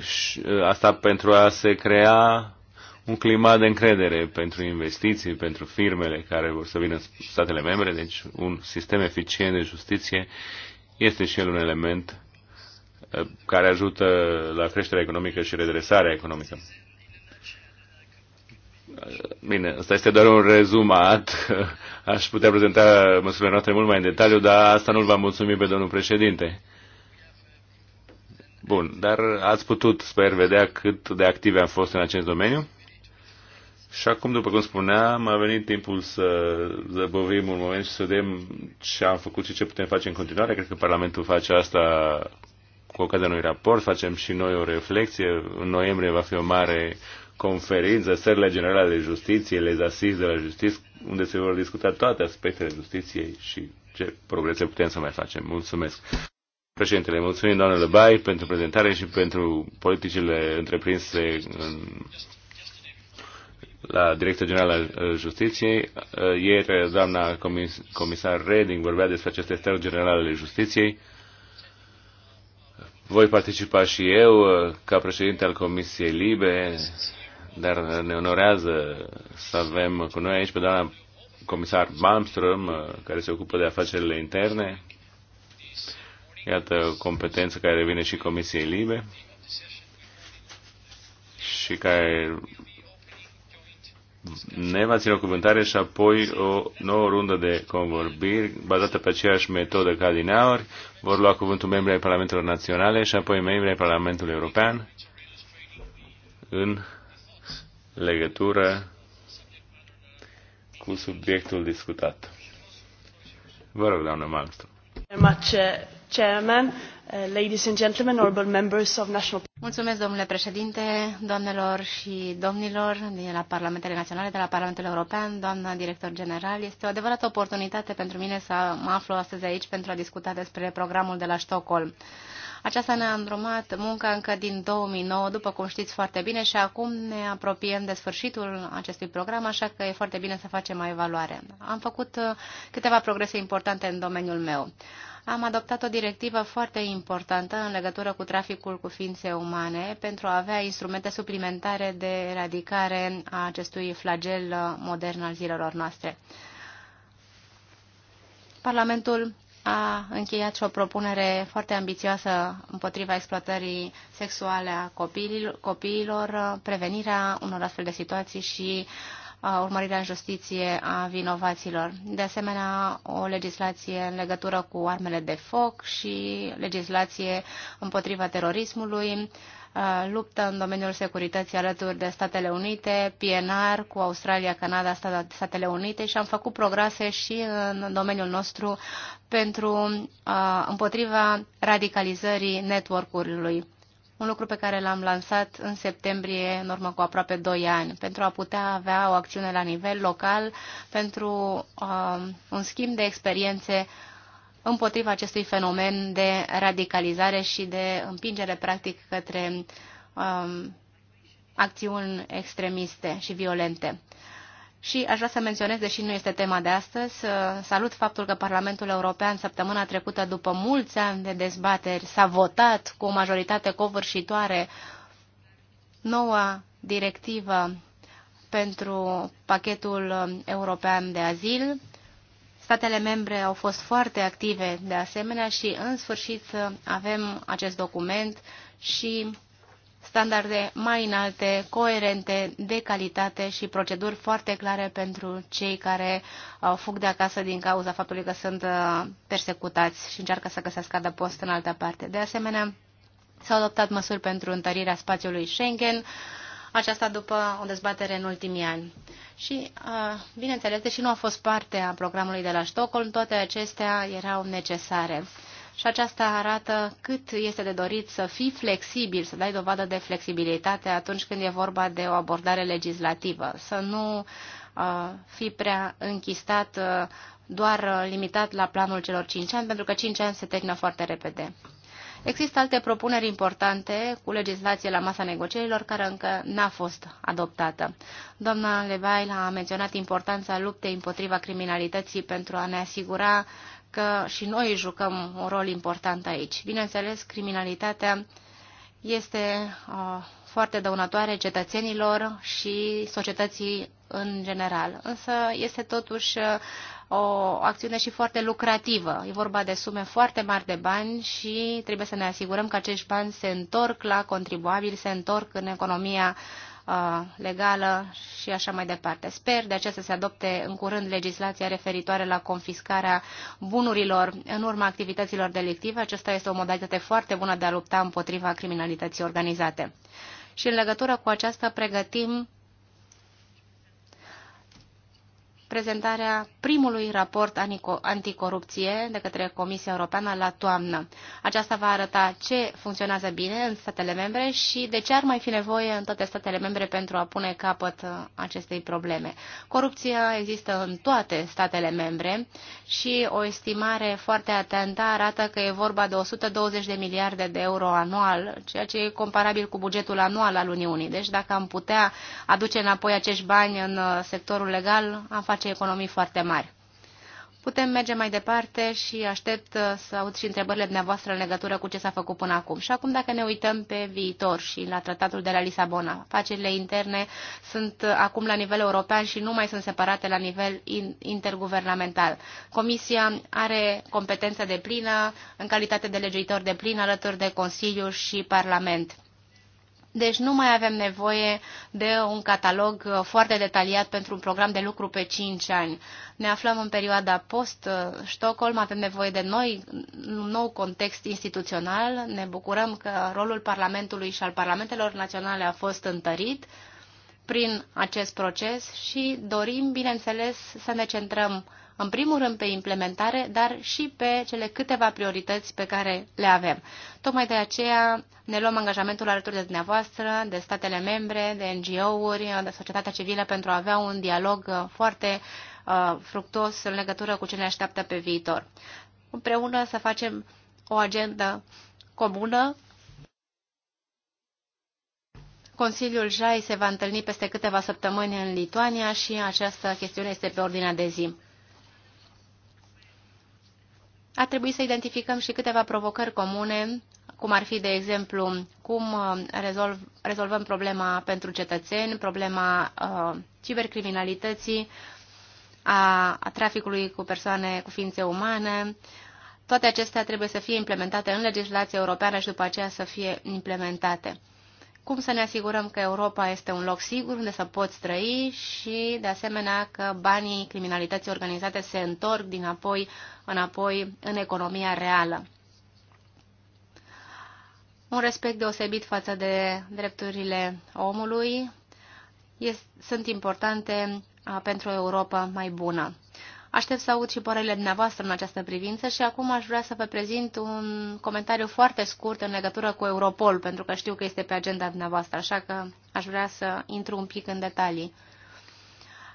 și ă, asta pentru a se crea un climat de încredere pentru investiții, pentru firmele care vor să vină în statele membre, deci un sistem eficient de justiție este și el un element eh, care ajută la creșterea economică și redresarea economică. Bine, asta este doar un rezumat. Aș putea prezenta măsurile noastre mult mai în detaliu, dar asta nu-l va mulțumi pe domnul președinte. Bun, dar ați putut, sper, vedea cât de active am fost în acest domeniu. Și acum, după cum spuneam, a venit timpul să zăbovim un moment și să vedem ce am făcut și ce putem face în continuare. Cred că Parlamentul face asta cu ocazia unui raport, facem și noi o reflexie. În noiembrie va fi o mare conferință, Sările Generale de Justiție, les Asis de la Justiție, unde se vor discuta toate aspectele justiției și ce progrese putem să mai facem. Mulțumesc! Președintele, mulțumim doamnele Bai pentru prezentare și pentru politicile întreprinse în la Direcția Generală a Justiției. Uh, ieri doamna comis comisar Reding vorbea despre aceste stări generale ale justiției. Voi participa și eu uh, ca președinte al Comisiei Libe, dar ne onorează să avem cu noi aici pe doamna comisar Malmström, uh, care se ocupă de afacerile interne. Iată o competență care vine și Comisiei Libe și care ne va ține o cuvântare și apoi o nouă rundă de convorbiri bazată pe aceeași metodă ca din aur. Vor lua cuvântul membrii ai Parlamentelor Naționale și apoi membrii ai Parlamentului European în legătură cu subiectul discutat. Vă rog, doamnă Malmström. Uh, domnule președinte, doamnelor și domnilor de la Parlamentele Naționale, de la Parlamentul European, doamnă director general. Este o adevărată oportunitate pentru mine să mă aflu astăzi aici pentru a discuta despre programul de la Stockholm. Aceasta ne-a îndrumat munca încă din 2009, după cum știți foarte bine, și acum ne apropiem de sfârșitul acestui program, așa că e foarte bine să facem o evaluare. Am făcut uh, câteva progrese importante în domeniul meu. Am adoptat o directivă foarte importantă în legătură cu traficul cu ființe umane pentru a avea instrumente suplimentare de eradicare a acestui flagel uh, modern al zilelor noastre. Parlamentul a încheiat și o propunere foarte ambițioasă împotriva exploatării sexuale a copiilor, prevenirea unor astfel de situații și uh, urmărirea în justiție a vinovaților. De asemenea, o legislație în legătură cu armele de foc și legislație împotriva terorismului, Uh, luptă în domeniul securității alături de Statele Unite, PNR cu Australia, Canada, Statele Unite și am făcut progrese și în domeniul nostru pentru uh, împotriva radicalizării network Un lucru pe care l-am lansat în septembrie, în urmă cu aproape 2 ani, pentru a putea avea o acțiune la nivel local pentru uh, un schimb de experiențe împotriva acestui fenomen de radicalizare și de împingere practic către um, acțiuni extremiste și violente. Și aș vrea să menționez, deși nu este tema de astăzi, uh, salut faptul că Parlamentul European săptămâna trecută, după mulți ani de dezbateri, s-a votat cu o majoritate covârșitoare noua directivă pentru pachetul european de azil, Statele membre au fost foarte active de asemenea și în sfârșit avem acest document și standarde mai înalte, coerente, de calitate și proceduri foarte clare pentru cei care uh, fug de acasă din cauza faptului că sunt uh, persecutați și încearcă să găsească adăpost în altă parte. De asemenea, s-au adoptat măsuri pentru întărirea spațiului Schengen, aceasta după o dezbatere în ultimii ani. Și, bineînțeles, deși nu a fost parte a programului de la Stockholm, toate acestea erau necesare. Și aceasta arată cât este de dorit să fii flexibil, să dai dovadă de flexibilitate atunci când e vorba de o abordare legislativă, să nu uh, fii prea închistat, uh, doar limitat la planul celor 5 ani, pentru că 5 ani se termină foarte repede. Există alte propuneri importante cu legislație la masa negocierilor care încă n-a fost adoptată. Doamna Levail a menționat importanța luptei împotriva criminalității pentru a ne asigura că și noi jucăm un rol important aici. Bineînțeles, criminalitatea este uh, foarte dăunătoare cetățenilor și societății în general, însă este totuși uh, o acțiune și foarte lucrativă. E vorba de sume foarte mari de bani și trebuie să ne asigurăm că acești bani se întorc la contribuabili, se întorc în economia uh, legală și așa mai departe. Sper de aceea să se adopte în curând legislația referitoare la confiscarea bunurilor în urma activităților delictive. Aceasta este o modalitate foarte bună de a lupta împotriva criminalității organizate. Și în legătură cu aceasta pregătim prezentarea primului raport anticorupție de către Comisia Europeană la toamnă. Aceasta va arăta ce funcționează bine în statele membre și de ce ar mai fi nevoie în toate statele membre pentru a pune capăt uh, acestei probleme. Corupția există în toate statele membre și o estimare foarte atentă arată că e vorba de 120 de miliarde de euro anual, ceea ce e comparabil cu bugetul anual al Uniunii. Deci dacă am putea aduce înapoi acești bani în uh, sectorul legal, am face face economii foarte mari. Putem merge mai departe și aștept uh, să aud și întrebările dumneavoastră în legătură cu ce s-a făcut până acum. Și acum, dacă ne uităm pe viitor și la tratatul de la Lisabona, afacerile interne sunt uh, acum la nivel european și nu mai sunt separate la nivel interguvernamental. Comisia are competență de plină în calitate de legiuitor de plin alături de Consiliu și Parlament deci nu mai avem nevoie de un catalog uh, foarte detaliat pentru un program de lucru pe 5 ani. Ne aflăm în perioada post-Stockholm, avem nevoie de noi, un nou context instituțional. Ne bucurăm că rolul Parlamentului și al Parlamentelor Naționale a fost întărit prin acest proces și dorim, bineînțeles, să ne centrăm în primul rând pe implementare, dar și pe cele câteva priorități pe care le avem. Tocmai de aceea ne luăm angajamentul alături de dumneavoastră, de statele membre, de NGO-uri, de societatea civilă pentru a avea un dialog uh, foarte uh, fructos în legătură cu ce ne așteaptă pe viitor. Împreună să facem o agendă comună Consiliul JAI se va întâlni peste câteva săptămâni în Lituania și această chestiune este pe ordinea de zi ar trebui să identificăm și câteva provocări comune, cum ar fi, de exemplu, cum uh, rezolv, rezolvăm problema pentru cetățeni, problema uh, cibercriminalității, a, a traficului cu persoane, cu ființe umane. Toate acestea trebuie să fie implementate în legislația europeană și după aceea să fie implementate cum să ne asigurăm că Europa este un loc sigur unde să poți trăi și, de asemenea, că banii criminalității organizate se întorc dinapoi înapoi în economia reală. Un respect deosebit față de drepturile omului este, sunt importante pentru o Europa mai bună. Aștept să aud și părerile dumneavoastră în această privință și acum aș vrea să vă prezint un comentariu foarte scurt în legătură cu Europol, pentru că știu că este pe agenda dumneavoastră, așa că aș vrea să intru un pic în detalii.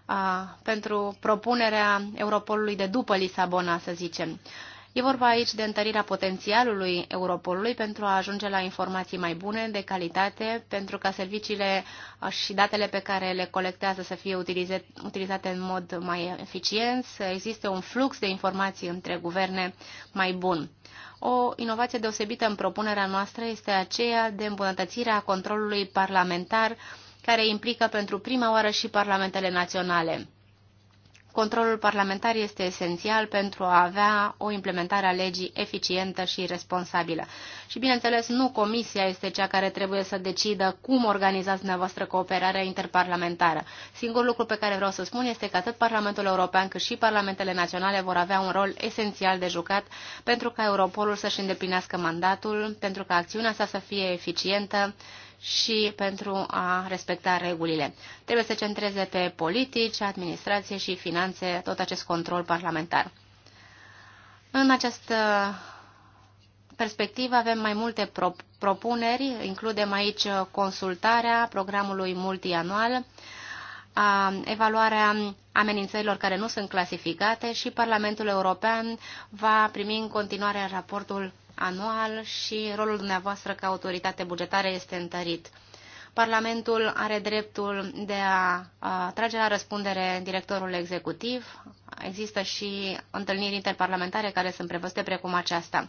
A, pentru propunerea Europolului de după Lisabona, să zicem. E vorba aici de întărirea potențialului Europolului pentru a ajunge la informații mai bune, de calitate, pentru ca serviciile și datele pe care le colectează să fie utilizate în mod mai eficient, să existe un flux de informații între guverne mai bun. O inovație deosebită în propunerea noastră este aceea de îmbunătățirea controlului parlamentar care implică pentru prima oară și parlamentele naționale. Controlul parlamentar este esențial pentru a avea o implementare a legii eficientă și responsabilă. Și, bineînțeles, nu Comisia este cea care trebuie să decidă cum organizați dumneavoastră cooperarea interparlamentară. Singurul lucru pe care vreau să spun este că atât Parlamentul European cât și Parlamentele Naționale vor avea un rol esențial de jucat pentru ca Europolul să-și îndeplinească mandatul, pentru ca acțiunea sa să fie eficientă, și pentru a respecta regulile. Trebuie să centreze pe politici, administrație și finanțe tot acest control parlamentar. În această perspectivă avem mai multe propuneri, includem aici consultarea programului multianual, a evaluarea amenințărilor care nu sunt clasificate și Parlamentul European va primi în continuare raportul anual și rolul dumneavoastră ca autoritate bugetară este întărit. Parlamentul are dreptul de a, a trage la răspundere directorul executiv. Există și întâlniri interparlamentare care sunt prevăzute precum aceasta.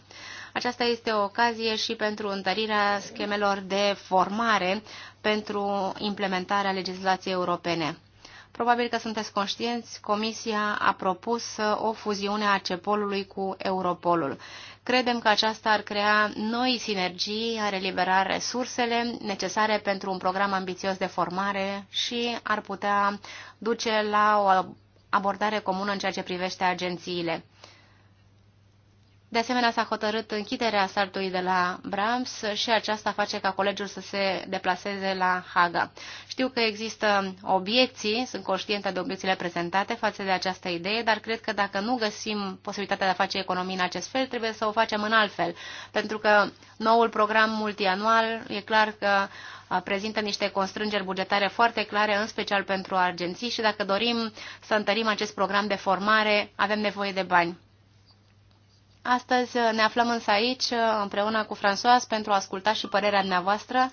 Aceasta este o ocazie și pentru întărirea schemelor de formare pentru implementarea legislației europene. Probabil că sunteți conștienți, Comisia a propus o fuziune a Cepolului cu Europolul. Credem că aceasta ar crea noi sinergii, ar elibera resursele necesare pentru un program ambițios de formare și ar putea duce la o abordare comună în ceea ce privește agențiile. De asemenea, s-a hotărât închiderea sartului de la Brahms și aceasta face ca colegiul să se deplaseze la Haga. Știu că există obiecții, sunt conștientă de obiecțiile prezentate față de această idee, dar cred că dacă nu găsim posibilitatea de a face economii în acest fel, trebuie să o facem în altfel, pentru că noul program multianual e clar că prezintă niște constrângeri bugetare foarte clare, în special pentru argenții și dacă dorim să întărim acest program de formare, avem nevoie de bani. Astăzi uh, ne aflăm însă aici uh, împreună cu François pentru a asculta și părerea dumneavoastră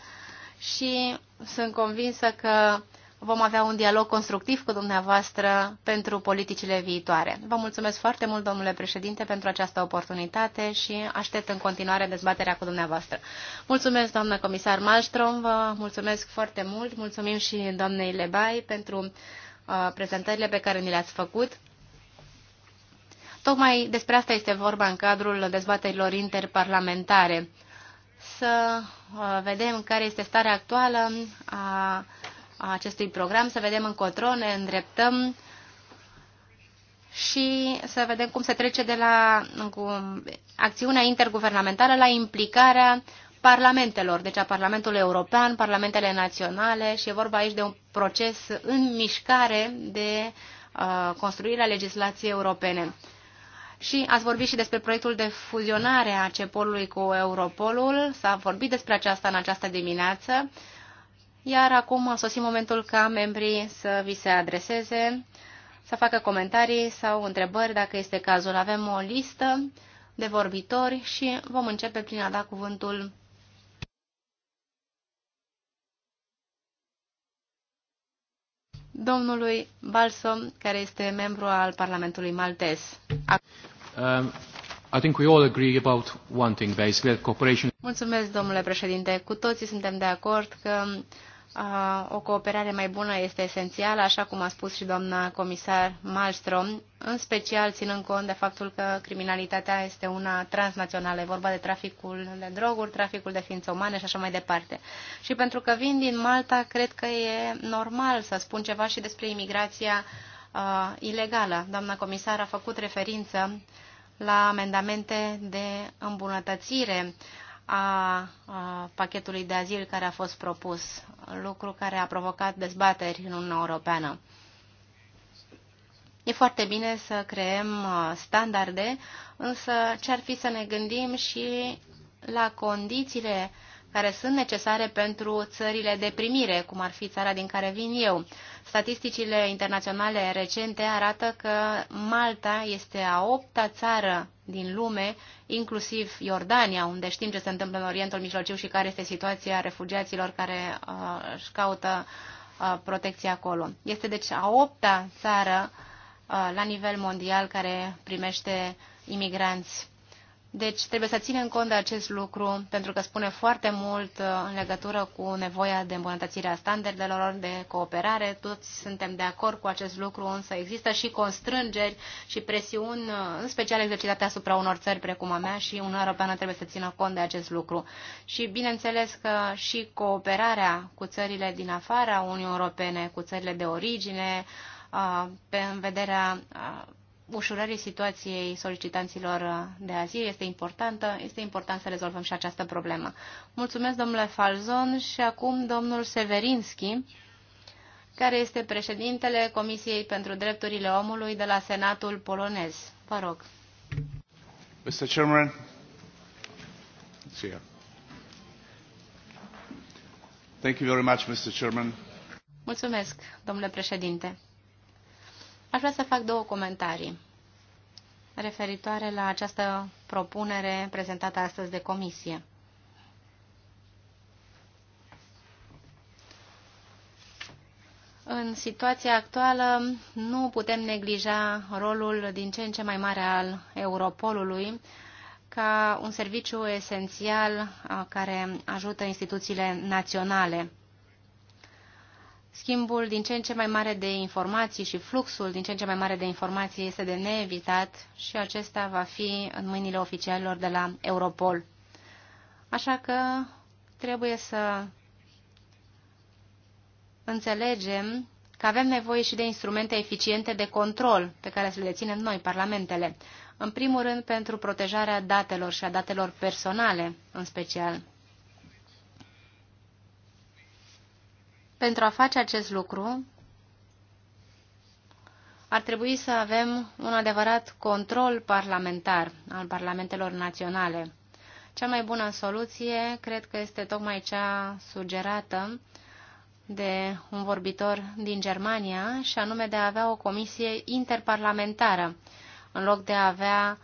și sunt convinsă că vom avea un dialog constructiv cu dumneavoastră pentru politicile viitoare. Vă mulțumesc foarte mult, domnule președinte, pentru această oportunitate și aștept în continuare dezbaterea cu dumneavoastră. Mulțumesc, doamnă comisar Malmström, vă mulțumesc foarte mult, mulțumim și doamnei Lebai pentru uh, prezentările pe care ni le-ați făcut. Tocmai despre asta este vorba în cadrul dezbaterilor interparlamentare. Să uh, vedem care este starea actuală a acestui program, să vedem încotro ne îndreptăm și să vedem cum se trece de la acțiunea interguvernamentală la implicarea parlamentelor, deci a Parlamentului European, Parlamentele Naționale și e vorba aici de un proces în mișcare de uh, construirea legislației europene. Și ați vorbit și despre proiectul de fuzionare a CEPOL-ului cu Europolul. S-a vorbit despre aceasta în această dimineață. Iar acum a sosit momentul ca membrii să vi se adreseze, să facă comentarii sau întrebări, dacă este cazul. Avem o listă de vorbitori și vom începe prin a da cuvântul domnului Balsom, care este membru al Parlamentului maltez. Um, I think we all agree about one thing, basically, cooperation... Mulțumesc, domnule președinte. Cu toții suntem de acord că o cooperare mai bună este esențială, așa cum a spus și doamna comisar Malmström, în special ținând cont de faptul că criminalitatea este una transnațională, e vorba de traficul de droguri, traficul de ființe umane și așa mai departe. Și pentru că vin din Malta, cred că e normal să spun ceva și despre imigrația uh, ilegală. Doamna comisar a făcut referință la amendamente de îmbunătățire uh, a pachetului de azil care a fost propus, lucru care a provocat dezbateri în Uniunea Europeană. E foarte bine să creăm standarde, însă ce ar fi să ne gândim și la condițiile uh, care sunt necesare pentru țările de primire, cum ar fi țara din care vin eu. Statisticile internaționale recente arată că Malta este a opta țară din lume, inclusiv Iordania, unde știm ce se întâmplă în Orientul Mijlociu și care este situația refugiaților care uh, își caută uh, protecție acolo. Este deci a opta țară uh, la nivel mondial care primește imigranți deci trebuie să ținem cont de acest lucru pentru că spune foarte mult uh, în legătură cu nevoia de îmbunătățire a standardelor de cooperare. Toți suntem de acord cu acest lucru, însă există și constrângeri și presiuni, uh, în special exercitate asupra unor țări precum a mea și Uniunea Europeană trebuie să țină cont de acest lucru. Și bineînțeles că și cooperarea cu țările din afara Uniunii Europene, cu țările de origine, uh, pe, în vederea ușurării situației solicitanților de azil este importantă. Este important să rezolvăm și această problemă. Mulțumesc, domnule Falzon, și acum domnul Severinski, care este președintele Comisiei pentru Drepturile Omului de la Senatul polonez. Vă rog. Mr. Chairman, Thank you very much, Mr. Chairman. Mulțumesc, domnule președinte. Aș vrea să fac două comentarii referitoare la această propunere prezentată astăzi de comisie. În situația actuală nu putem neglija rolul din ce în ce mai mare al Europolului ca un serviciu esențial care ajută instituțiile naționale. Schimbul din ce în ce mai mare de informații și fluxul din ce în ce mai mare de informații este de neevitat și acesta va fi în mâinile oficialilor de la Europol. Așa că trebuie să înțelegem că avem nevoie și de instrumente eficiente de control pe care să le deținem noi, parlamentele. În primul rând pentru protejarea datelor și a datelor personale, în special. Pentru a face acest lucru, ar trebui să avem un adevărat control parlamentar al parlamentelor naționale. Cea mai bună soluție cred că este tocmai cea sugerată de un vorbitor din Germania, și anume de a avea o comisie interparlamentară, în loc de a avea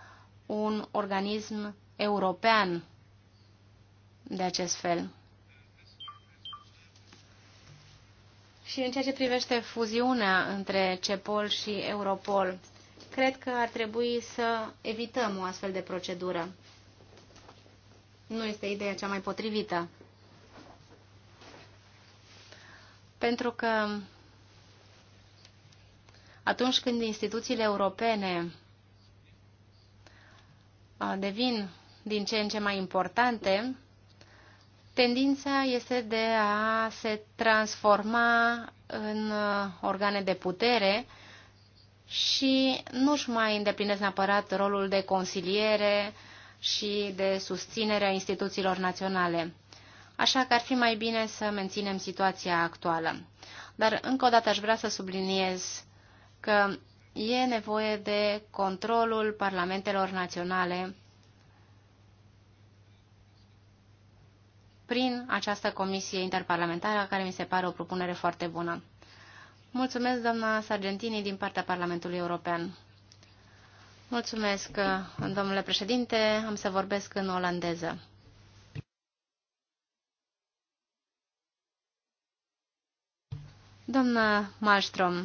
un organism european de acest fel. Și în ceea ce privește fuziunea între CEPOL și Europol, cred că ar trebui să evităm o astfel de procedură. Nu este ideea cea mai potrivită. Pentru că atunci când instituțiile europene uh, devin din ce în ce mai importante, Tendința este de a se transforma în uh, organe de putere și nu-și mai îndeplinesc neapărat rolul de consiliere și de susținere a instituțiilor naționale. Așa că ar fi mai bine să menținem situația actuală. Dar încă o dată aș vrea să subliniez că e nevoie de controlul parlamentelor naționale prin această comisie interparlamentară, care mi se pare o propunere foarte bună. Mulțumesc, doamna Sargentini, din partea Parlamentului European. Mulțumesc, domnule președinte. Am să vorbesc în olandeză. Doamna Malmström,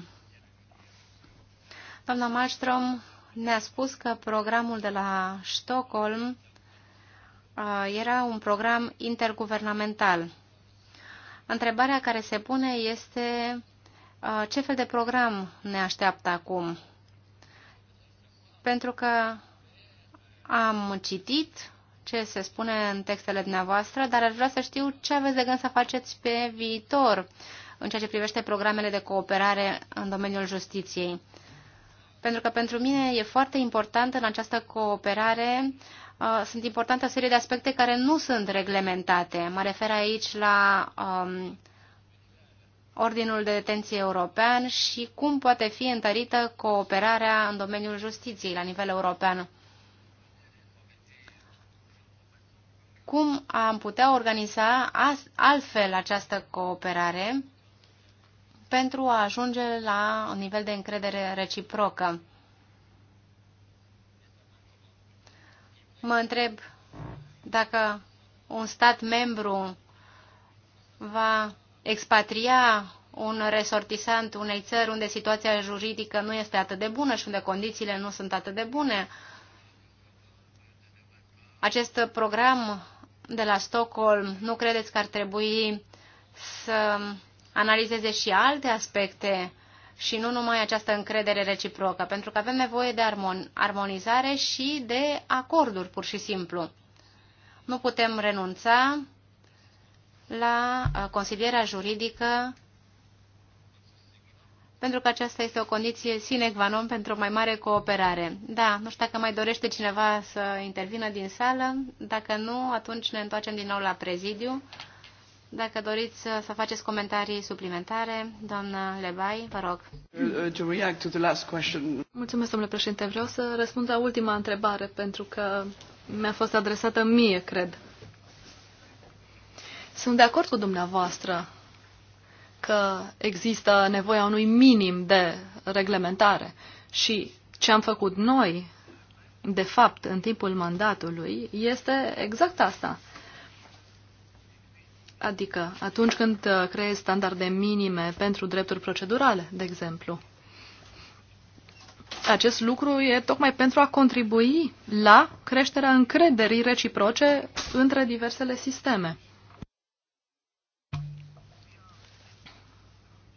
doamna Malmström ne-a spus că programul de la Stockholm era un program interguvernamental. Întrebarea care se pune este ce fel de program ne așteaptă acum? Pentru că am citit ce se spune în textele dumneavoastră, dar ar vrea să știu ce aveți de gând să faceți pe viitor în ceea ce privește programele de cooperare în domeniul justiției. Pentru că pentru mine e foarte important în această cooperare uh, Uh, sunt importante o serie de aspecte care nu sunt reglementate. Mă refer aici la um, Ordinul de Detenție European și cum poate fi întărită cooperarea în domeniul justiției la nivel european. Cum am putea organiza altfel această cooperare pentru a ajunge la un nivel de încredere reciprocă? Mă întreb dacă un stat membru va expatria un resortisant unei țări unde situația juridică nu este atât de bună și unde condițiile nu sunt atât de bune. Acest program de la Stockholm, nu credeți că ar trebui să analizeze și alte aspecte și nu numai această încredere reciprocă, pentru că avem nevoie de armon armonizare și de acorduri, pur și simplu. Nu putem renunța la consilierea juridică, pentru că aceasta este o condiție sine qua non pentru o mai mare cooperare. Da, nu știu dacă mai dorește cineva să intervină din sală. Dacă nu, atunci ne întoarcem din nou la prezidiu. Dacă doriți să faceți comentarii suplimentare, doamna Lebai, vă rog. Uh, Mulțumesc, domnule președinte. Vreau să răspund la ultima întrebare, pentru că mi-a fost adresată mie, cred. Sunt de acord cu dumneavoastră că există nevoia unui minim de reglementare și ce am făcut noi, de fapt, în timpul mandatului, este exact asta – Adică atunci când uh, creezi standarde minime pentru drepturi procedurale, de exemplu. Acest lucru e tocmai pentru a contribui la creșterea încrederii reciproce între diversele sisteme.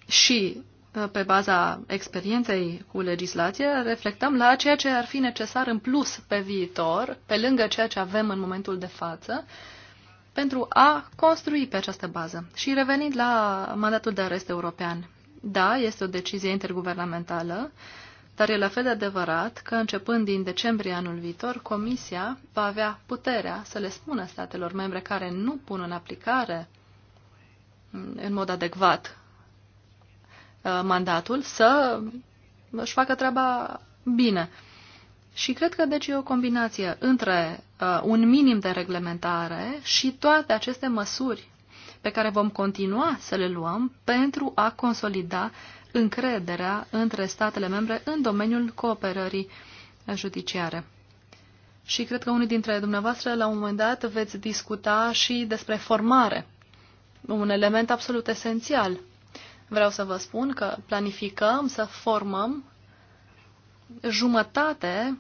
Și uh, pe baza experienței cu legislație, reflectăm la ceea ce ar fi necesar în plus pe viitor, pe lângă ceea ce avem în momentul de față, pentru a construi pe această bază. Și revenind la mandatul de arest european, da, este o decizie interguvernamentală, dar e la fel de adevărat că începând din decembrie anul viitor, Comisia va avea puterea să le spună statelor membre care nu pun în aplicare în mod adecvat uh, mandatul să își facă treaba bine. Și cred că deci e o combinație între uh, un minim de reglementare și toate aceste măsuri pe care vom continua să le luăm pentru a consolida încrederea între statele membre în domeniul cooperării judiciare. Și cred că unii dintre dumneavoastră la un moment dat veți discuta și despre formare, un element absolut esențial. Vreau să vă spun că planificăm să formăm jumătate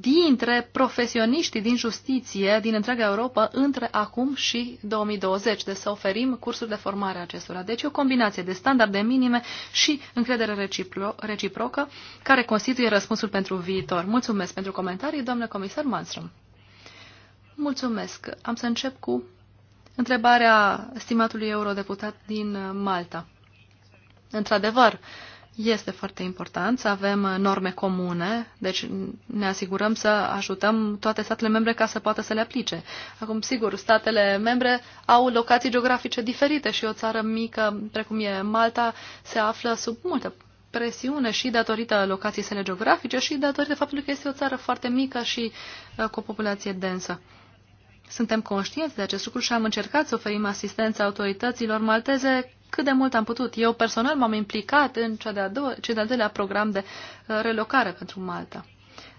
dintre profesioniștii din justiție din întreaga Europa între acum și 2020. de deci să oferim cursuri de formare acestora. Deci o combinație de standarde minime și încredere recipro reciprocă care constituie răspunsul pentru viitor. Mulțumesc pentru comentarii, doamnă comisar Manström. Mulțumesc. Am să încep cu întrebarea stimatului eurodeputat din Malta. Într-adevăr, uh, este foarte important să avem uh, norme comune, deci ne asigurăm să ajutăm toate statele membre ca să poată să le aplice. Acum, sigur, statele membre au locații geografice diferite și o țară mică, precum e Malta, se află sub multă presiune și datorită locației sale geografice și datorită faptului că este o țară foarte mică și uh, cu o populație densă. Suntem conștienți de acest lucru și am încercat să oferim asistență autorităților malteze cât de mult am putut. Eu personal m-am implicat în cea de-a doua, cea de a doua program de uh, relocare pentru Malta.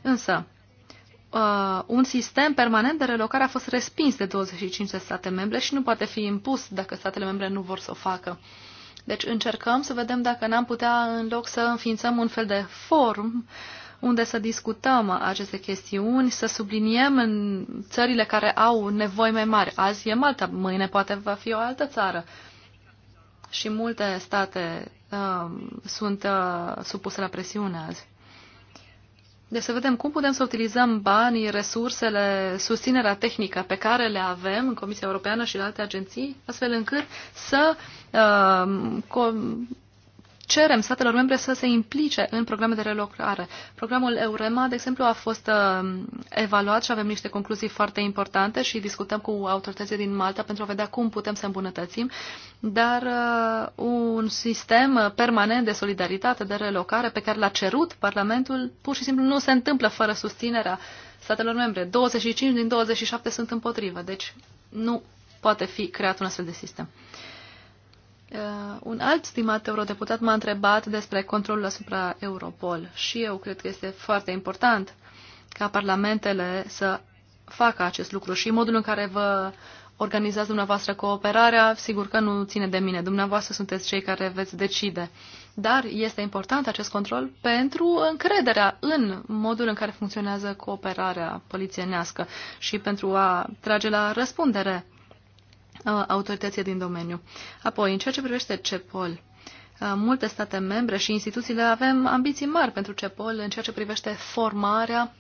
Însă, uh, un sistem permanent de relocare a fost respins de 25 de state membre și nu poate fi impus dacă statele membre nu vor să o facă. Deci încercăm să vedem dacă n-am putea, în loc să înființăm un fel de forum unde să discutăm aceste chestiuni, să subliniem în țările care au nevoi mai mari. Azi e Malta, mâine poate va fi o altă țară. Uh, și multe state uh, sunt uh, supuse la presiune azi. Deci să vedem cum putem să utilizăm banii, resursele, susținerea tehnică pe care le avem în Comisia Europeană și la alte agenții, astfel încât să uh, cerem statelor membre să se implice în programe de relocare. Programul EUREMA, de exemplu, a fost uh, evaluat și avem niște concluzii foarte importante și discutăm cu autoritățile din Malta pentru a vedea cum putem să îmbunătățim, dar uh, un sistem uh, permanent de solidaritate, de relocare, pe care l-a cerut Parlamentul, pur și simplu nu se întâmplă fără susținerea statelor membre. 25 din 27 sunt împotrivă, deci nu poate fi creat un astfel de sistem. Uh, un alt stimat eurodeputat m-a întrebat despre controlul asupra Europol și eu cred că este foarte important ca parlamentele să facă acest lucru și modul în care vă organizați dumneavoastră cooperarea, sigur că nu ține de mine, dumneavoastră sunteți cei care veți decide. Dar este important acest control pentru încrederea în modul în care funcționează cooperarea polițienească și pentru a trage la răspundere autoritățile din domeniu. Apoi, în ceea ce privește CEPOL, multe state membre și instituțiile avem ambiții mari pentru CEPOL în ceea ce privește formarea,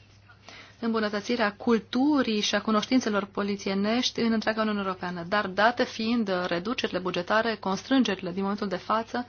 îmbunătățirea culturii și a cunoștințelor polițienești în întreaga Uniune Europeană. Dar date fiind reducerile bugetare, constrângerile din momentul de față,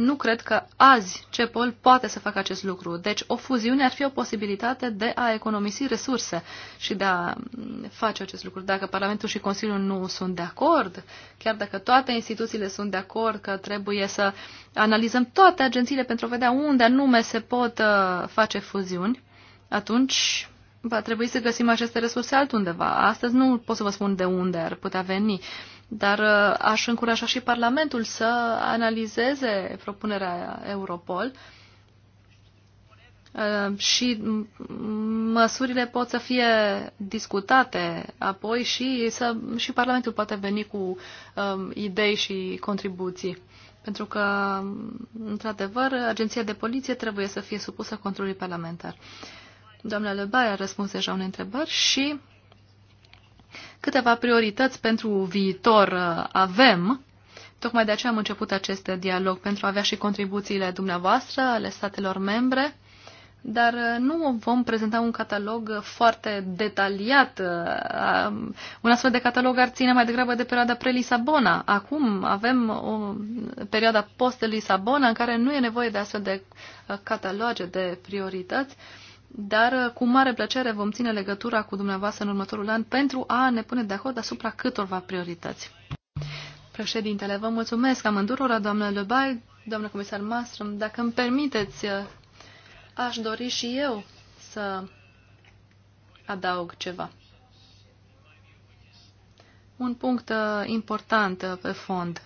nu cred că azi CEPOL poate să facă acest lucru. Deci o fuziune ar fi o posibilitate de a economisi resurse și de a mm, face acest lucru. Dacă Parlamentul și Consiliul nu sunt de acord, chiar dacă toate instituțiile sunt de acord că trebuie să analizăm toate agențiile pentru a vedea unde anume se pot uh, face fuziuni, atunci va trebui să găsim aceste resurse altundeva. Astăzi nu pot să vă spun de unde ar putea veni. Dar uh, aș încuraja și Parlamentul să analizeze propunerea Europol uh, și măsurile pot să fie discutate apoi și, să, și Parlamentul poate veni cu um, idei și contribuții. Pentru că, um, într-adevăr, agenția de poliție trebuie să fie supusă controlului parlamentar. Doamna Lebaia a răspuns deja unei întrebări și câteva priorități pentru viitor uh, avem. Tocmai de aceea am început acest dialog, pentru a avea și contribuțiile dumneavoastră, ale statelor membre, dar uh, nu vom prezenta un catalog foarte detaliat. Uh, un astfel de catalog ar ține mai degrabă de perioada pre-Lisabona. Acum avem o perioada post-Lisabona în care nu e nevoie de astfel de cataloge de priorități dar uh, cu mare plăcere vom ține legătura cu dumneavoastră în următorul an pentru a ne pune de acord asupra câtorva priorități. Președintele, vă mulțumesc amândurora, doamnă Lebai, doamnă comisar Mastrom. Dacă îmi permiteți, uh, aș dori și eu să adaug ceva. Un punct uh, important pe fond,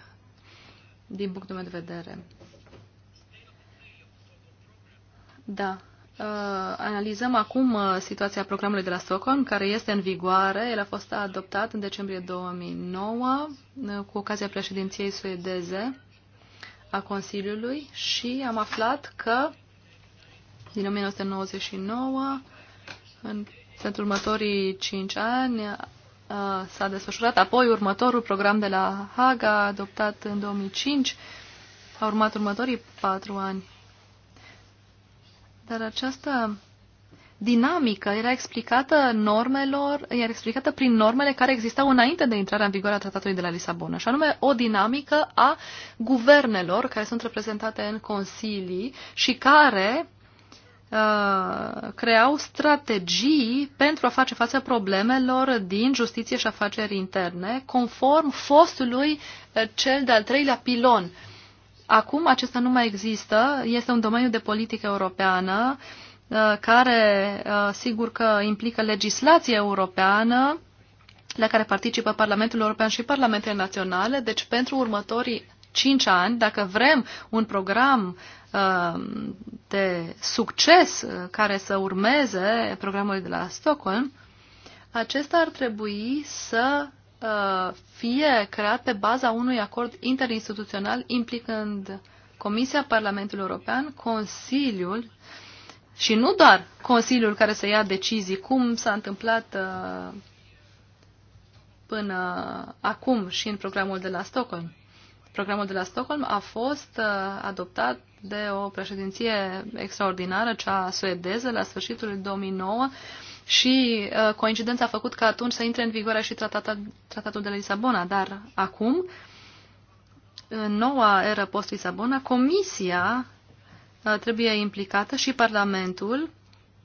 din punctul meu de vedere. Da, Uh, analizăm acum uh, situația programului de la Stockholm, care este în vigoare. El a fost adoptat în decembrie 2009 uh, cu ocazia președinției suedeze a Consiliului și am aflat că din 1999, în, pentru următorii 5 ani, s-a desfășurat. Apoi următorul program de la Haga, adoptat în 2005, a urmat următorii 4 ani dar această dinamică era explicată normelor, era explicată prin normele care existau înainte de intrarea în vigoare a tratatului de la Lisabona, și anume o dinamică a guvernelor care sunt reprezentate în consilii și care uh, creau strategii pentru a face față problemelor din justiție și afaceri interne, conform fostului uh, cel de-al treilea pilon uh, Acum acesta nu mai există, este un domeniu de politică europeană uh, care uh, sigur că implică legislație europeană la care participă Parlamentul European și Parlamentele Naționale, deci pentru următorii cinci ani, dacă vrem un program uh, de succes care să urmeze programul de la Stockholm, acesta ar trebui să Uh, fie creat pe baza unui acord interinstituțional implicând Comisia Parlamentului European, Consiliul și nu doar Consiliul care să ia decizii, cum s-a întâmplat uh, până acum și în programul de la Stockholm. Programul de la Stockholm a fost uh, adoptat de o președinție extraordinară, cea suedeză, la sfârșitul 2009, și uh, coincidența a făcut ca atunci să intre în vigoare și tratata, tratatul de la Lisabona, dar acum, în noua eră post-Lisabona, Comisia uh, trebuie implicată și Parlamentul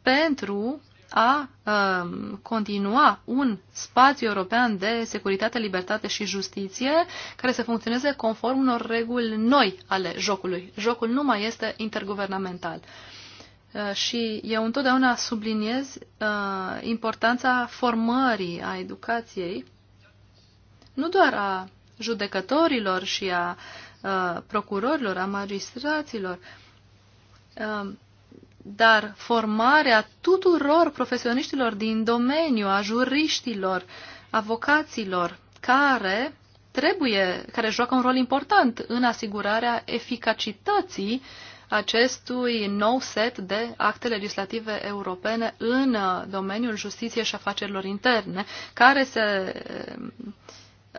pentru a uh, continua un spațiu european de securitate, libertate și justiție care să funcționeze conform unor reguli noi ale jocului. Jocul nu mai este interguvernamental. Uh, Uh, și eu întotdeauna subliniez uh, importanța formării, a educației, nu doar a judecătorilor și a uh, procurorilor, a magistraților, dar formarea tuturor profesioniștilor din domeniu, a juriștilor, avocaților, care trebuie, care joacă un rol important în asigurarea eficacității uh, acestui nou set de acte legislative europene în uh, domeniul justiției și afacerilor interne, care se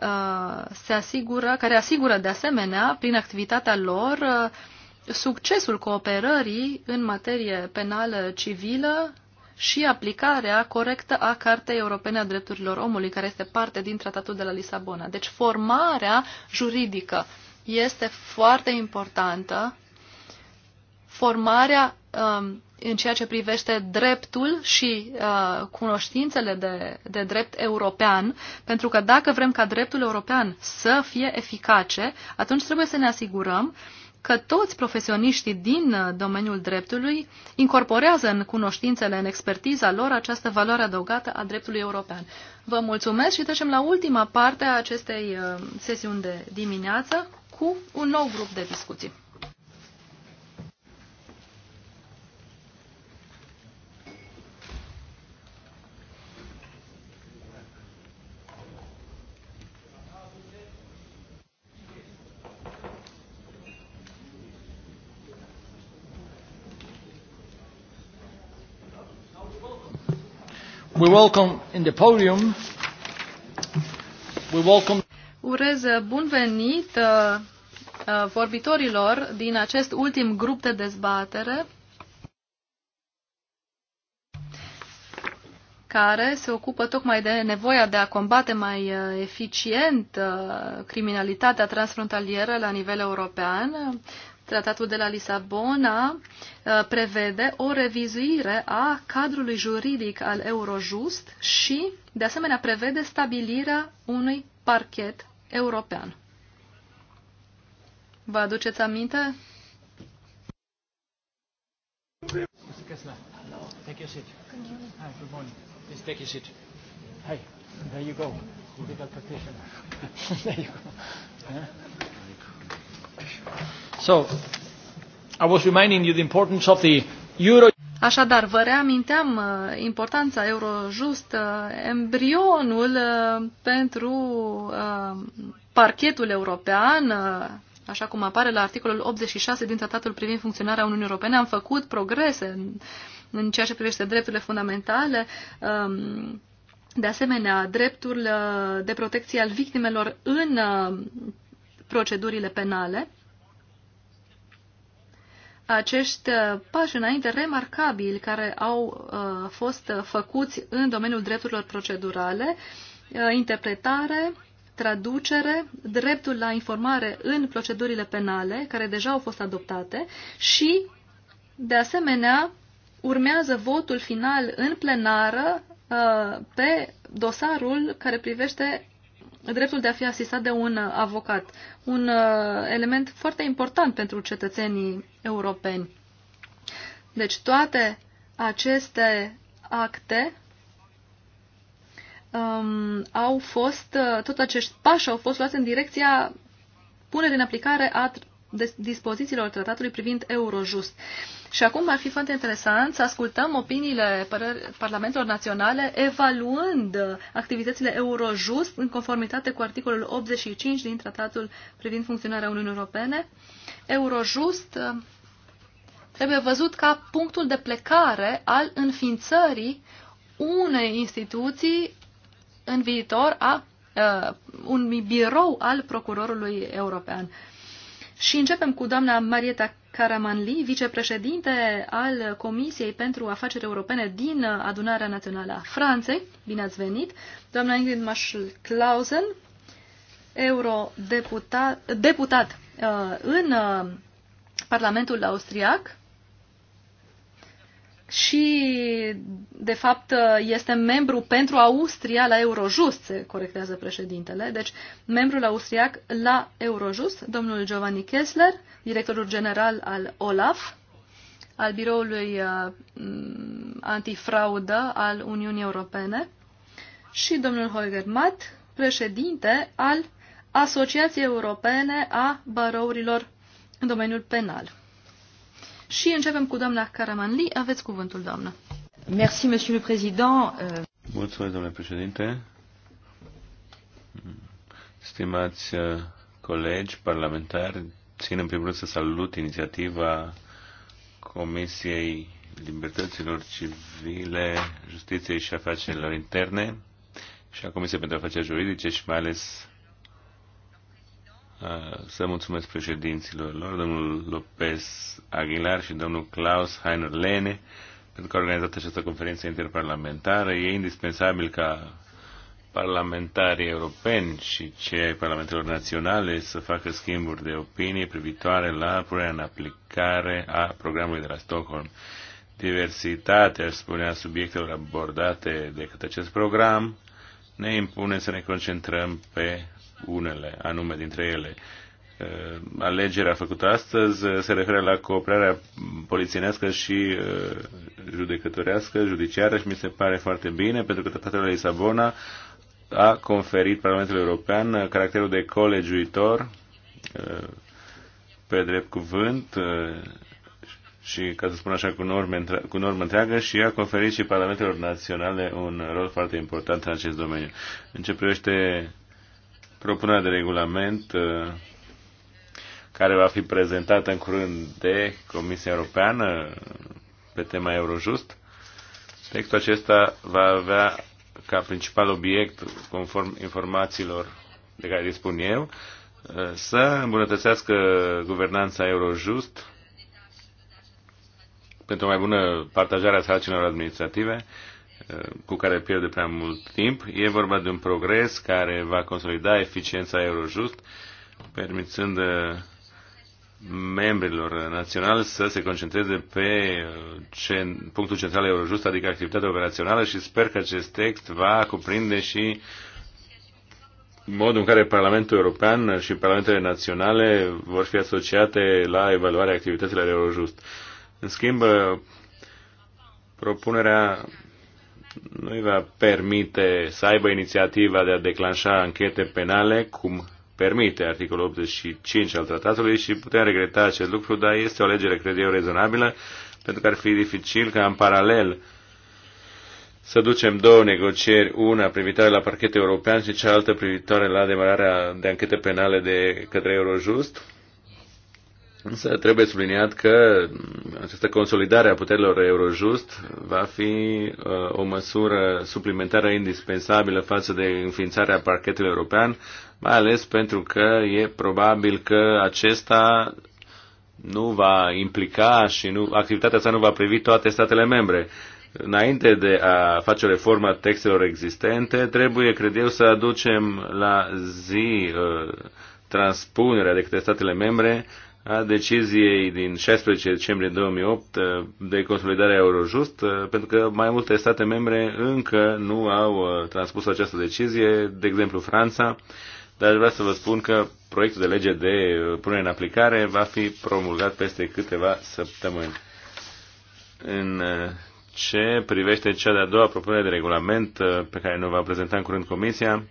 uh, se asigură, care asigură de asemenea, prin activitatea lor, uh, succesul cooperării în materie penală civilă și aplicarea corectă a Cartei Europene a Drepturilor Omului, care este parte din Tratatul de la Lisabona. Deci formarea juridică este foarte importantă formarea um, în ceea ce privește dreptul și uh, cunoștințele de, de drept european, pentru că dacă vrem ca dreptul european să fie eficace, atunci trebuie să ne asigurăm că toți profesioniștii din uh, domeniul dreptului incorporează în cunoștințele, în expertiza lor, această valoare adăugată a dreptului european. Vă mulțumesc și trecem la ultima parte a acestei uh, sesiuni de dimineață cu un nou grup de discuții. We welcome in the podium. We welcome... Urez uh, bun venit uh, uh, vorbitorilor din acest ultim grup de dezbatere care se ocupă tocmai de nevoia de a combate mai eficient criminalitatea transfrontalieră la nivel european. Tratatul de la Lisabona uh, prevede o revizuire a cadrului juridic al Eurojust și, de asemenea, prevede stabilirea unui parchet european. Vă aduceți aminte? Hey, there you go. Legal practitioner. there you go. Așadar, vă reaminteam uh, importanța Eurojust, uh, embrionul uh, pentru parchetul european, așa cum apare la articolul 86 din tratatul privind funcționarea Uniunii Europene. Am făcut progrese în, în ceea ce privește drepturile fundamentale. Um, de asemenea, dreptul de protecție al victimelor în procedurile penale. Acești uh, pași înainte remarcabili care au uh, fost făcuți în domeniul drepturilor procedurale, uh, interpretare, traducere, dreptul la informare în procedurile penale, care deja au fost adoptate, și, de asemenea, urmează votul final în plenară uh, pe dosarul care privește dreptul de a fi asistat de un uh, avocat, un uh, element foarte important pentru cetățenii europeni. Deci toate aceste acte um, au fost, uh, tot acești pași au fost luați în direcția punerii în aplicare a dispozițiilor tratatului privind Eurojust. Și acum ar fi foarte interesant să ascultăm opiniile Parlamentelor Naționale evaluând activitățile Eurojust în conformitate cu articolul 85 din tratatul privind funcționarea Uniunii Europene. Eurojust uh, trebuie văzut ca punctul de plecare al înființării unei instituții în viitor a uh, unui birou al procurorului european. Și începem cu doamna Marieta Caramanli, vicepreședinte al Comisiei pentru Afaceri Europene din Adunarea Națională a Franței. Bine ați venit! Doamna Ingrid marshall Clausen, eurodeputat deputat, uh, în uh, Parlamentul Austriac și, de fapt, este membru pentru Austria la Eurojust, se corectează președintele. Deci, membrul austriac la Eurojust, domnul Giovanni Kessler, directorul general al OLAF, al biroului uh, antifraudă al Uniunii Europene, și domnul Holger Matt, președinte al Asociației Europene a Barourilor în domeniul penal. Și începem cu doamna Caramanli. Aveți cuvântul, doamnă. Merci, monsieur le président. Euh, Mulțumesc, domnule președinte. Stimați uh, colegi parlamentari, țin în primul rând să salut inițiativa Comisiei Libertăților Civile, Justiției și Afacerilor Interne și a Comisiei pentru Afaceri Juridice și mai ales Uh, să mulțumesc președinților lor, domnul Lopez Aguilar și domnul Klaus Heiner Lene, pentru că au organizat această conferință interparlamentară. E indispensabil ca parlamentarii europeni și cei ai parlamentelor naționale să facă schimburi de opinie privitoare la punerea în aplicare a programului de la Stockholm. Diversitatea, aș spune, a subiectelor abordate de către acest program ne impune să ne concentrăm pe unele anume dintre ele. Uh, alegerea făcută astăzi uh, se referă la cooperarea polițienească și uh, judecătorească, judiciară și mi se pare foarte bine, pentru că tratatul de Lisabona a conferit Parlamentului European caracterul de colegiuitor pe drept cuvânt și, ca să spun așa, cu, norme, cu normă întreagă și a conferit și Parlamentelor Naționale un rol foarte important în acest domeniu. În ce privește propunerea de regulament uh, care va fi prezentată în curând de Comisia Europeană pe tema Eurojust. Textul acesta va avea ca principal obiect, conform informațiilor de care dispun eu, uh, să îmbunătățească guvernanța Eurojust pentru o mai bună partajare a sarcinilor administrative, Uh, cu care pierde prea mult timp. E vorba de un progres care va consolida eficiența Eurojust, permițând uh, membrilor naționali să se concentreze pe uh, punctul central Eurojust, adică activitatea operațională și sper că acest text va cuprinde și modul în care Parlamentul European și Parlamentele Naționale vor fi asociate la evaluarea activităților Eurojust. În schimb, propunerea nu îi va permite să aibă inițiativa de a declanșa anchete penale, cum permite articolul 85 al tratatului și putem regreta acest lucru, dar este o legere, cred eu, rezonabilă, pentru că ar fi dificil ca în paralel să ducem două negocieri, una privitoare la parchetul european și cealaltă privitoare la demararea de anchete penale de către Eurojust Însă trebuie subliniat că această consolidare a puterilor Eurojust va fi uh, o măsură suplimentară indispensabilă față de înființarea parchetului european, mai ales pentru că e probabil că acesta nu va implica și nu, activitatea sa nu va privi toate statele membre. Înainte de a face o reformă a textelor existente, trebuie, cred eu, să aducem la zi uh, transpunerea de către statele membre a deciziei din 16 decembrie 2008 uh, de consolidare a Eurojust, uh, pentru că mai multe state membre încă nu au uh, transpus această decizie, de exemplu Franța, dar vreau să vă spun că proiectul de lege de punere în aplicare va fi promulgat peste câteva săptămâni. În ce privește cea de-a doua propunere de regulament pe care ne va prezenta în curând Comisia,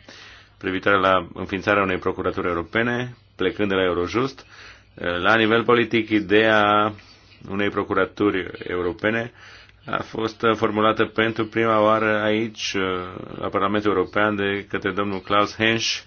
privitoare la înființarea unei procuraturi europene, plecând de la Eurojust, la nivel politic, ideea unei procuraturi europene a fost formulată pentru prima oară aici, uh, la Parlamentul European, de către domnul Klaus Hensch,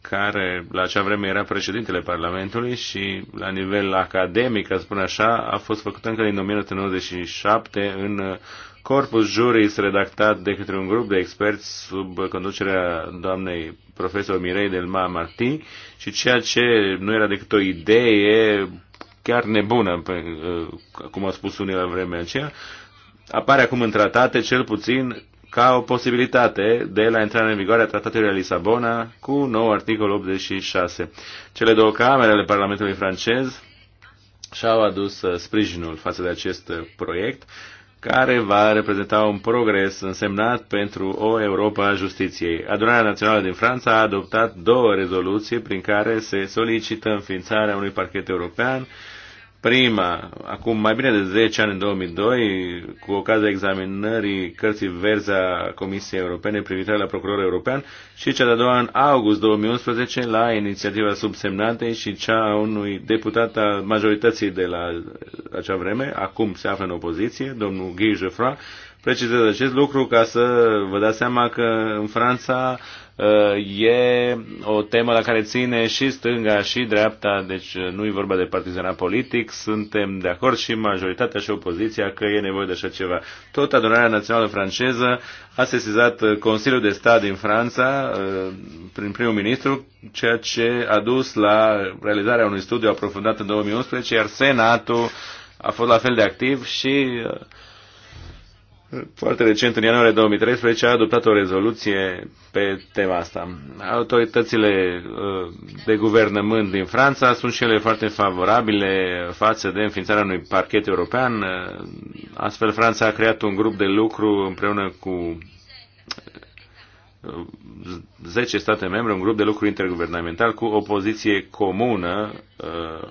care la acea vreme era președintele Parlamentului și la nivel academic, să spun așa, a fost făcută încă din 1997 în uh, corpus juris redactat de către un grup de experți sub conducerea doamnei profesor Mirei Delma Martin și ceea ce nu era decât o idee chiar nebună, uh, cum a spus unii la vremea aceea, apare acum în tratate, cel puțin ca o posibilitate de la intrarea în vigoare a Tratatului de Lisabona cu nou articol 86. Cele două camere ale Parlamentului francez și-au adus uh, sprijinul față de acest uh, proiect care va reprezenta un progres însemnat pentru o Europa a justiției. Adunarea Națională din Franța a adoptat două rezoluții prin care se solicită înființarea unui parchet european Prima, acum mai bine de 10 ani, în 2002, cu ocazia examinării cărții verzi a Comisiei Europene privitoare la procurorul european și cea de-a doua în august 2011 la inițiativa subsemnatei și cea a unui deputat al majorității de la acea vreme, acum se află în opoziție, domnul Guy Geoffroy, precizez acest lucru ca să vă dați seama că în Franța Uh, e o temă la care ține și stânga și dreapta, deci uh, nu e vorba de partizanat politic, suntem de acord și majoritatea și opoziția că e nevoie de așa ceva. Tot adunarea națională franceză a sesizat uh, Consiliul de Stat din Franța prin primul ministru, ceea ce a dus la realizarea unui studiu aprofundat în 2011, iar Senatul a fost la fel de activ și foarte recent, în ianuarie 2013, a adoptat o rezoluție pe tema asta. Autoritățile uh, de guvernământ din Franța sunt și ele foarte favorabile față de înființarea unui parchet european. Uh, astfel, Franța a creat un grup de lucru împreună cu 10 uh, state membre, un grup de lucru interguvernamental cu o poziție comună uh,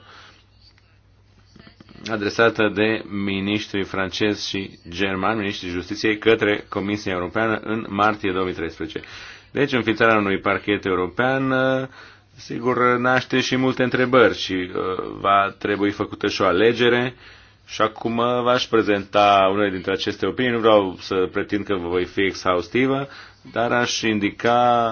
adresată de ministrii francezi și germani, ministrii justiției, către Comisia Europeană în martie 2013. Deci, înființarea unui parchet european, uh, sigur, naște și multe întrebări și uh, va trebui făcută și o alegere. Și acum uh, v-aș prezenta unele dintre aceste opinii. Nu vreau să pretind că voi fi exhaustivă, dar aș indica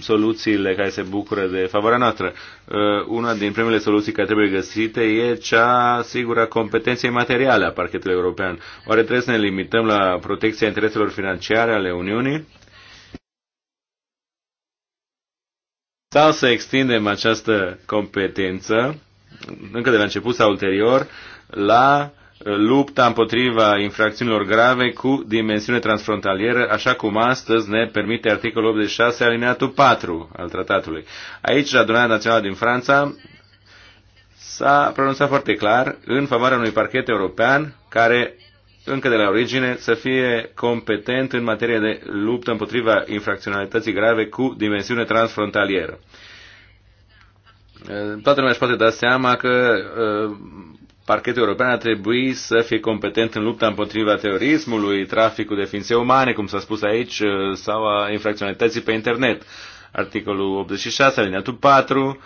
soluțiile care se bucură de favoarea noastră. Uh, una din primele soluții care trebuie găsite e cea sigură a competenței materiale a parchetului european. Oare trebuie să ne limităm la protecția intereselor financiare ale Uniunii? Sau să extindem această competență, încă de la început sau ulterior, la lupta împotriva infracțiunilor grave cu dimensiune transfrontalieră, așa cum astăzi ne permite articolul 86 alineatul 4 al tratatului. Aici, adunarea națională din Franța s-a pronunțat foarte clar în favoarea unui parchet european care încă de la origine, să fie competent în materie de luptă împotriva infracționalității grave cu dimensiune transfrontalieră. Toată lumea își poate da seama că uh, parchetul european ar trebui să fie competent în lupta împotriva terorismului, traficul de ființe umane, cum s-a spus aici, uh, sau a infracționalității pe internet. Articolul 86, alineatul 4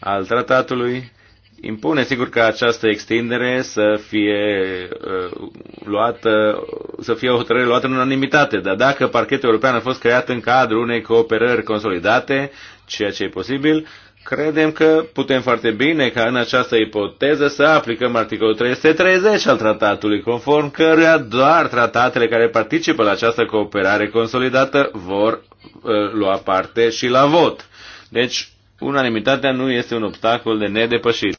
al tratatului impune, sigur, că această extindere să fie uh, luată, să fie o hotărâre luată în unanimitate. Dar dacă parchetul european a fost creat în cadrul unei cooperări consolidate, ceea ce e posibil, uh, Credem că putem foarte bine ca în această ipoteză să aplicăm articolul 330 al tratatului, conform căruia doar tratatele care participă la această cooperare consolidată vor uh, lua parte și la vot. Deci, unanimitatea nu este un obstacol de nedepășit.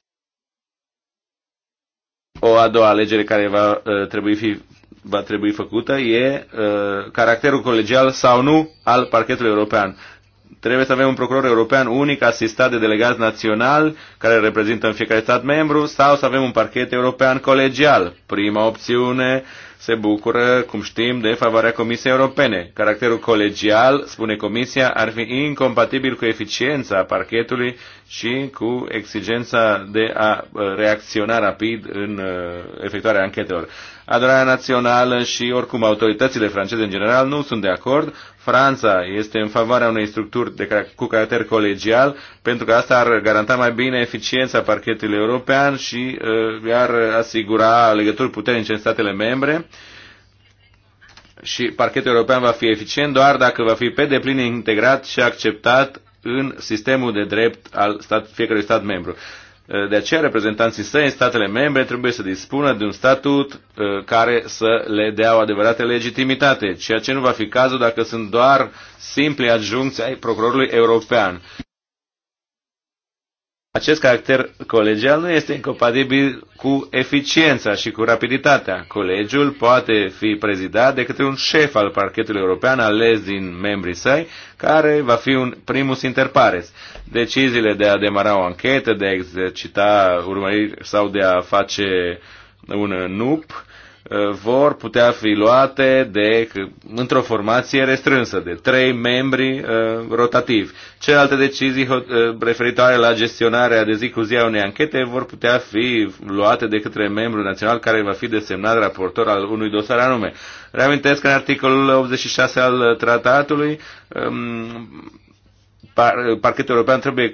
O a doua alegere care va uh, trebui fi va trebui făcută e uh, caracterul colegial sau nu al parchetului european. Trebuie să avem un procuror european unic asistat de delegați național care reprezintă în fiecare stat membru sau să avem un parchet european colegial. Prima opțiune se bucură, cum știm, de favoarea Comisiei Europene. Caracterul colegial, spune Comisia, ar fi incompatibil cu eficiența parchetului și cu exigența de a uh, reacționa rapid în uh, efectuarea anchetelor. Adunarea Națională și oricum autoritățile franceze în general nu sunt de acord. Franța este în favoarea unei structuri de car- cu caracter colegial pentru că asta ar garanta mai bine eficiența parchetului european și uh, ar asigura legături puternice în statele membre și parchetul european va fi eficient doar dacă va fi pe deplin integrat și acceptat în sistemul de drept al stat, fiecărui stat membru. De aceea, reprezentanții săi în statele membre trebuie să dispună de un statut uh, care să le dea o adevărată legitimitate, ceea ce nu va fi cazul dacă sunt doar simpli adjuncți ai procurorului european. Acest caracter colegial nu este incompatibil cu eficiența și cu rapiditatea. Colegiul poate fi prezidat de către un șef al parchetului european ales din membrii săi, care va fi un primus inter pares. Deciziile de a demara o anchetă, de a exercita urmăriri sau de a face un NUP Uh, vor putea fi luate de, într-o formație restrânsă de trei membri uh, rotativi. Celelalte decizii uh, referitoare la gestionarea de zi cu zi a unei anchete vor putea fi luate de către membru național care va fi desemnat raportor al unui dosar anume. Reamintesc că în articolul 86 al tratatului um, parchetul european trebuie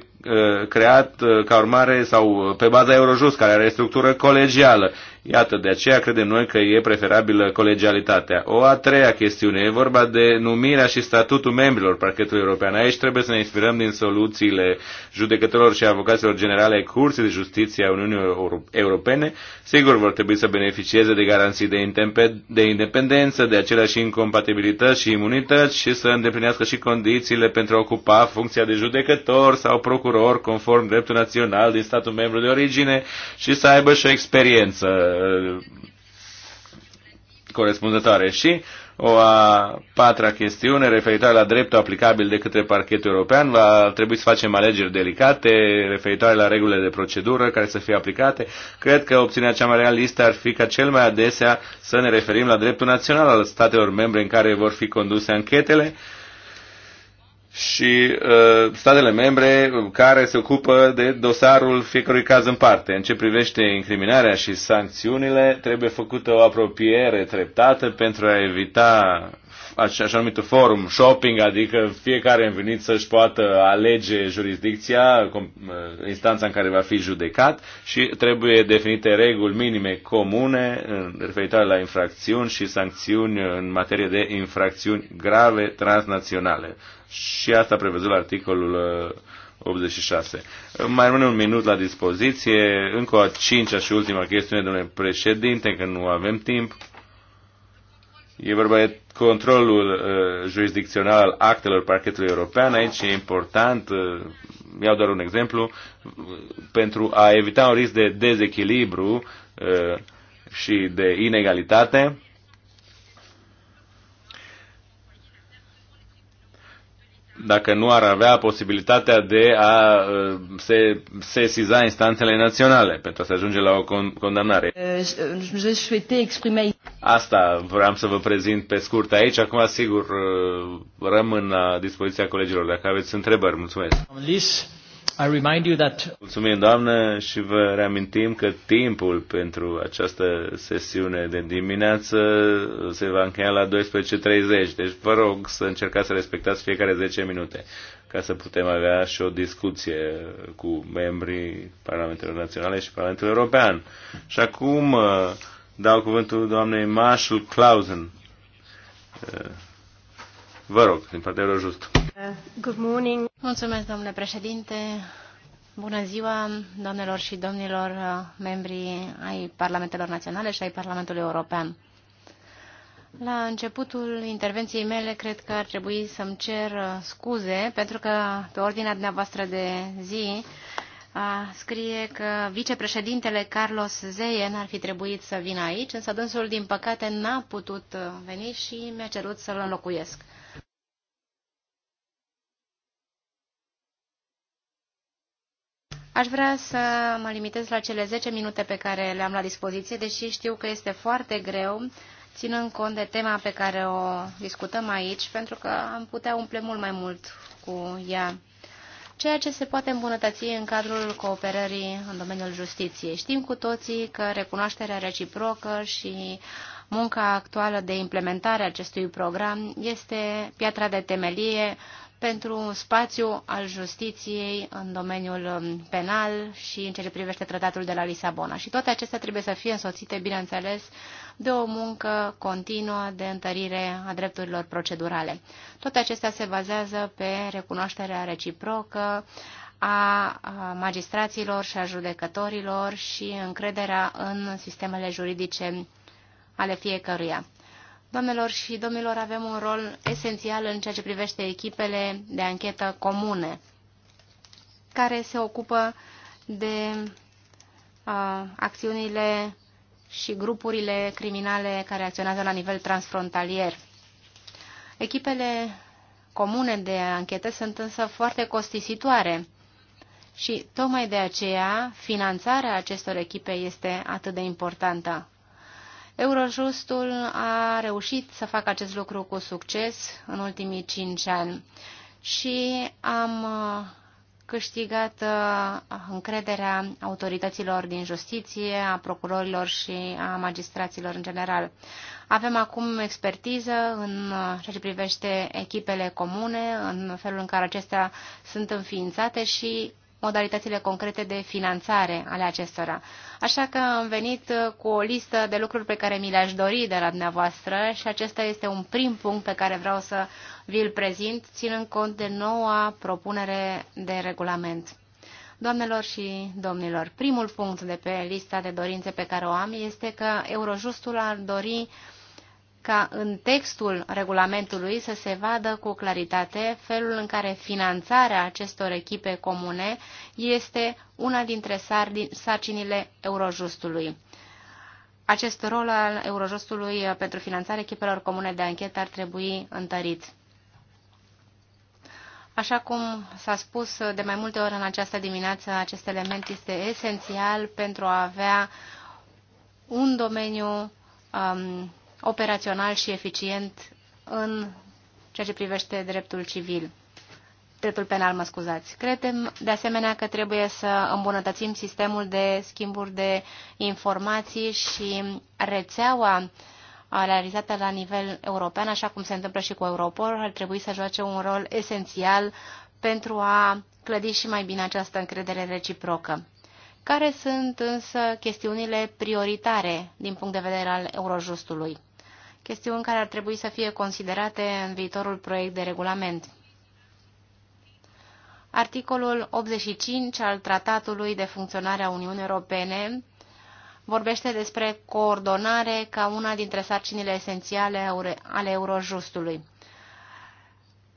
creat ca urmare sau pe baza Eurojust, care are structură colegială. Iată, de aceea credem noi că e preferabilă colegialitatea. O a treia chestiune e vorba de numirea și statutul membrilor parchetului european. Aici trebuie să ne inspirăm din soluțiile judecătorilor și avocaților generale ai Curții de Justiție a Uniunii Europene. Sigur, vor trebui să beneficieze de garanții de independență, de aceleași incompatibilități și imunități și să îndeplinească și condițiile pentru a ocupa funcția de judecător sau procuror conform dreptul național din statul membru de origine și să aibă și o experiență corespunzătoare. Și o a patra chestiune referitoare la dreptul aplicabil de către parchetul european. Va trebui să facem alegeri delicate referitoare la regulile de procedură care să fie aplicate. Cred că opțiunea cea mai realistă ar fi ca cel mai adesea să ne referim la dreptul național al statelor membre în care vor fi conduse anchetele și uh, statele membre care se ocupă de dosarul fiecărui caz în parte. În ce privește incriminarea și sancțiunile, trebuie făcută o apropiere treptată pentru a evita așa numitul forum shopping, adică fiecare învenit să-și poată alege jurisdicția, uh, instanța în care va fi judecat și trebuie definite reguli minime comune uh, referitoare la infracțiuni și sancțiuni în materie de infracțiuni grave transnaționale. Și asta prevăzut la articolul 86. Uh, mai rămâne un minut la dispoziție. Încă o cincea și ultima chestiune, domnule președinte, că nu avem timp. E vorba de controlul uh, jurisdicțional actelor parchetului european, aici e important, uh, iau doar un exemplu, pentru a evita un risc de dezechilibru uh, și de inegalitate dacă nu ar avea posibilitatea de a uh, se sesiza instanțele naționale pentru a se ajunge la o condamnare. Uh, Asta vreau să vă prezint pe scurt aici. Acum, sigur, uh, rămân la dispoziția colegilor dacă aveți întrebări. Mulțumesc. I remind you that... Mulțumim, doamnă, și vă reamintim că timpul pentru această sesiune de dimineață se va încheia la 12.30, deci vă rog să încercați să respectați fiecare 10 minute ca să putem avea și o discuție cu membrii Parlamentului Naționale și Parlamentului European. Și acum uh, dau cuvântul doamnei Marshall Clausen. Uh, vă rog, din partea Eurojust. Good morning. Mulțumesc, domnule președinte. Bună ziua, doamnelor și domnilor uh, membrii ai Parlamentelor Naționale și ai Parlamentului European. La începutul intervenției mele, cred că ar trebui să-mi cer uh, scuze, pentru că pe ordinea dumneavoastră de zi uh, scrie că vicepreședintele Carlos Zeyen ar fi trebuit să vină aici, însă dânsul, din păcate, n-a putut veni și mi-a cerut să-l înlocuiesc. Aș vrea să mă limitez la cele 10 minute pe care le-am la dispoziție, deși știu că este foarte greu, ținând cont de tema pe care o discutăm aici, pentru că am putea umple mult mai mult cu ea ceea ce se poate îmbunătăți în cadrul cooperării în domeniul justiției. Știm cu toții că recunoașterea reciprocă și munca actuală de implementare a acestui program este piatra de temelie pentru un spațiu al justiției în domeniul um, penal și în ceea ce privește tratatul de la Lisabona. Și toate acestea trebuie să fie însoțite, bineînțeles, de o muncă continuă de întărire a drepturilor procedurale. Toate acestea se bazează pe recunoașterea reciprocă a magistraților și a judecătorilor și încrederea în sistemele juridice ale fiecăruia. Doamnelor și domnilor, avem un rol esențial în ceea ce privește echipele de anchetă comune, care se ocupă de a, acțiunile și grupurile criminale care acționează la nivel transfrontalier. Echipele comune de anchetă sunt însă foarte costisitoare și tocmai de aceea finanțarea acestor echipe este atât de importantă. Eurojustul a reușit să facă acest lucru cu succes în ultimii cinci ani și am uh, câștigat uh, încrederea autorităților din justiție, a procurorilor și a magistraților în general. Avem acum expertiză în uh, ceea ce privește echipele comune, în felul în care acestea sunt înființate și modalitățile concrete de finanțare ale acestora. Așa că am venit cu o listă de lucruri pe care mi le-aș dori de la dumneavoastră și acesta este un prim punct pe care vreau să vi-l prezint, ținând cont de noua propunere de regulament. Doamnelor și domnilor, primul punct de pe lista de dorințe pe care o am este că Eurojustul ar dori uh, ca în textul regulamentului să se vadă cu claritate felul în care finanțarea acestor echipe comune este una dintre sarcinile Eurojustului. Acest rol al Eurojustului pentru finanțarea echipelor comune de anchetă ar trebui întărit. Așa cum s-a spus de mai multe ori în această dimineață, acest element este esențial pentru a avea un domeniu um, operațional și eficient în ceea ce privește dreptul civil, dreptul penal, mă scuzați. Credem, de asemenea, că trebuie să îmbunătățim sistemul de schimburi de informații și rețeaua realizată la nivel european, așa cum se întâmplă și cu Europol, ar trebui să joace un rol esențial pentru a clădi și mai bine această încredere reciprocă. Care sunt însă chestiunile prioritare din punct de vedere al Eurojustului? chestiuni care ar trebui să fie considerate în viitorul proiect de regulament. Articolul 85 al Tratatului de Funcționare a Uniunii Europene vorbește despre coordonare ca una dintre sarcinile esențiale ale Eurojustului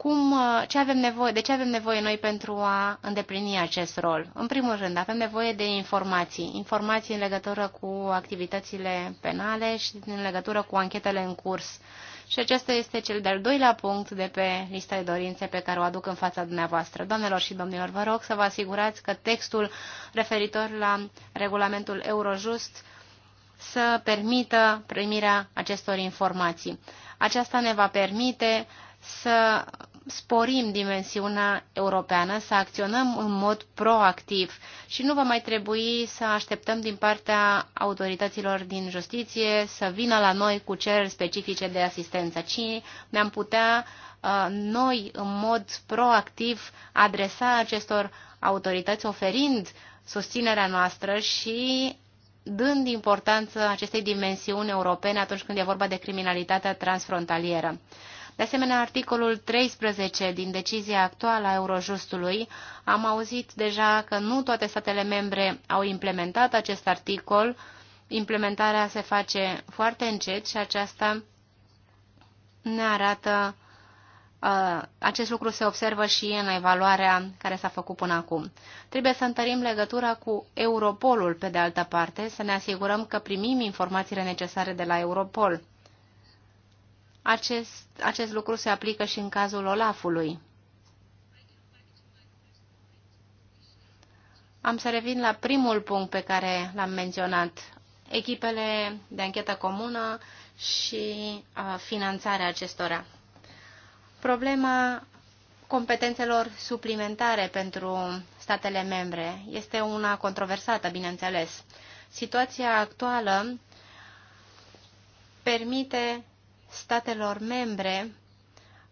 cum, uh, ce avem nevoie, de ce avem nevoie noi pentru a îndeplini acest rol? În primul rând, avem nevoie de informații. Informații în legătură cu activitățile penale și în legătură cu anchetele în curs. Și acesta este cel de-al doilea punct de pe lista de dorințe pe care o aduc în fața dumneavoastră. Doamnelor și domnilor, vă rog să vă asigurați că textul referitor la regulamentul Eurojust să permită primirea acestor informații. Aceasta ne va permite să sporim dimensiunea europeană, să acționăm în mod proactiv și nu va mai trebui să așteptăm din partea autorităților din justiție să vină la noi cu cereri specifice de asistență, ci ne-am putea uh, noi în mod proactiv adresa acestor autorități oferind susținerea noastră și dând importanță acestei dimensiuni europene atunci când e vorba de criminalitatea transfrontalieră. De asemenea, articolul 13 din decizia actuală a Eurojustului, am auzit deja că nu toate statele membre au implementat acest articol, implementarea se face foarte încet și aceasta ne arată, uh, acest lucru se observă și în evaluarea care s-a făcut până acum. Trebuie să întărim legătura cu Europolul, pe de altă parte, să ne asigurăm că primim informațiile necesare de la Europol. Acest, acest lucru se aplică și în cazul Olafului. Am să revin la primul punct pe care l-am menționat, echipele de anchetă comună și a, finanțarea acestora. Problema competențelor suplimentare pentru statele membre este una controversată, bineînțeles. Situația actuală permite statelor membre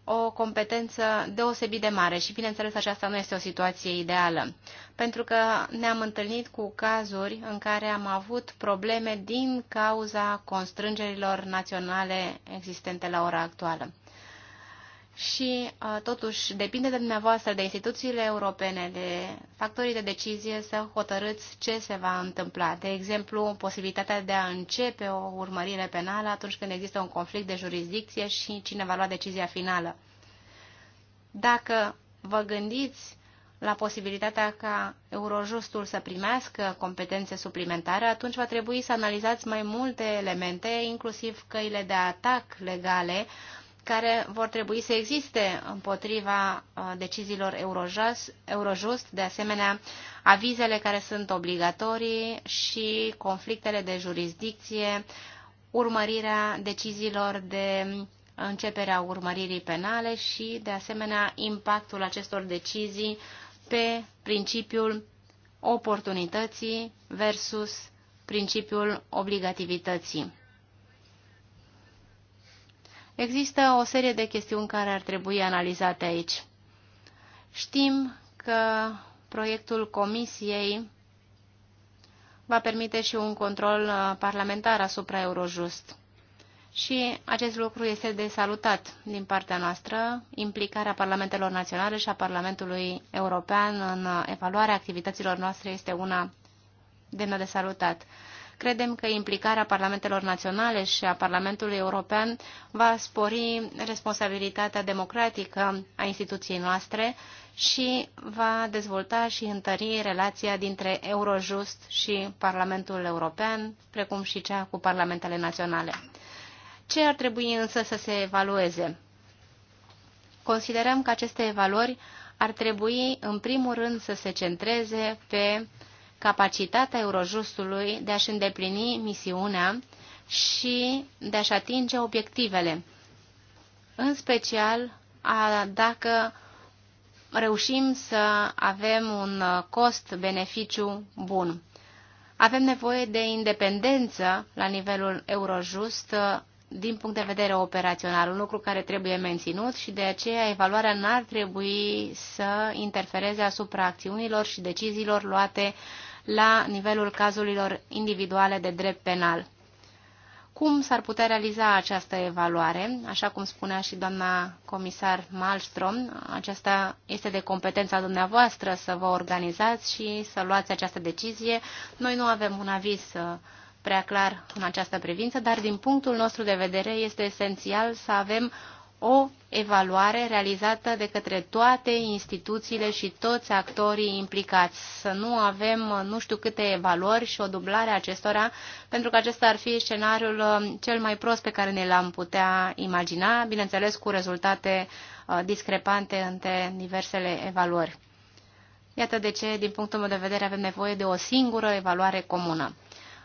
o competență deosebit de mare și, bineînțeles, aceasta nu este o situație ideală, pentru că ne-am întâlnit cu cazuri în care am avut probleme din cauza constrângerilor naționale existente la ora actuală și uh, totuși depinde de dumneavoastră, de instituțiile europene, de factorii de decizie să hotărâți ce se va întâmpla. De exemplu, posibilitatea de a începe o urmărire penală atunci când există un conflict de jurisdicție și cine va lua decizia finală. Dacă vă gândiți la posibilitatea ca Eurojustul să primească competențe suplimentare, atunci va trebui să analizați mai multe elemente, inclusiv căile de atac legale, care vor trebui să existe împotriva uh, deciziilor Eurojust, de asemenea avizele care sunt obligatorii și conflictele de jurisdicție, urmărirea deciziilor de începerea urmăririi penale și, de asemenea, impactul acestor decizii pe principiul oportunității versus principiul obligativității. Există o serie de chestiuni care ar trebui analizate aici. Știm că proiectul Comisiei va permite și un control uh, parlamentar asupra Eurojust. Și acest lucru este de salutat din partea noastră, implicarea parlamentelor naționale și a Parlamentului European în uh, evaluarea activităților noastre este una demnă de salutat. Credem că implicarea parlamentelor naționale și a Parlamentului European va spori responsabilitatea democratică a instituției noastre și va dezvolta și întări relația dintre Eurojust și Parlamentul European, precum și cea cu parlamentele naționale. Ce ar trebui însă să se evalueze? Considerăm că aceste evaluări ar trebui, în primul rând, să se centreze pe uh, capacitatea Eurojustului de a-și îndeplini misiunea și de a-și atinge obiectivele, în special a, dacă reușim să avem un cost-beneficiu bun. Avem nevoie de independență la nivelul Eurojust din punct de vedere operațional, un lucru care trebuie menținut și de aceea evaluarea n-ar trebui să interfereze asupra acțiunilor și deciziilor luate la nivelul cazurilor individuale de drept penal. Cum s-ar putea realiza această evaluare? Așa cum spunea și doamna comisar Malmström, aceasta este de competența dumneavoastră să vă organizați și să luați această decizie. Noi nu avem un aviz uh, prea clar în această privință, dar din punctul nostru de vedere este esențial să avem o evaluare realizată de către toate instituțiile și toți actorii implicați. Să nu avem nu știu câte evaluări și o dublare a acestora, pentru că acesta ar fi scenariul uh, cel mai prost pe care ne l-am putea imagina, bineînțeles cu rezultate uh, discrepante între diversele evaluări. Iată de ce, din punctul meu de vedere, avem nevoie de o singură evaluare comună.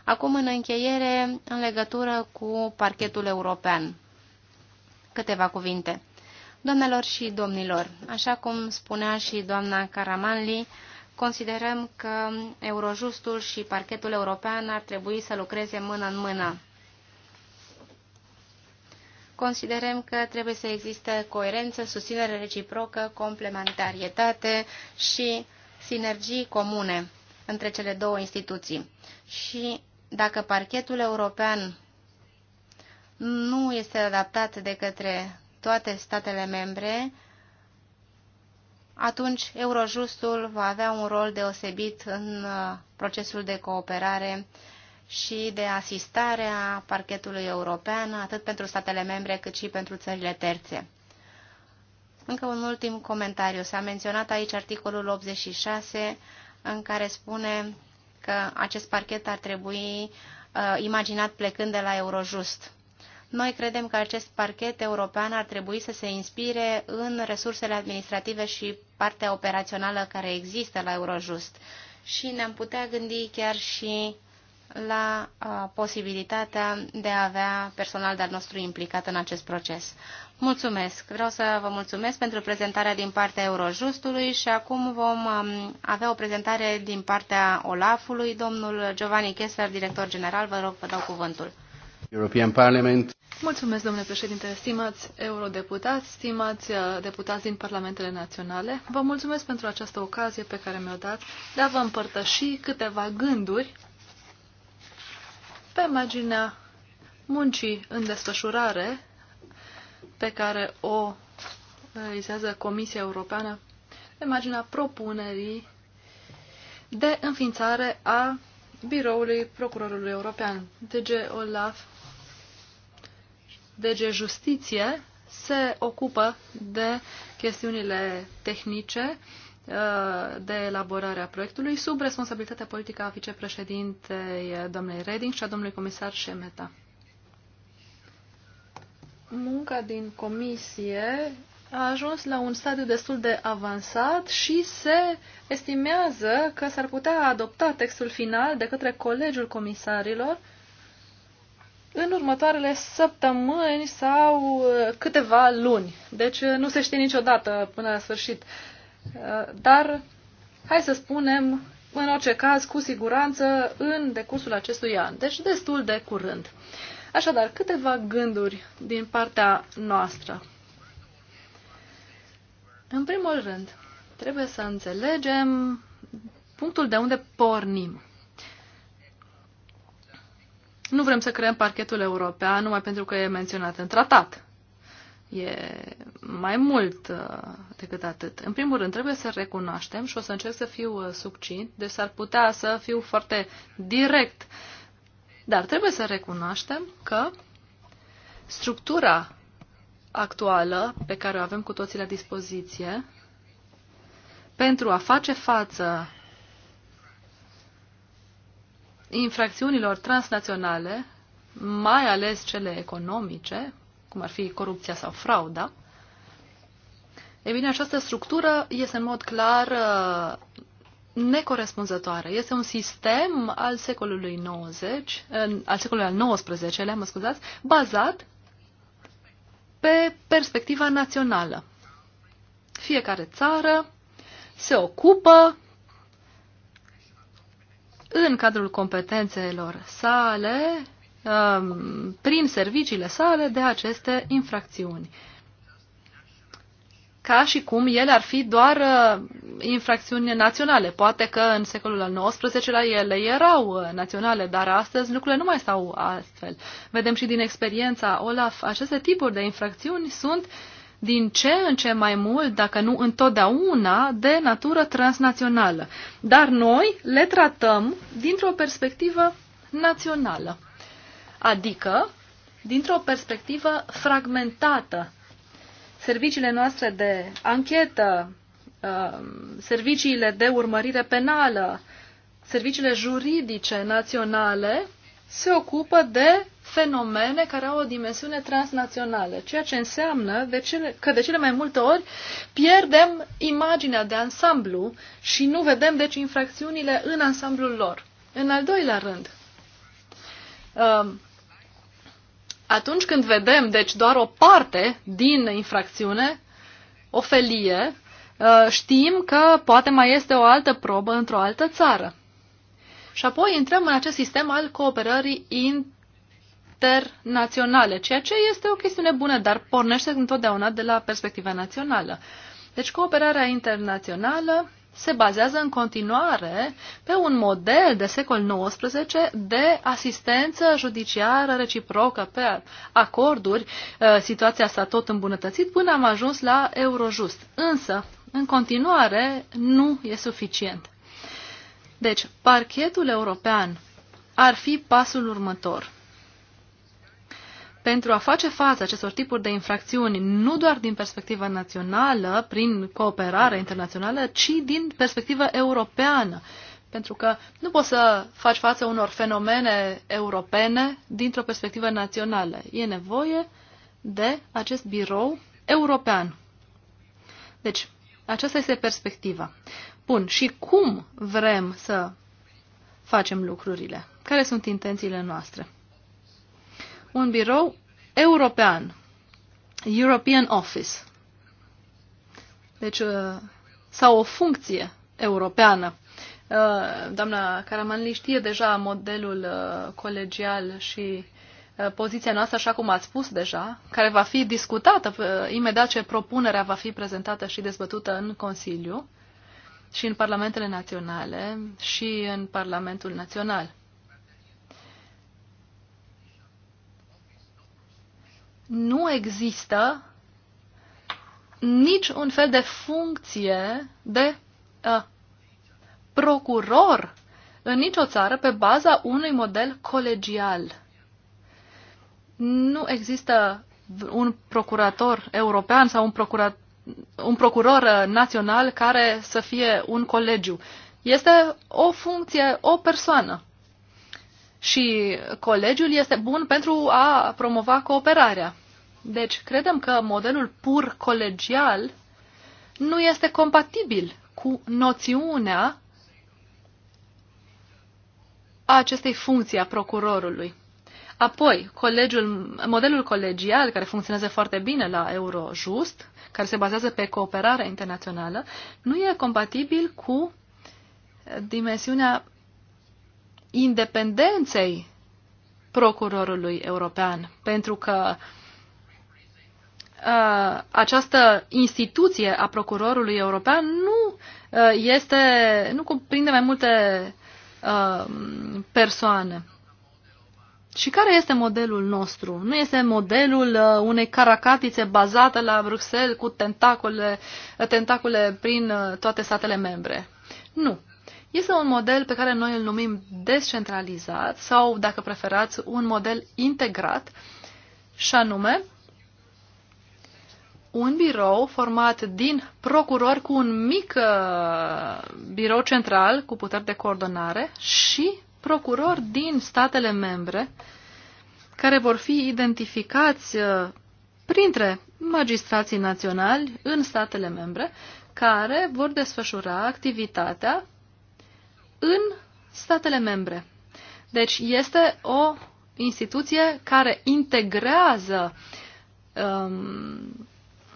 Acum, în încheiere, în legătură cu parchetul european câteva cuvinte. Doamnelor și domnilor, așa cum spunea și doamna Caramanli, considerăm că Eurojustul și parchetul european ar trebui să lucreze mână în mână. Considerăm că trebuie să existe coerență, susținere reciprocă, complementarietate și sinergii comune între cele două instituții. Și dacă parchetul european nu este adaptat de către toate statele membre, atunci Eurojustul va avea un rol deosebit în uh, procesul de cooperare și de asistare a parchetului european, atât pentru statele membre cât și pentru țările terțe. Încă un ultim comentariu. S-a menționat aici articolul 86 în care spune că acest parchet ar trebui uh, imaginat plecând de la Eurojust. Noi credem că acest parchet european ar trebui să se inspire în resursele administrative și partea operațională care există la Eurojust și ne-am putea gândi chiar și la a, uh, posibilitatea de a avea personal de-al nostru implicat în acest proces. Mulțumesc! Vreau să vă mulțumesc pentru prezentarea din partea Eurojustului și acum vom a, um, avea o prezentare din partea Olafului. Domnul Giovanni Kessler, director general, vă rog, vă dau cuvântul. European Parliament. Mulțumesc, domnule președinte, stimați eurodeputați, stimați uh, deputați din parlamentele naționale. Vă mulțumesc pentru această ocazie pe care mi-o dat de a vă împărtăși câteva gânduri pe imaginea muncii în desfășurare pe care o realizează Comisia Europeană pe imaginea propunerii de înființare a biroului procurorului european. DG Olaf DG Justiție se ocupă de chestiunile tehnice uh, de elaborare a proiectului sub responsabilitatea politică a vicepreședintei doamnei Reding și a domnului comisar Șemeta. Munca din comisie a ajuns la un stadiu destul de avansat și se estimează că s-ar putea adopta textul final de către Colegiul Comisarilor în următoarele săptămâni sau uh, câteva luni. Deci uh, nu se știe niciodată până la sfârșit. Uh, dar hai să spunem, în orice caz, cu siguranță, în decursul acestui an. Deci destul de curând. Așadar, câteva gânduri din partea noastră. În primul rând, trebuie să înțelegem punctul de unde pornim. Nu vrem să creăm parchetul european numai pentru că e menționat în tratat. E mai mult uh, decât atât. În primul rând, trebuie să recunoaștem și o să încerc să fiu uh, succint, deci s-ar putea să fiu foarte direct. Dar trebuie să recunoaștem că structura actuală pe care o avem cu toții la dispoziție pentru a face față infracțiunilor transnaționale, mai ales cele economice, cum ar fi corupția sau frauda, e bine, această structură este în mod clar uh, necorespunzătoare. Este un sistem al secolului 90, al secolului al 19 lea mă scuzați, bazat pe perspectiva națională. Fiecare țară se ocupă în cadrul competențelor sale, um, prin serviciile sale, de aceste infracțiuni. Ca și cum ele ar fi doar uh, infracțiuni naționale. Poate că în secolul al XIX-lea ele erau uh, naționale, dar astăzi lucrurile nu mai stau astfel. Vedem și din experiența Olaf, aceste tipuri de infracțiuni sunt uh, din ce în ce mai mult, dacă nu întotdeauna, de natură transnațională. Dar noi le tratăm dintr-o perspectivă națională, adică dintr-o perspectivă fragmentată. Serviciile noastre de anchetă, um, serviciile de urmărire penală, serviciile juridice naționale se ocupă de fenomene care au o dimensiune transnațională, ceea ce înseamnă de cele, că de cele mai multe ori pierdem imaginea de ansamblu și nu vedem deci infracțiunile în ansamblul lor. În al doilea rând, um, atunci când vedem deci doar o parte din infracțiune, o felie, uh, știm că poate mai este o altă probă într-o altă țară. Și apoi intrăm în acest sistem al cooperării internaționale, ceea ce este o chestiune bună, dar pornește întotdeauna de la perspectiva națională. Deci cooperarea internațională se bazează în continuare pe un model de secol XIX de asistență judiciară reciprocă pe acorduri. Ă, situația s-a tot îmbunătățit până am ajuns la Eurojust. Însă, în continuare, nu e suficient. Deci, parchetul european ar fi pasul următor. Pentru a face față acestor tipuri de infracțiuni, nu doar din perspectiva națională, prin cooperare internațională, ci din perspectiva europeană. Pentru că nu poți să faci față unor fenomene europene dintr-o perspectivă națională. E nevoie de acest birou european. Deci, aceasta este perspectiva. Bun, și cum vrem să facem lucrurile? Care sunt intențiile noastre? Un birou european, European Office. Deci, uh, sau o funcție europeană. Uh, doamna Caramanli știe deja modelul uh, colegial și poziția noastră, așa cum ați spus deja, care va fi discutată imediat ce propunerea va fi prezentată și dezbătută în Consiliu și în parlamentele naționale și în Parlamentul Național. Nu există nici un fel de funcție de uh, procuror în nicio țară pe baza unui model colegial. Nu există un procurator european sau un procurator un procuror național care să fie un colegiu. Este o funcție, o persoană. Și colegiul este bun pentru a promova cooperarea. Deci, credem că modelul pur colegial nu este compatibil cu noțiunea acestei funcții a procurorului. Apoi, colegiul, modelul colegial, care funcționează foarte bine la Eurojust, care se bazează pe cooperare internațională, nu e compatibil cu dimensiunea independenței procurorului european, pentru că uh, această instituție a procurorului european nu uh, este, nu cuprinde mai multe uh, persoane. Și care este modelul nostru? Nu este modelul uh, unei caracatițe bazată la Bruxelles cu tentacole, uh, tentacole prin uh, toate statele membre. Nu. Este un model pe care noi îl numim descentralizat sau, dacă preferați, un model integrat și anume un birou format din procurori cu un mic birou central cu puteri de coordonare și procurori din statele membre care vor fi identificați uh, printre magistrații naționali în statele membre care vor desfășura activitatea în statele membre. Deci este o instituție care integrează um,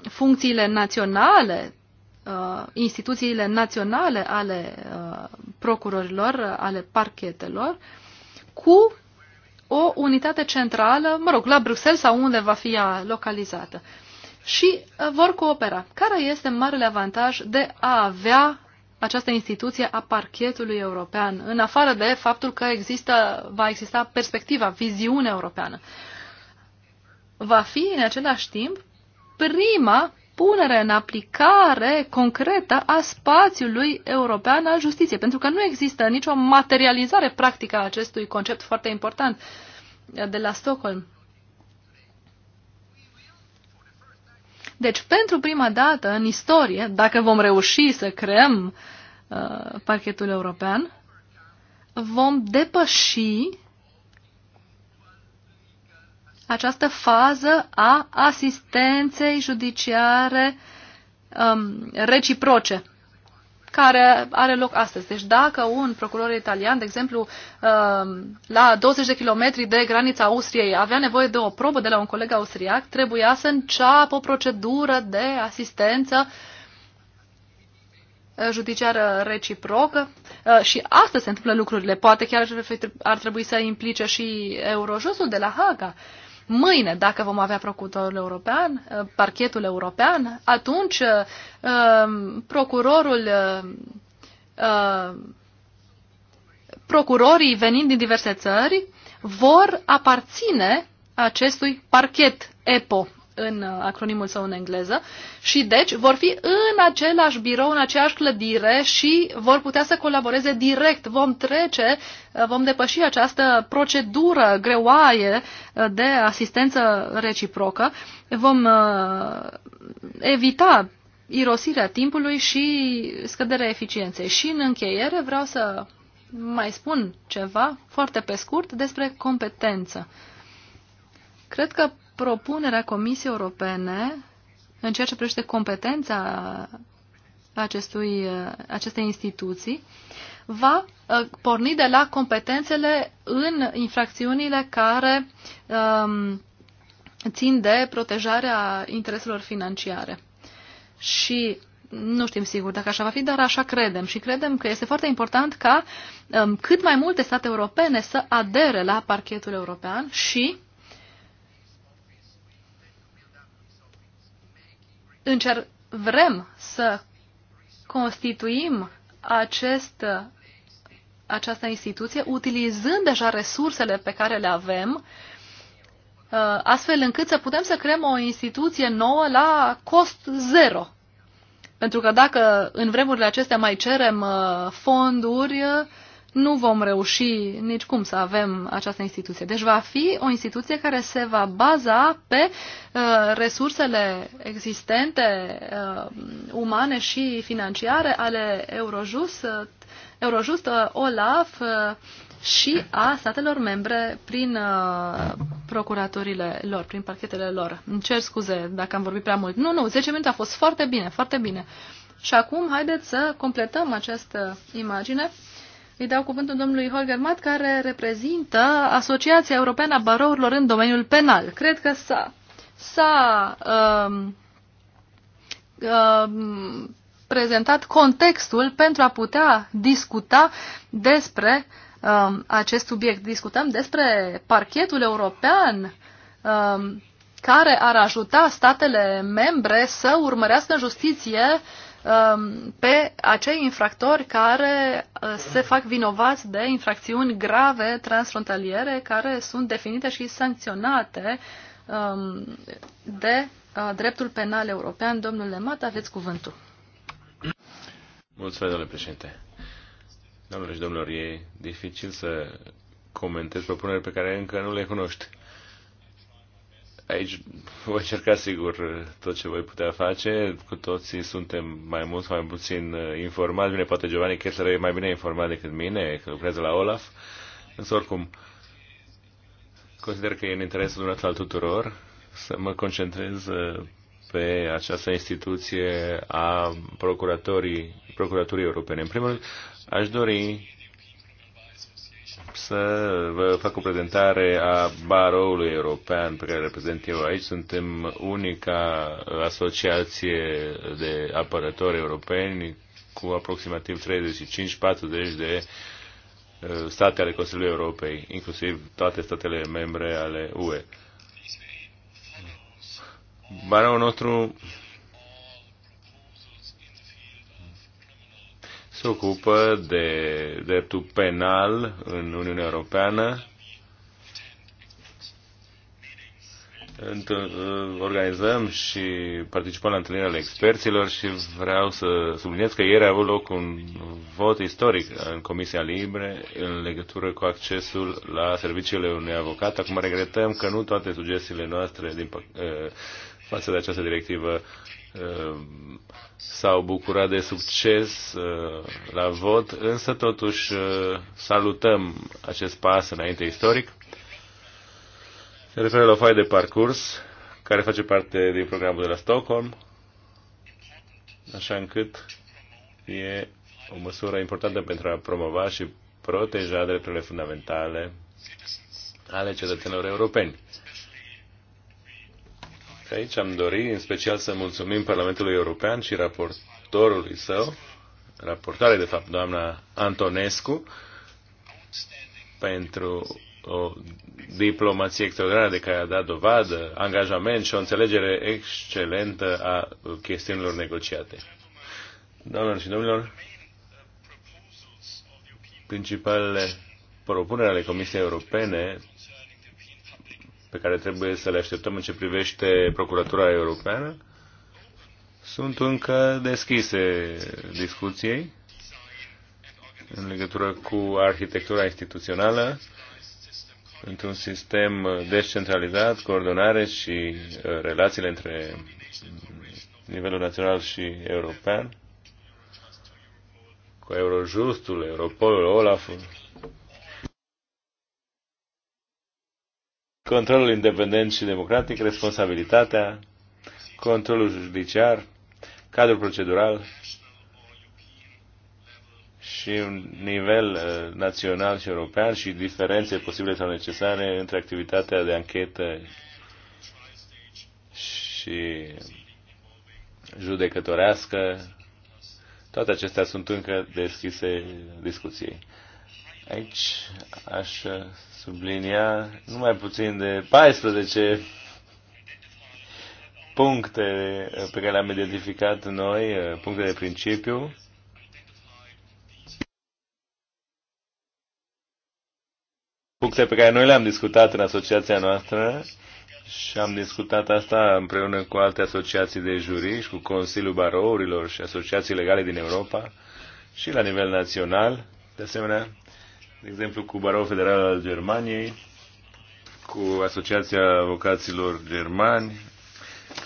funcțiile naționale uh, instituțiile naționale ale uh, procurorilor, uh, ale parchetelor, cu o unitate centrală, mă rog, la Bruxelles sau unde va fi ea localizată. Și uh, vor coopera. Care este marele avantaj de a avea această instituție a parchetului european, în afară de faptul că există, va exista perspectiva, viziunea europeană? Va fi, în același timp, prima punere în aplicare concretă a spațiului european al justiției, pentru că nu există nicio materializare practică a acestui concept foarte important eh, de la Stockholm. Deci, pentru prima dată în istorie, dacă vom reuși să creăm uh, parchetul european, vom depăși această fază a asistenței judiciare um, reciproce care are loc astăzi. Deci dacă un procuror italian, de exemplu, um, la 20 de kilometri de granița Austriei avea nevoie de o probă de la un coleg austriac, trebuia să înceapă o procedură de asistență uh, judiciară reciprocă uh, și asta se întâmplă lucrurile. Poate chiar ar trebui să implice și Eurojustul de la Haga mâine, dacă vom avea procurorul european, eh, parchetul european, atunci eh, eh, procurorul procurorii venind din diverse țări vor aparține acestui parchet EPO în uh, acronimul său în engleză, și deci vor fi în același birou, în aceeași clădire și vor putea să colaboreze direct. Vom trece, uh, vom depăși această procedură greoaie uh, de asistență reciprocă, vom evita irosirea timpului și scăderea eficienței. Și în încheiere vreau să mai spun ceva foarte pe scurt despre competență. Cred că propunerea Comisiei Europene în ceea ce privește competența acestui, acestei instituții va uh, porni de la competențele în infracțiunile care um, țin de protejarea intereselor financiare. Și nu știm sigur dacă așa va fi, dar așa credem și credem că este foarte important ca um, cât mai multe state europene să adere la parchetul european și încer- vrem să constituim acest, această instituție utilizând deja resursele pe care le avem, uh, astfel încât să putem să creăm o instituție nouă la cost zero. Pentru că dacă în vremurile acestea mai cerem uh, fonduri, uh, nu vom reuși nici cum să avem această instituție. Deci va fi o instituție care se va baza pe uh, resursele existente, uh, umane și financiare ale Eurojust, uh, Eurojust uh, OLAF uh, și a statelor membre prin uh, procuraturile lor, prin parchetele lor. Îmi cer scuze dacă am vorbit prea mult. Nu, nu, 10 minute a fost foarte bine, foarte bine. Și acum haideți să completăm această imagine îi dau cuvântul domnului Holger Mat, care reprezintă Asociația Europeană a Barourilor în domeniul penal. Cred că s-a, s-a um, um, prezentat contextul pentru a putea discuta despre um, acest subiect. Discutăm despre parchetul european um, care ar ajuta statele membre să urmărească în justiție uh, Um, pe acei infractori care uh, se fac vinovați de infracțiuni grave transfrontaliere care sunt definite și sancționate um, de uh, dreptul penal european. Domnule Mat, aveți cuvântul. Mulțumesc, domnule președinte. Doamnelor și domnilor, e dificil să comentez propuneri pe care încă nu le cunoști. Aici voi încerca, sigur, tot ce voi putea face. Cu toții suntem mai mult sau mai puțin informați. Bine, poate Giovanni Kessler e mai bine informat decât mine, că lucrează la Olaf. Însă, oricum, consider că e în interesul dumneavoastră al tuturor să mă concentrez uh, pe această instituție a procuratorii, procuraturii europene. În primul rând, aș dori să vă fac o prezentare a baroului european pe care reprezent eu aici. Suntem unica asociație de apărători europeni cu aproximativ 35-40 de uh, state ale Consiliului Europei, inclusiv toate statele membre ale UE. Barul nostru se ocupă de dreptul penal în Uniunea Europeană. Uh, organizăm și participăm la întâlnirea experților și vreau să subliniez că ieri a avut loc un vot istoric în Comisia Libre în legătură cu accesul la serviciile unui avocat. Acum regretăm că nu toate sugestiile noastre din, uh, față de această directivă Ehm, s-au bucurat de succes eh, la vot, însă totuși eh, salutăm acest pas înainte istoric. Se referă la o foaie de parcurs care face parte din programul de la Stockholm, așa încât e o măsură importantă pentru a promova și proteja drepturile fundamentale ale cetățenilor europeni. Aici am dori în special să mulțumim Parlamentului European și raportorului său, raportare de fapt doamna Antonescu, pentru o diplomație extraordinară de care a dat dovadă, angajament și o înțelegere excelentă a chestiunilor negociate. Doamnelor și domnilor, principalele propuneri ale Comisiei Europene pe care trebuie să le așteptăm în ce privește Procuratura Europeană sunt încă deschise discuției în legătură cu arhitectura instituțională într-un sistem descentralizat, coordonare și uh, relațiile între nivelul național și european, cu Eurojustul, Europolul, Olaful controlul independent și democratic, responsabilitatea, controlul judiciar, cadrul procedural și un nivel uh, național și european și diferențe posibile sau necesare între activitatea de anchetă și judecătorească. Toate acestea sunt încă deschise discuției. Aici aș sublinia numai puțin de 14 puncte pe care le-am identificat noi, eh, puncte de principiu. Puncte pe care noi le-am discutat în asociația noastră și am discutat asta împreună cu alte asociații de juriști, cu Consiliul Barourilor și asociații legale din Europa și la nivel național. De asemenea, de exemplu cu Barou Federal al Germaniei, cu Asociația Avocaților Germani,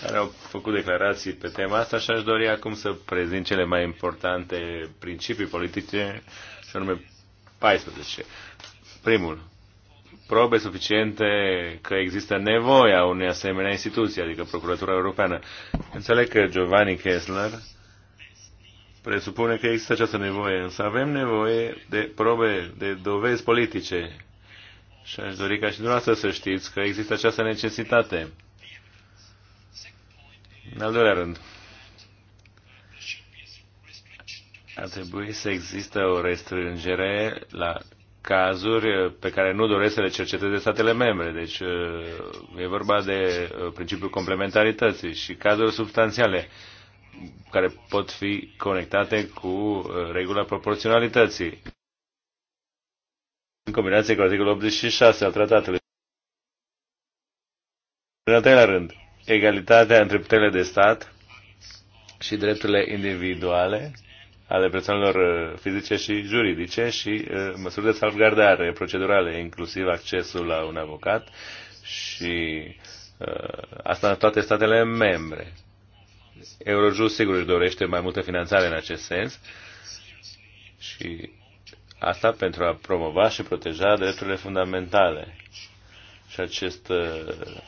care au făcut declarații pe tema asta și aș dori acum să prezint cele mai importante principii politice, și anume 14. Primul, probe suficiente că există nevoia unei asemenea instituții, adică Procuratura Europeană. Înțeleg că Giovanni Kessler presupune că există această nevoie, însă avem nevoie de probe, de dovezi politice. Și aș dori ca și dumneavoastră să știți că există această necesitate. În al doilea rând, ar trebui să există o restrângere la cazuri pe care nu doresc să le cerceteze statele membre. Deci e vorba de uh, principiul complementarității și cazuri substanțiale care pot fi conectate cu uh, regula proporționalității. În combinație cu articolul 86 al tratatului. În al treilea rând, egalitatea între puterile de stat și drepturile individuale ale persoanelor uh, fizice și juridice și uh, măsuri de salvgardare procedurale, inclusiv accesul la un avocat și asta în toate statele membre. Eurojust sigur își dorește mai multă finanțare în acest sens și asta pentru a promova și proteja drepturile fundamentale. Și acest uh,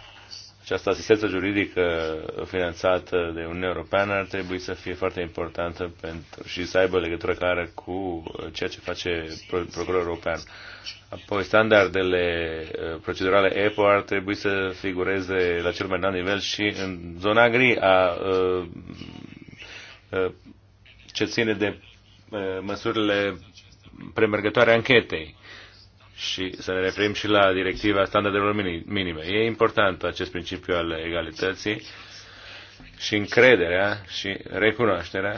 această asistență juridică finanțată de Uniunea Europeană ar trebui să fie foarte importantă pentru, și să aibă legătură clară cu ceea ce face Procurorul European. Apoi, standardele uh, procedurale EPO ar trebui să figureze la cel mai înalt nivel și în zona gri a, a, uh, a uh, ce ține de măsurile premergătoare anchetei și să ne referim și la directiva standardelor minime. E important acest principiu al egalității și încrederea și recunoașterea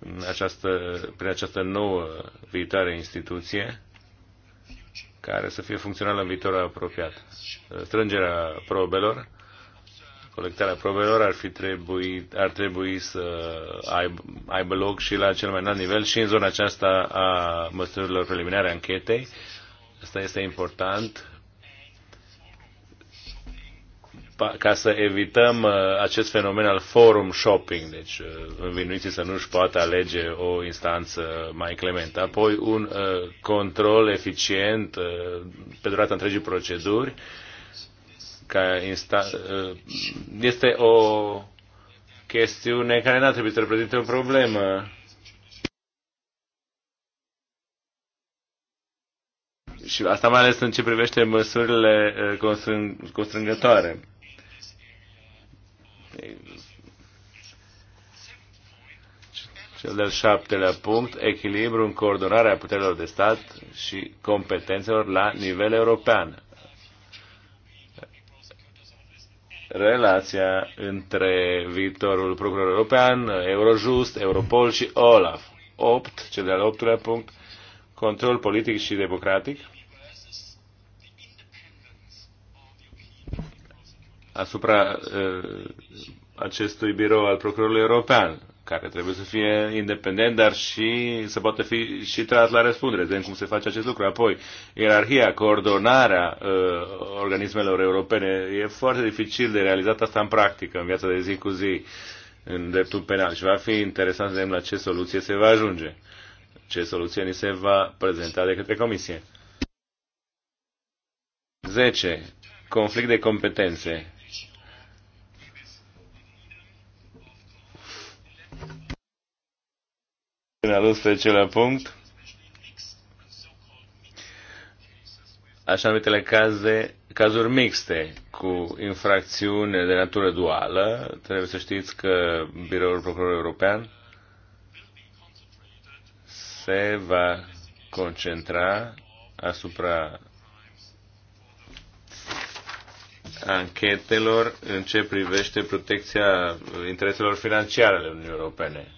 în această, prin această nouă viitoare instituție care să fie funcțională în viitorul apropiat. Strângerea probelor colectarea probelor ar, fi trebuit, ar trebui să aibă, aibă loc și la cel mai înalt nivel și în zona aceasta a măsurilor preliminare a anchetei. Asta este important ca să evităm uh, acest fenomen al forum shopping, deci uh, învinuiții să nu-și poată alege o instanță mai clementă. Apoi un uh, control eficient pe durata întregii proceduri, ca insta- uh, este o chestiune care n-ar trebui să reprezinte o problemă. Și asta mai ales în ce privește măsurile uh, constrângătoare. Cel de-al șaptelea punct, echilibru în coordonarea puterilor de stat și competențelor la nivel european. relația între viitorul procuror european, Eurojust, Europol și OLAF. 8, cel de-al optulea punct, control politic și democratic asupra uh, acestui birou al procurorului european care trebuie să fie independent, dar și să poată fi și tras la răspundere. Vedem cum se face acest lucru. Apoi, ierarhia, coordonarea uh, organismelor europene e foarte dificil de realizat asta în practică, în viața de zi cu zi, în dreptul penal. Și va fi interesant să vedem la ce soluție se va ajunge, ce soluție ni se va prezenta de către Comisie. 10. Conflict de competențe În al 11-lea punct, așa numitele caze, cazuri mixte cu infracțiune de natură duală. Trebuie să știți că Biroul Procurorului European se va concentra asupra anchetelor în ce privește protecția intereselor financiare ale Uniunii Europene.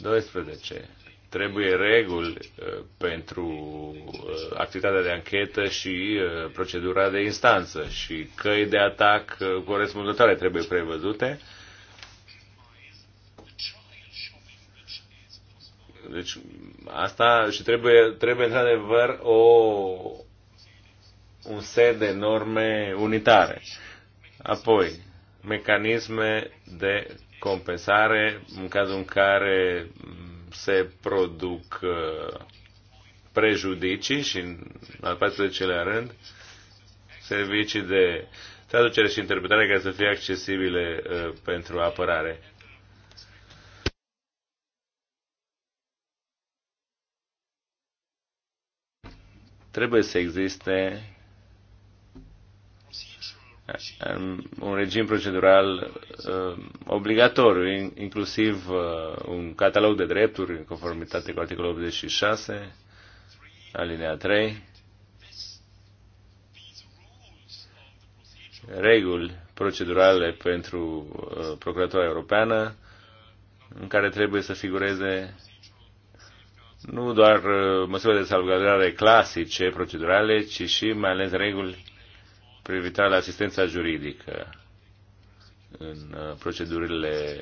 12. Trebuie reguli uh, pentru uh, activitatea de anchetă și uh, procedura de instanță și căi de atac corespunzătoare trebuie prevăzute. Deci asta și trebuie, trebuie într-adevăr o, un set de norme unitare. Apoi, mecanisme de compensare în cazul în care se produc uh, prejudicii și în al 14-lea rând servicii de traducere și interpretare care să fie accesibile uh, pentru apărare. Trebuie să existe un regim procedural uh, obligatoriu, inclusiv uh, un catalog de drepturi în conformitate cu articolul 86, alinea 3, reguli procedurale pentru uh, Procuratura Europeană, în care trebuie să figureze nu doar uh, măsurile de salvgardare clasice, procedurale, ci și mai ales reguli privitoare la asistența juridică în uh, procedurile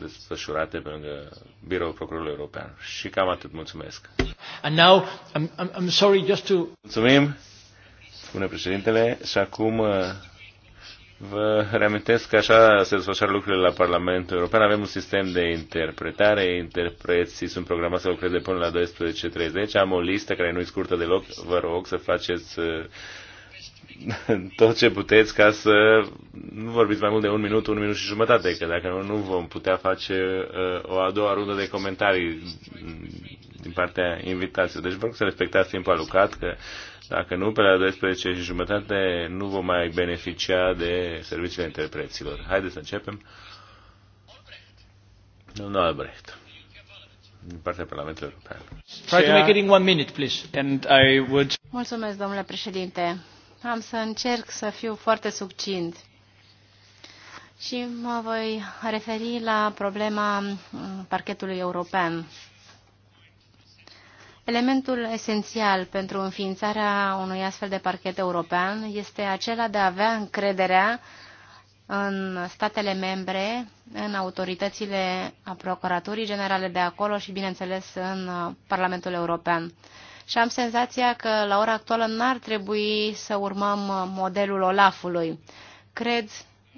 desfășurate pe lângă Biroul Procurorului European. Și cam atât. Mulțumesc. And now, I'm, I'm, I'm sorry just to... Mulțumim, spune președintele. Și acum uh, vă reamintesc că așa se desfășoară lucrurile la Parlamentul European. Avem un sistem de interpretare. Interpreții sunt programați să lucreze până la 12.30. Am o listă care nu e scurtă deloc. Vă rog să faceți uh, tot ce puteți ca să nu vorbiți mai mult de un minut, un minut și jumătate, că dacă nu, nu vom putea face uh, o a doua rundă de comentarii din partea invitației. Deci vă rog să respectați timpul alocat, că dacă nu, pe la 12 și jumătate nu vom mai beneficia de serviciile interpreților. Haideți să începem. Domnul Albrecht din partea Parlamentului Try to make it in one minute, please. And I would... Mulțumesc, domnule președinte. Am să încerc să fiu foarte succint și mă voi referi la problema mm, parchetului european. Elementul esențial pentru înființarea unui astfel de parchet european este acela de a avea încrederea în statele membre, în autoritățile a Procuraturii Generale de acolo și, bineînțeles, în uh, Parlamentul European și am senzația că la ora actuală n-ar trebui să urmăm uh, modelul Olafului. Cred,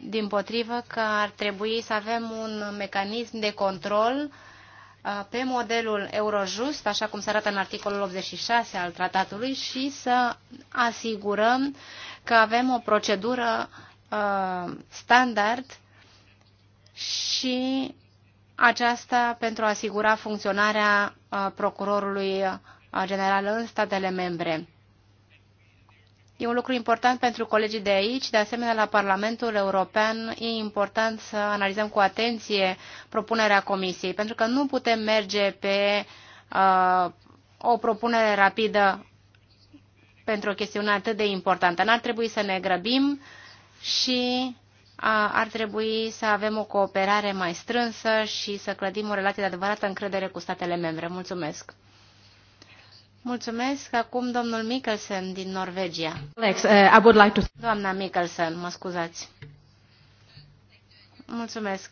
din potrivă, că ar trebui să avem un mecanism de control uh, pe modelul Eurojust, așa cum se arată în articolul 86 al tratatului, și să asigurăm că avem o procedură uh, standard și aceasta pentru a asigura funcționarea uh, procurorului generală în statele membre. E un lucru important pentru colegii de aici, de asemenea la Parlamentul European e important să analizăm cu atenție propunerea Comisiei, pentru că nu putem merge pe uh, o propunere rapidă pentru o chestiune atât de importantă. N-ar trebui să ne grăbim și ar trebui să avem o cooperare mai strânsă și să clădim o relație de adevărată încredere cu statele membre. Mulțumesc! Mulțumesc. Acum domnul Mikkelsen din Norvegia. Alex, uh, I would like to... Doamna Mikkelsen, mă scuzați. Mulțumesc.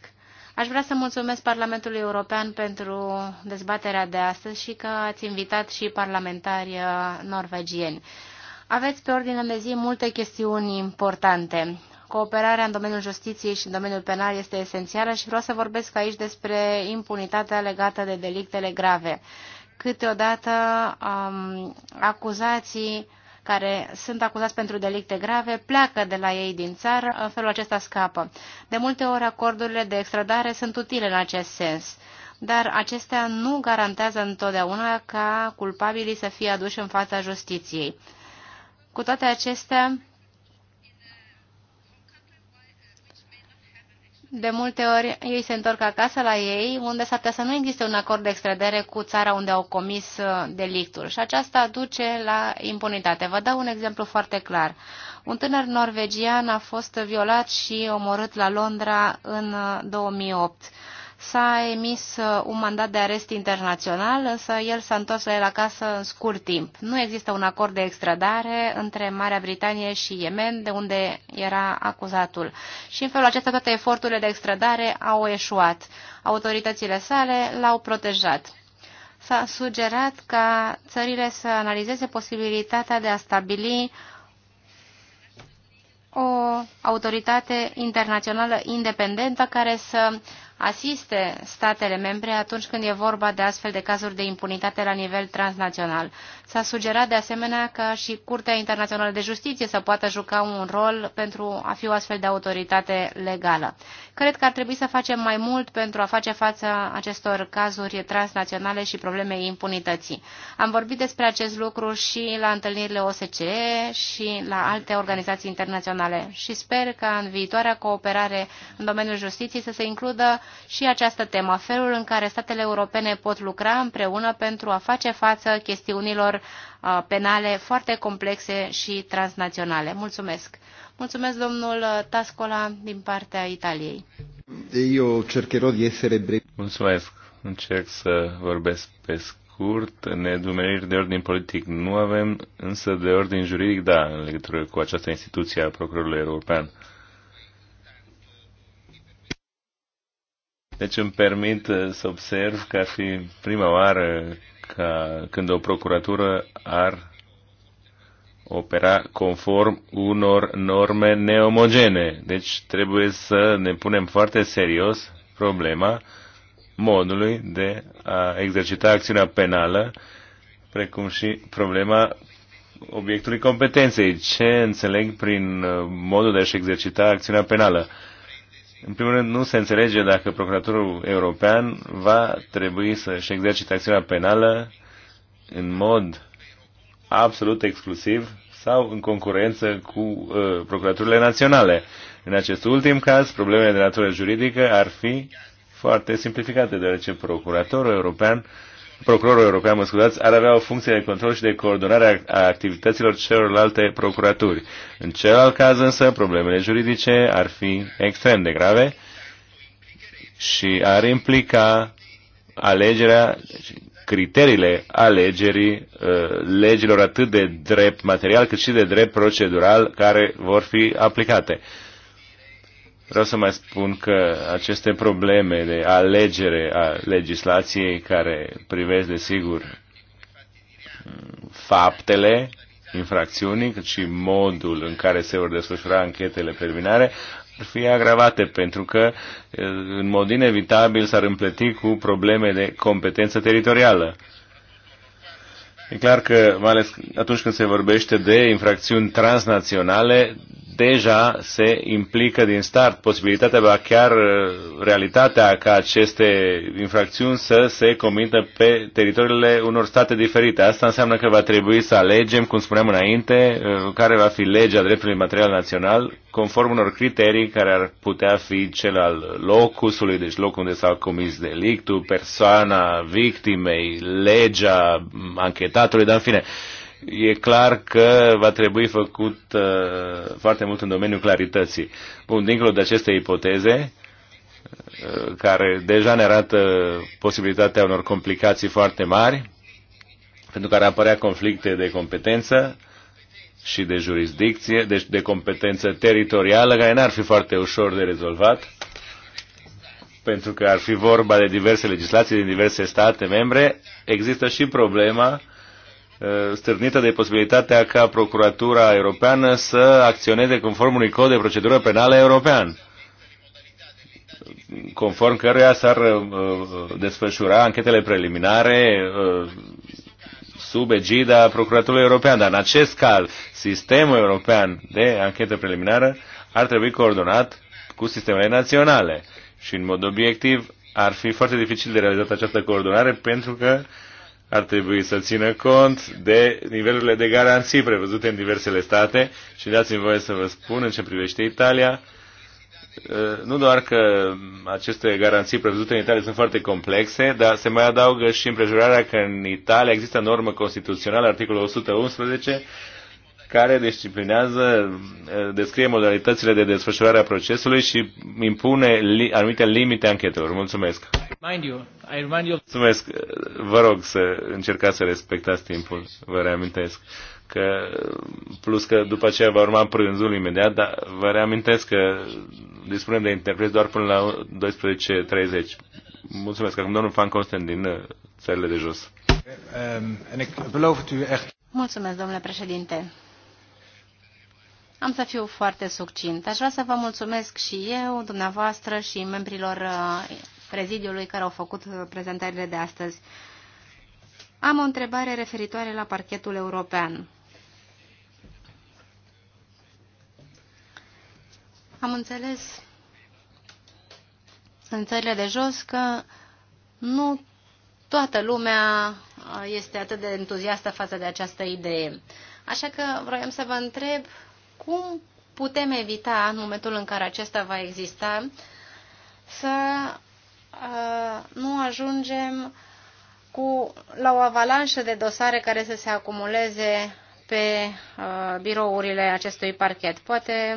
Aș vrea să mulțumesc Parlamentului European pentru dezbaterea de astăzi și că ați invitat și parlamentari uh, norvegieni. Aveți pe ordine de zi multe chestiuni importante. Cooperarea în domeniul justiției și în domeniul penal este esențială și vreau să vorbesc aici despre impunitatea legată de delictele grave câteodată um, acuzații care sunt acuzați pentru delicte grave pleacă de la ei din țară, în felul acesta scapă. De multe ori acordurile de extradare sunt utile în acest sens, dar acestea nu garantează întotdeauna ca culpabilii să fie aduși în fața justiției. Cu toate acestea, De multe ori ei se întorc acasă la ei, unde s-ar putea să nu existe un acord de extradere cu țara unde au comis uh, delictul și aceasta duce la impunitate. Vă dau un exemplu foarte clar. Un tânăr norvegian a fost violat și omorât la Londra în 2008. Uh, s-a emis uh, un mandat de arest internațional, însă el s-a întors la el acasă în scurt timp. Nu există un acord de extradare între Marea Britanie și Yemen, de unde era acuzatul. Și în felul acesta toate eforturile de extradare au eșuat. Autoritățile sale l-au protejat. S-a sugerat ca țările să analizeze posibilitatea de a stabili o autoritate internațională independentă care să uh, asiste statele membre atunci când e vorba de astfel de cazuri de impunitate la nivel transnațional. S-a sugerat de asemenea că și Curtea Internațională de Justiție să poată juca un rol pentru a fi o astfel de autoritate legală. Cred că ar trebui să facem mai mult pentru a face față acestor cazuri transnaționale și probleme impunității. Am vorbit despre acest lucru și la întâlnirile OSCE și la alte organizații internaționale și sper că în viitoarea cooperare în domeniul justiției să se includă și această temă, felul în care statele europene pot lucra împreună pentru a face față chestiunilor uh, penale foarte complexe și transnaționale. Mulțumesc! Mulțumesc, domnul uh, Tascola, din partea Italiei. Eu cercherò di essere breve. Mulțumesc! Încerc să vorbesc pe scurt, nedumeriri de ordin politic nu avem, însă de ordin juridic, da, în legătură cu această instituție a Procurorului European. Deci îmi permit uh, să observ că ar fi prima oară ca când o procuratură ar opera conform unor norme neomogene. Deci trebuie să ne punem foarte serios problema modului de a exercita acțiunea penală, precum și problema obiectului competenței. Ce înțeleg prin uh, modul de a-și exercita acțiunea penală? În primul rând, nu se înțelege dacă procuratorul european va trebui să-și exercite acțiunea penală în mod absolut exclusiv sau în concurență cu uh, procuraturile naționale. În acest ultim caz, problemele de natură juridică ar fi foarte simplificate, deoarece procuratorul european uh, procurorul european, mă scuzați, ar avea o funcție de control și de coordonare a activităților celorlalte procuraturi. În celălalt caz însă, problemele juridice ar fi extrem de grave și ar implica alegerea, deci, criteriile alegerii uh, legilor atât de drept material cât și de drept procedural care vor fi aplicate. Vreau să mai spun că aceste probleme de alegere a legislației care privesc, desigur, faptele infracțiunii, cât și modul în care se vor desfășura anchetele preliminare, ar fi agravate, pentru că, în mod inevitabil, s-ar împleti cu probleme de competență teritorială. E clar că, mai ales atunci când se vorbește de infracțiuni transnaționale, deja se implică din start posibilitatea, va chiar uh, realitatea ca aceste infracțiuni să se comită pe teritoriile unor state diferite. Asta înseamnă că va trebui să alegem, cum spuneam înainte, uh, care va fi legea dreptului material național, conform unor criterii care ar putea fi cel al locusului, deci locul unde s-a comis delictul, persoana victimei, legea anchetatului, dar în fine, uh, e clar că va trebui făcut uh, foarte mult în domeniul clarității. Bun, dincolo de aceste ipoteze, uh, care deja ne arată posibilitatea unor complicații foarte mari, pentru care apărea conflicte de competență și de jurisdicție, deci de competență teritorială, care n-ar fi foarte ușor de rezolvat, pentru că ar fi vorba de diverse legislații din diverse state membre, există și problema Uh, stârnită de posibilitatea ca Procuratura Europeană să acționeze conform unui cod de procedură penală european, conform căruia s-ar uh, desfășura anchetele preliminare uh, sub egida Procuratorului European. Dar în acest caz, sistemul european de anchetă preliminară ar trebui coordonat cu sistemele naționale. Și în mod obiectiv ar fi foarte dificil de realizat această coordonare pentru că uh, ar trebui să țină cont de nivelurile de garanții prevăzute în diversele state și dați-mi voie să vă spun în ce privește Italia, uh, nu doar că aceste garanții prevăzute în Italia sunt foarte complexe, dar se mai adaugă și împrejurarea că în Italia există normă constituțională, articolul 111, care disciplinează, descrie modalitățile de desfășurare a procesului și impune li, anumite limite anchetelor. Mulțumesc! Mind you, I remind you... Mulțumesc! Vă rog să încercați să respectați timpul, vă reamintesc. Că, plus că după aceea va urma prânzul imediat, dar vă reamintesc că dispunem de interpret doar până la 12.30. Mulțumesc! Acum domnul Fan Constant din uh, țările de jos. Um, Mulțumesc, domnule președinte. Am să fiu foarte succint. Aș vrea să vă mulțumesc și eu, dumneavoastră și membrilor uh, prezidiului care au făcut uh, prezentările de astăzi. Am o întrebare referitoare la parchetul european. Am înțeles în țările de jos că nu toată lumea uh, este atât de entuziastă față de această idee. Așa că vroiam să vă întreb cum putem evita în momentul în care acesta va exista să uh, nu ajungem cu, la o avalanșă de dosare care să se acumuleze pe uh, birourile acestui parchet. Poate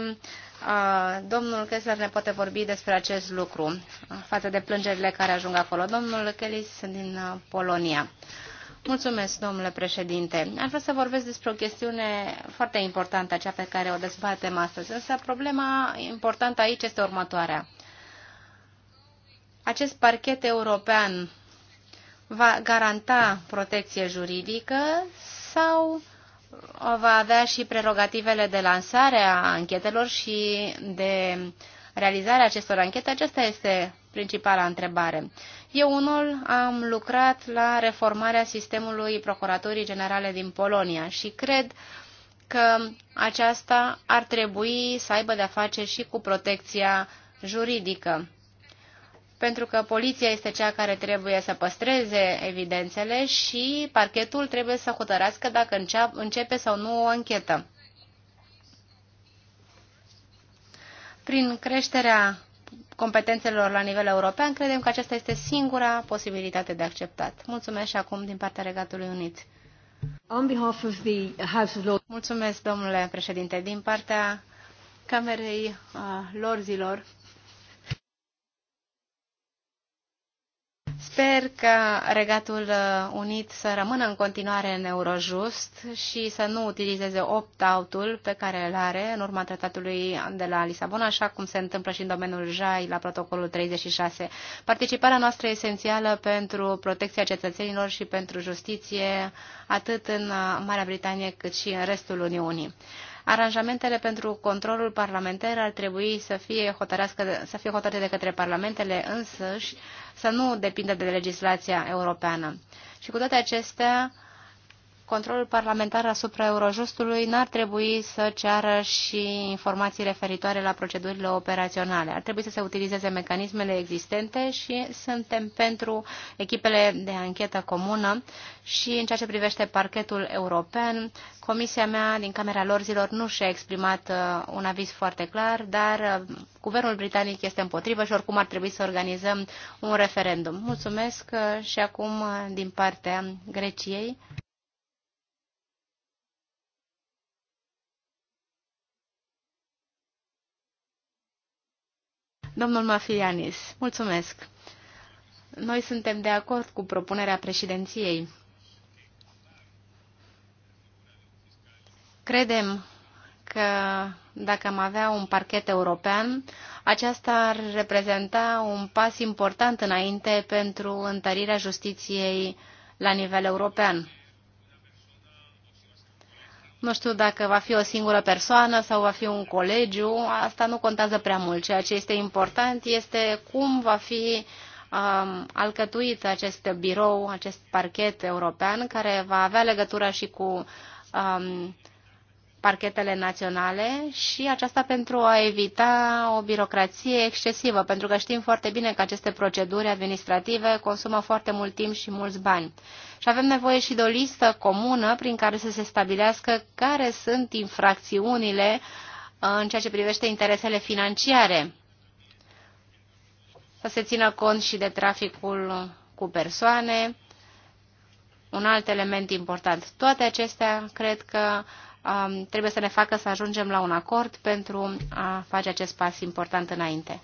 uh, domnul Kessler ne poate vorbi despre acest lucru față de plângerile care ajung acolo. Domnul Kelly sunt din uh, Polonia. Uh, Mulțumesc, domnule președinte. Aș vrea să vorbesc despre o chestiune foarte importantă, cea pe care o dezbatem astăzi. Însă problema importantă aici este următoarea. Acest parchet european va garanta protecție juridică sau va avea și prerogativele de lansare a anchetelor și de realizarea acestor anchete? Aceasta este principala întrebare. Eu unul am lucrat la reformarea sistemului Procuratorii Generale din Polonia și cred că aceasta ar trebui să aibă de-a face și cu protecția juridică. Pentru că poliția este cea care trebuie să păstreze evidențele și parchetul trebuie să hotărească dacă începe sau nu o anchetă. Prin creșterea competențelor la nivel european, credem că aceasta este singura posibilitate de acceptat. Mulțumesc și acum din partea Regatului Unit. On behalf of the House of Lords. Mulțumesc, domnule președinte. Din partea Camerei uh, Lorzilor, Sper că Regatul uh, Unit să rămână în continuare în Eurojust și să nu utilizeze opt-out-ul pe care îl are în urma tratatului de la Lisabona, așa cum se întâmplă și în domeniul JAI la protocolul 36. Participarea noastră e esențială pentru protecția cetățenilor și pentru justiție, atât în uh, Marea Britanie cât și în restul Uniunii. Aranjamentele pentru controlul parlamentar ar trebui să fie, să fie hotărâte de către parlamentele însăși, să nu depindă de legislația europeană. Și cu toate acestea, controlul parlamentar asupra Eurojustului n-ar trebui să ceară și informații referitoare la procedurile operaționale. Ar trebui să se utilizeze mecanismele existente și suntem pentru echipele de anchetă comună și în ceea ce privește parchetul european, comisia mea din Camera Lorzilor nu și-a exprimat uh, un aviz foarte clar, dar uh, guvernul britanic este împotrivă și oricum ar trebui să organizăm un referendum. Mulțumesc uh, și acum din partea Greciei. Domnul Mafianis, mulțumesc. Noi suntem de acord cu propunerea președinției. Credem că dacă am avea un parchet european, aceasta ar reprezenta un pas important înainte pentru întărirea justiției la nivel european. Nu știu dacă va fi o singură persoană sau va fi un colegiu, asta nu contează prea mult. Ceea ce este important este cum va fi um, alcătuit acest birou, acest parchet european, care va avea legătură și cu um, parchetele naționale și aceasta pentru a evita o birocrație excesivă, pentru că știm foarte bine că aceste proceduri administrative consumă foarte mult timp și mulți bani. Și avem nevoie și de o listă comună prin care să se stabilească care sunt infracțiunile uh, în ceea ce privește interesele financiare. Să se țină cont și de traficul cu persoane, un alt element important. Toate acestea cred că Um, trebuie să ne facă să ajungem la un acord pentru a face acest pas important înainte.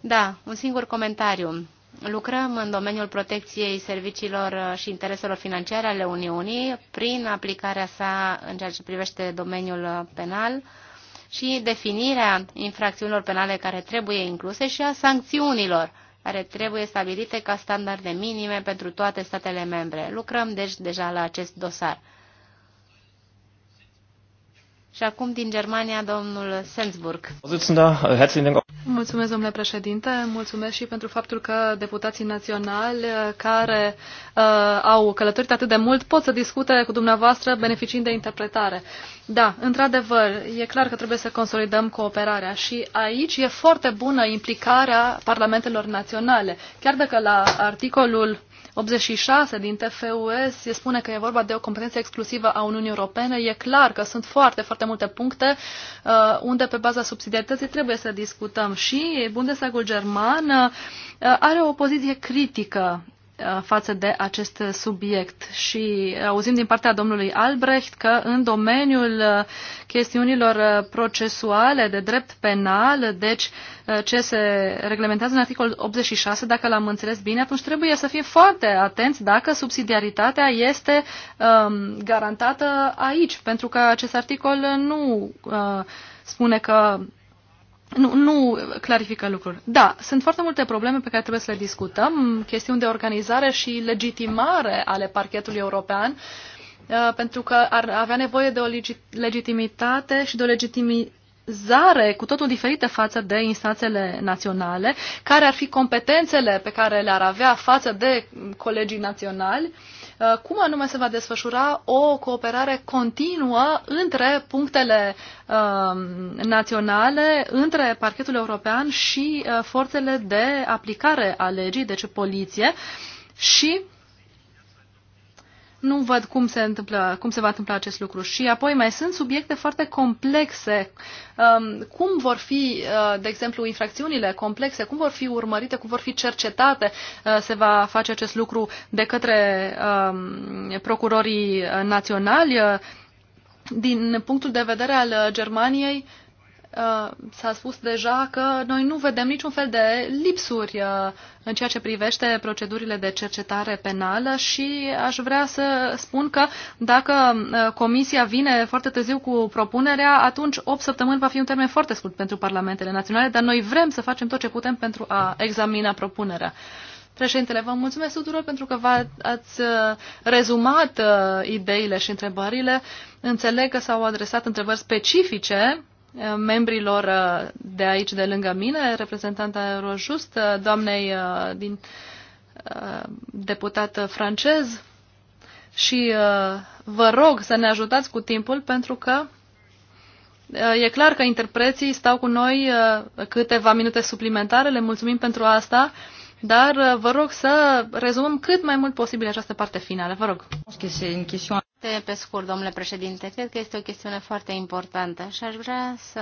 Da, un singur comentariu. Lucrăm în domeniul protecției serviciilor și intereselor financiare ale Uniunii prin aplicarea sa în ceea ce privește domeniul penal și definirea infracțiunilor penale care trebuie incluse și a sancțiunilor care trebuie stabilite ca standarde minime pentru toate statele membre. Lucrăm deci deja la acest dosar. Și acum din Germania, domnul Sensburg. Mulțumesc, domnule președinte. Mulțumesc și pentru faptul că deputații naționali uh, care uh, au călătorit atât de mult pot să discute cu dumneavoastră beneficiind de interpretare. Da, într-adevăr, e clar că trebuie să consolidăm cooperarea și aici e foarte bună implicarea parlamentelor naționale. Chiar dacă la articolul 86 din TFUS se spune că e vorba de o competență exclusivă a Uniunii Europene. E clar că sunt foarte, foarte multe puncte uh, unde pe baza subsidiarității trebuie să discutăm. Și Bundestagul german uh, are o poziție critică Uh, față de acest subiect. Și uh, auzim din partea domnului Albrecht că în domeniul uh, chestiunilor procesuale de drept penal, deci ce se reglementează în articolul 86, dacă l-am înțeles bine, atunci trebuie să fim foarte atenți dacă subsidiaritatea este um, garantată aici, pentru că acest articol nu uh, spune că nu, nu clarifică lucruri. Da, sunt foarte multe probleme pe care trebuie să le discutăm, chestiuni de organizare și legitimare ale parchetului european, uh, pentru că ar avea nevoie de o legitimitate și de o legitimizare cu totul diferită față de instanțele naționale, care ar fi competențele pe care le-ar avea față de colegii naționali. Uh, Uh, cum anume se va desfășura o cooperare continuă între punctele uh, naționale, între parchetul european și uh, forțele de aplicare a legii, deci poliție, și nu văd cum se, întâmplă, cum se va întâmpla acest lucru. Și apoi mai sunt subiecte foarte complexe. Um, cum vor fi, uh, de exemplu, infracțiunile complexe, cum vor fi urmărite, cum vor fi cercetate, uh, se va face acest lucru de către um, procurorii naționali. Uh, din punctul de vedere al Germaniei, Uh, s-a spus deja că noi nu vedem niciun fel de lipsuri uh, în ceea ce privește procedurile de cercetare penală și aș vrea să spun că dacă uh, Comisia vine foarte târziu cu propunerea, atunci 8 săptămâni va fi un termen foarte scurt pentru parlamentele naționale, dar noi vrem să facem tot ce putem pentru a examina propunerea. Președintele, vă mulțumesc tuturor pentru că v-ați rezumat ideile și întrebările. Înțeleg că s-au adresat întrebări specifice membrilor uh, de aici, de lângă mine, reprezentanta Eurojust, uh, doamnei uh, din deputat francez și vă rog să ne ajutați cu timpul pentru că e clar că interpreții stau cu noi câteva minute suplimentare, le mulțumim pentru asta, dar vă rog să rezumăm cât mai mult posibil această parte finală. Vă rog. Foarte pe scurt, domnule președinte, cred că este o chestiune foarte importantă și aș vrea să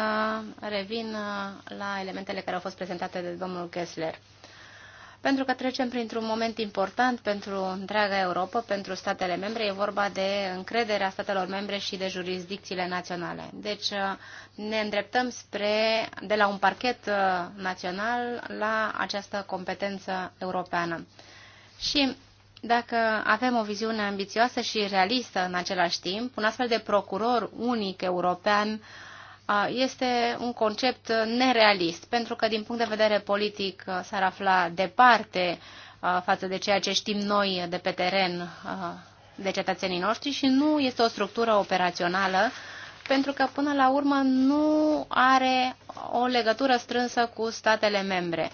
revin uh, la elementele care au fost prezentate de domnul Kessler. Pentru că trecem printr-un moment important pentru întreaga Europa, pentru statele membre, e vorba de încrederea statelor membre și de jurisdicțiile naționale. Deci uh, ne îndreptăm spre, de la un parchet uh, național la această competență europeană. Și dacă avem o viziune ambițioasă și realistă în același timp, un astfel de procuror unic european este un concept nerealist, pentru că din punct de vedere politic s-ar afla departe față de ceea ce știm noi de pe teren de cetățenii noștri și nu este o structură operațională, pentru că până la urmă nu are o legătură strânsă cu statele membre.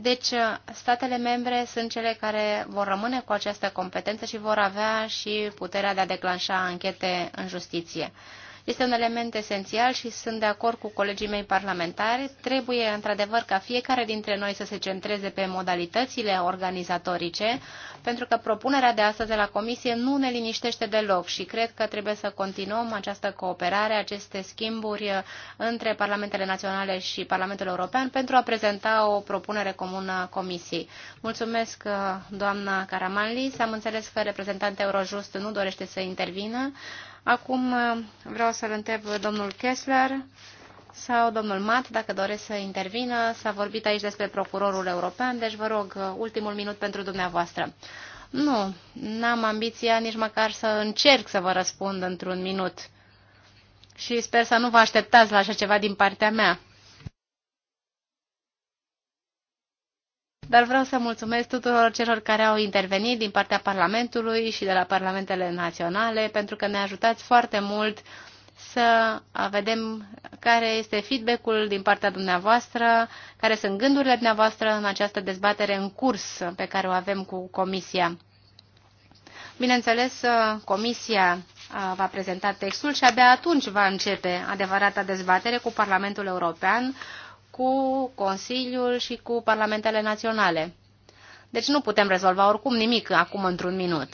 Deci, uh, statele membre sunt cele care vor rămâne cu această competență și vor avea și puterea de a declanșa anchete în justiție. Este un element esențial și sunt de acord cu colegii mei parlamentari. Trebuie, într-adevăr, ca fiecare dintre noi să se centreze pe modalitățile organizatorice, pentru că propunerea de astăzi de la Comisie nu ne liniștește deloc și cred că trebuie să continuăm această cooperare, aceste schimburi uh, între Parlamentele Naționale și Parlamentul European pentru a prezenta o propunere comună Comisiei. Mulțumesc, uh, doamna Caramanlis. Am înțeles că reprezentantul Eurojust nu dorește să intervină. Acum uh, vreau să-l întreb domnul Kessler sau domnul Mat, dacă doresc să intervină. S-a vorbit aici despre procurorul european, deci vă rog, uh, ultimul minut pentru dumneavoastră. Nu, n-am ambiția nici măcar să încerc să vă răspund într-un minut. Și sper să nu vă așteptați la așa ceva din partea mea. Dar vreau să mulțumesc tuturor celor care au intervenit din partea Parlamentului și de la Parlamentele Naționale, pentru că ne ajutați foarte mult să vedem care este feedback-ul din partea dumneavoastră, care sunt gândurile dumneavoastră în această dezbatere în curs pe care o avem cu Comisia. Bineînțeles, Comisia va prezenta textul și abia atunci va începe adevărata dezbatere cu Parlamentul European, cu Consiliul și cu parlamentele naționale. Deci nu putem rezolva oricum nimic acum într-un minut.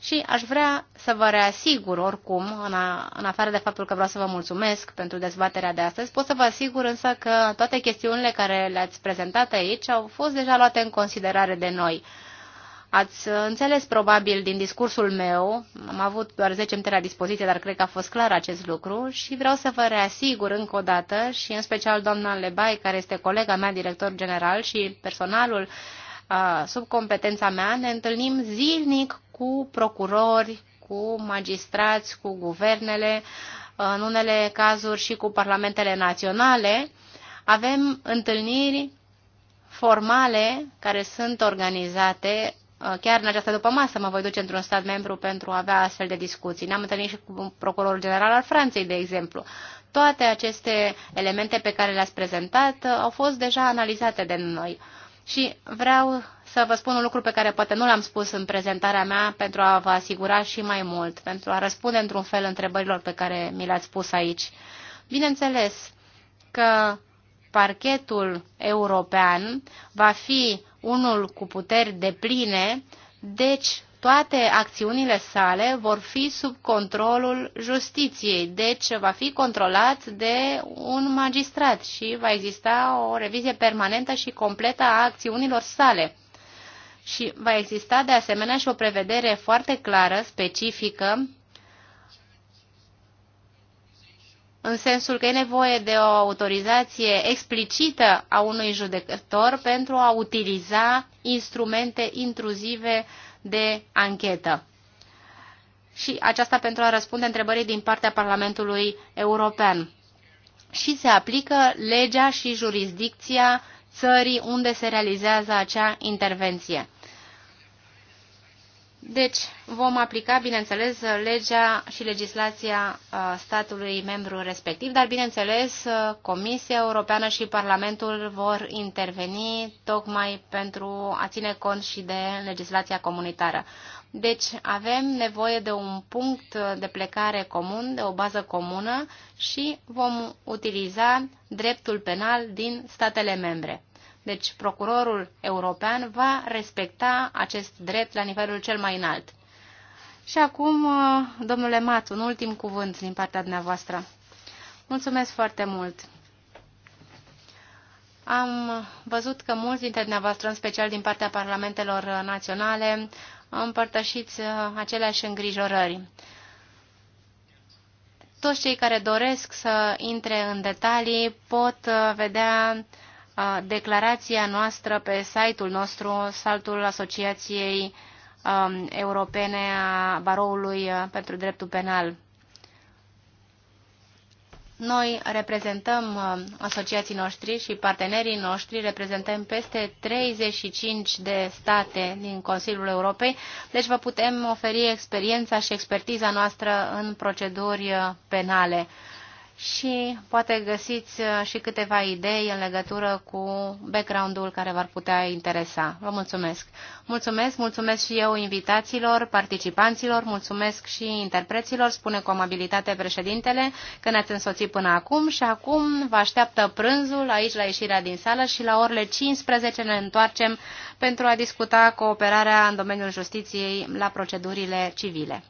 Și aș vrea să vă reasigur oricum, în, a, în afară de faptul că vreau să vă mulțumesc pentru dezbaterea de astăzi, pot să vă asigur însă că toate chestiunile care le-ați prezentat aici au fost deja luate în considerare de noi. Ați înțeles probabil din discursul meu, am avut doar 10 minute la dispoziție, dar cred că a fost clar acest lucru și vreau să vă reasigur încă o dată și în special doamna Lebai, care este colega mea, director general și personalul sub competența mea, ne întâlnim zilnic cu procurori, cu magistrați, cu guvernele, în unele cazuri și cu parlamentele naționale. Avem întâlniri formale care sunt organizate Uh, chiar în această după masă mă voi duce într-un stat membru pentru a avea astfel de discuții. Ne-am întâlnit și cu procurorul general al Franței, de exemplu. Toate aceste elemente pe care le-ați prezentat uh, au fost deja analizate de noi. Și vreau să vă spun un lucru pe care poate nu l-am spus în prezentarea mea pentru a vă asigura și mai mult, pentru a răspunde într-un fel întrebărilor pe care mi le-ați pus aici. Bineînțeles că parchetul european va fi unul cu puteri de pline, deci toate acțiunile sale vor fi sub controlul justiției, deci va fi controlat de un magistrat și va exista o revizie permanentă și completă a acțiunilor sale. Și va exista de asemenea și o prevedere foarte clară, specifică, în sensul că e nevoie de o autorizație explicită a unui judecător pentru a utiliza instrumente intruzive de anchetă. Și aceasta pentru a răspunde întrebării din partea Parlamentului European. Și se aplică legea și jurisdicția țării unde se realizează acea intervenție. Deci vom aplica, bineînțeles, legea și legislația uh, statului membru respectiv, dar, bineînțeles, uh, Comisia Europeană și Parlamentul vor interveni tocmai pentru a ține cont și de legislația comunitară. Deci avem nevoie de un punct de plecare comun, de o bază comună și vom utiliza dreptul penal din statele membre. Deci procurorul european va respecta acest drept la nivelul cel mai înalt. Și acum, uh, domnule Matu, un ultim cuvânt din partea dumneavoastră. Mulțumesc foarte mult! Am văzut că mulți dintre dumneavoastră, în special din partea parlamentelor naționale, împărtășiți uh, aceleași îngrijorări. Toți cei care doresc să intre în detalii pot uh, vedea declarația noastră pe site-ul nostru, saltul Asociației um, Europene a Baroului uh, pentru Dreptul Penal. Noi reprezentăm uh, asociații noștri și partenerii noștri, reprezentăm peste 35 de state din Consiliul Europei, deci vă putem oferi experiența și expertiza noastră în proceduri uh, penale și poate găsiți uh, și câteva idei în legătură cu background-ul care v-ar putea interesa. Vă mulțumesc! Mulțumesc, mulțumesc și eu invitațiilor, participanților, mulțumesc și interpreților, spune cu amabilitate președintele că ne-ați însoțit până acum și acum vă așteaptă prânzul aici la ieșirea din sală și la orele 15 ne întoarcem pentru a discuta cooperarea în domeniul justiției la procedurile civile.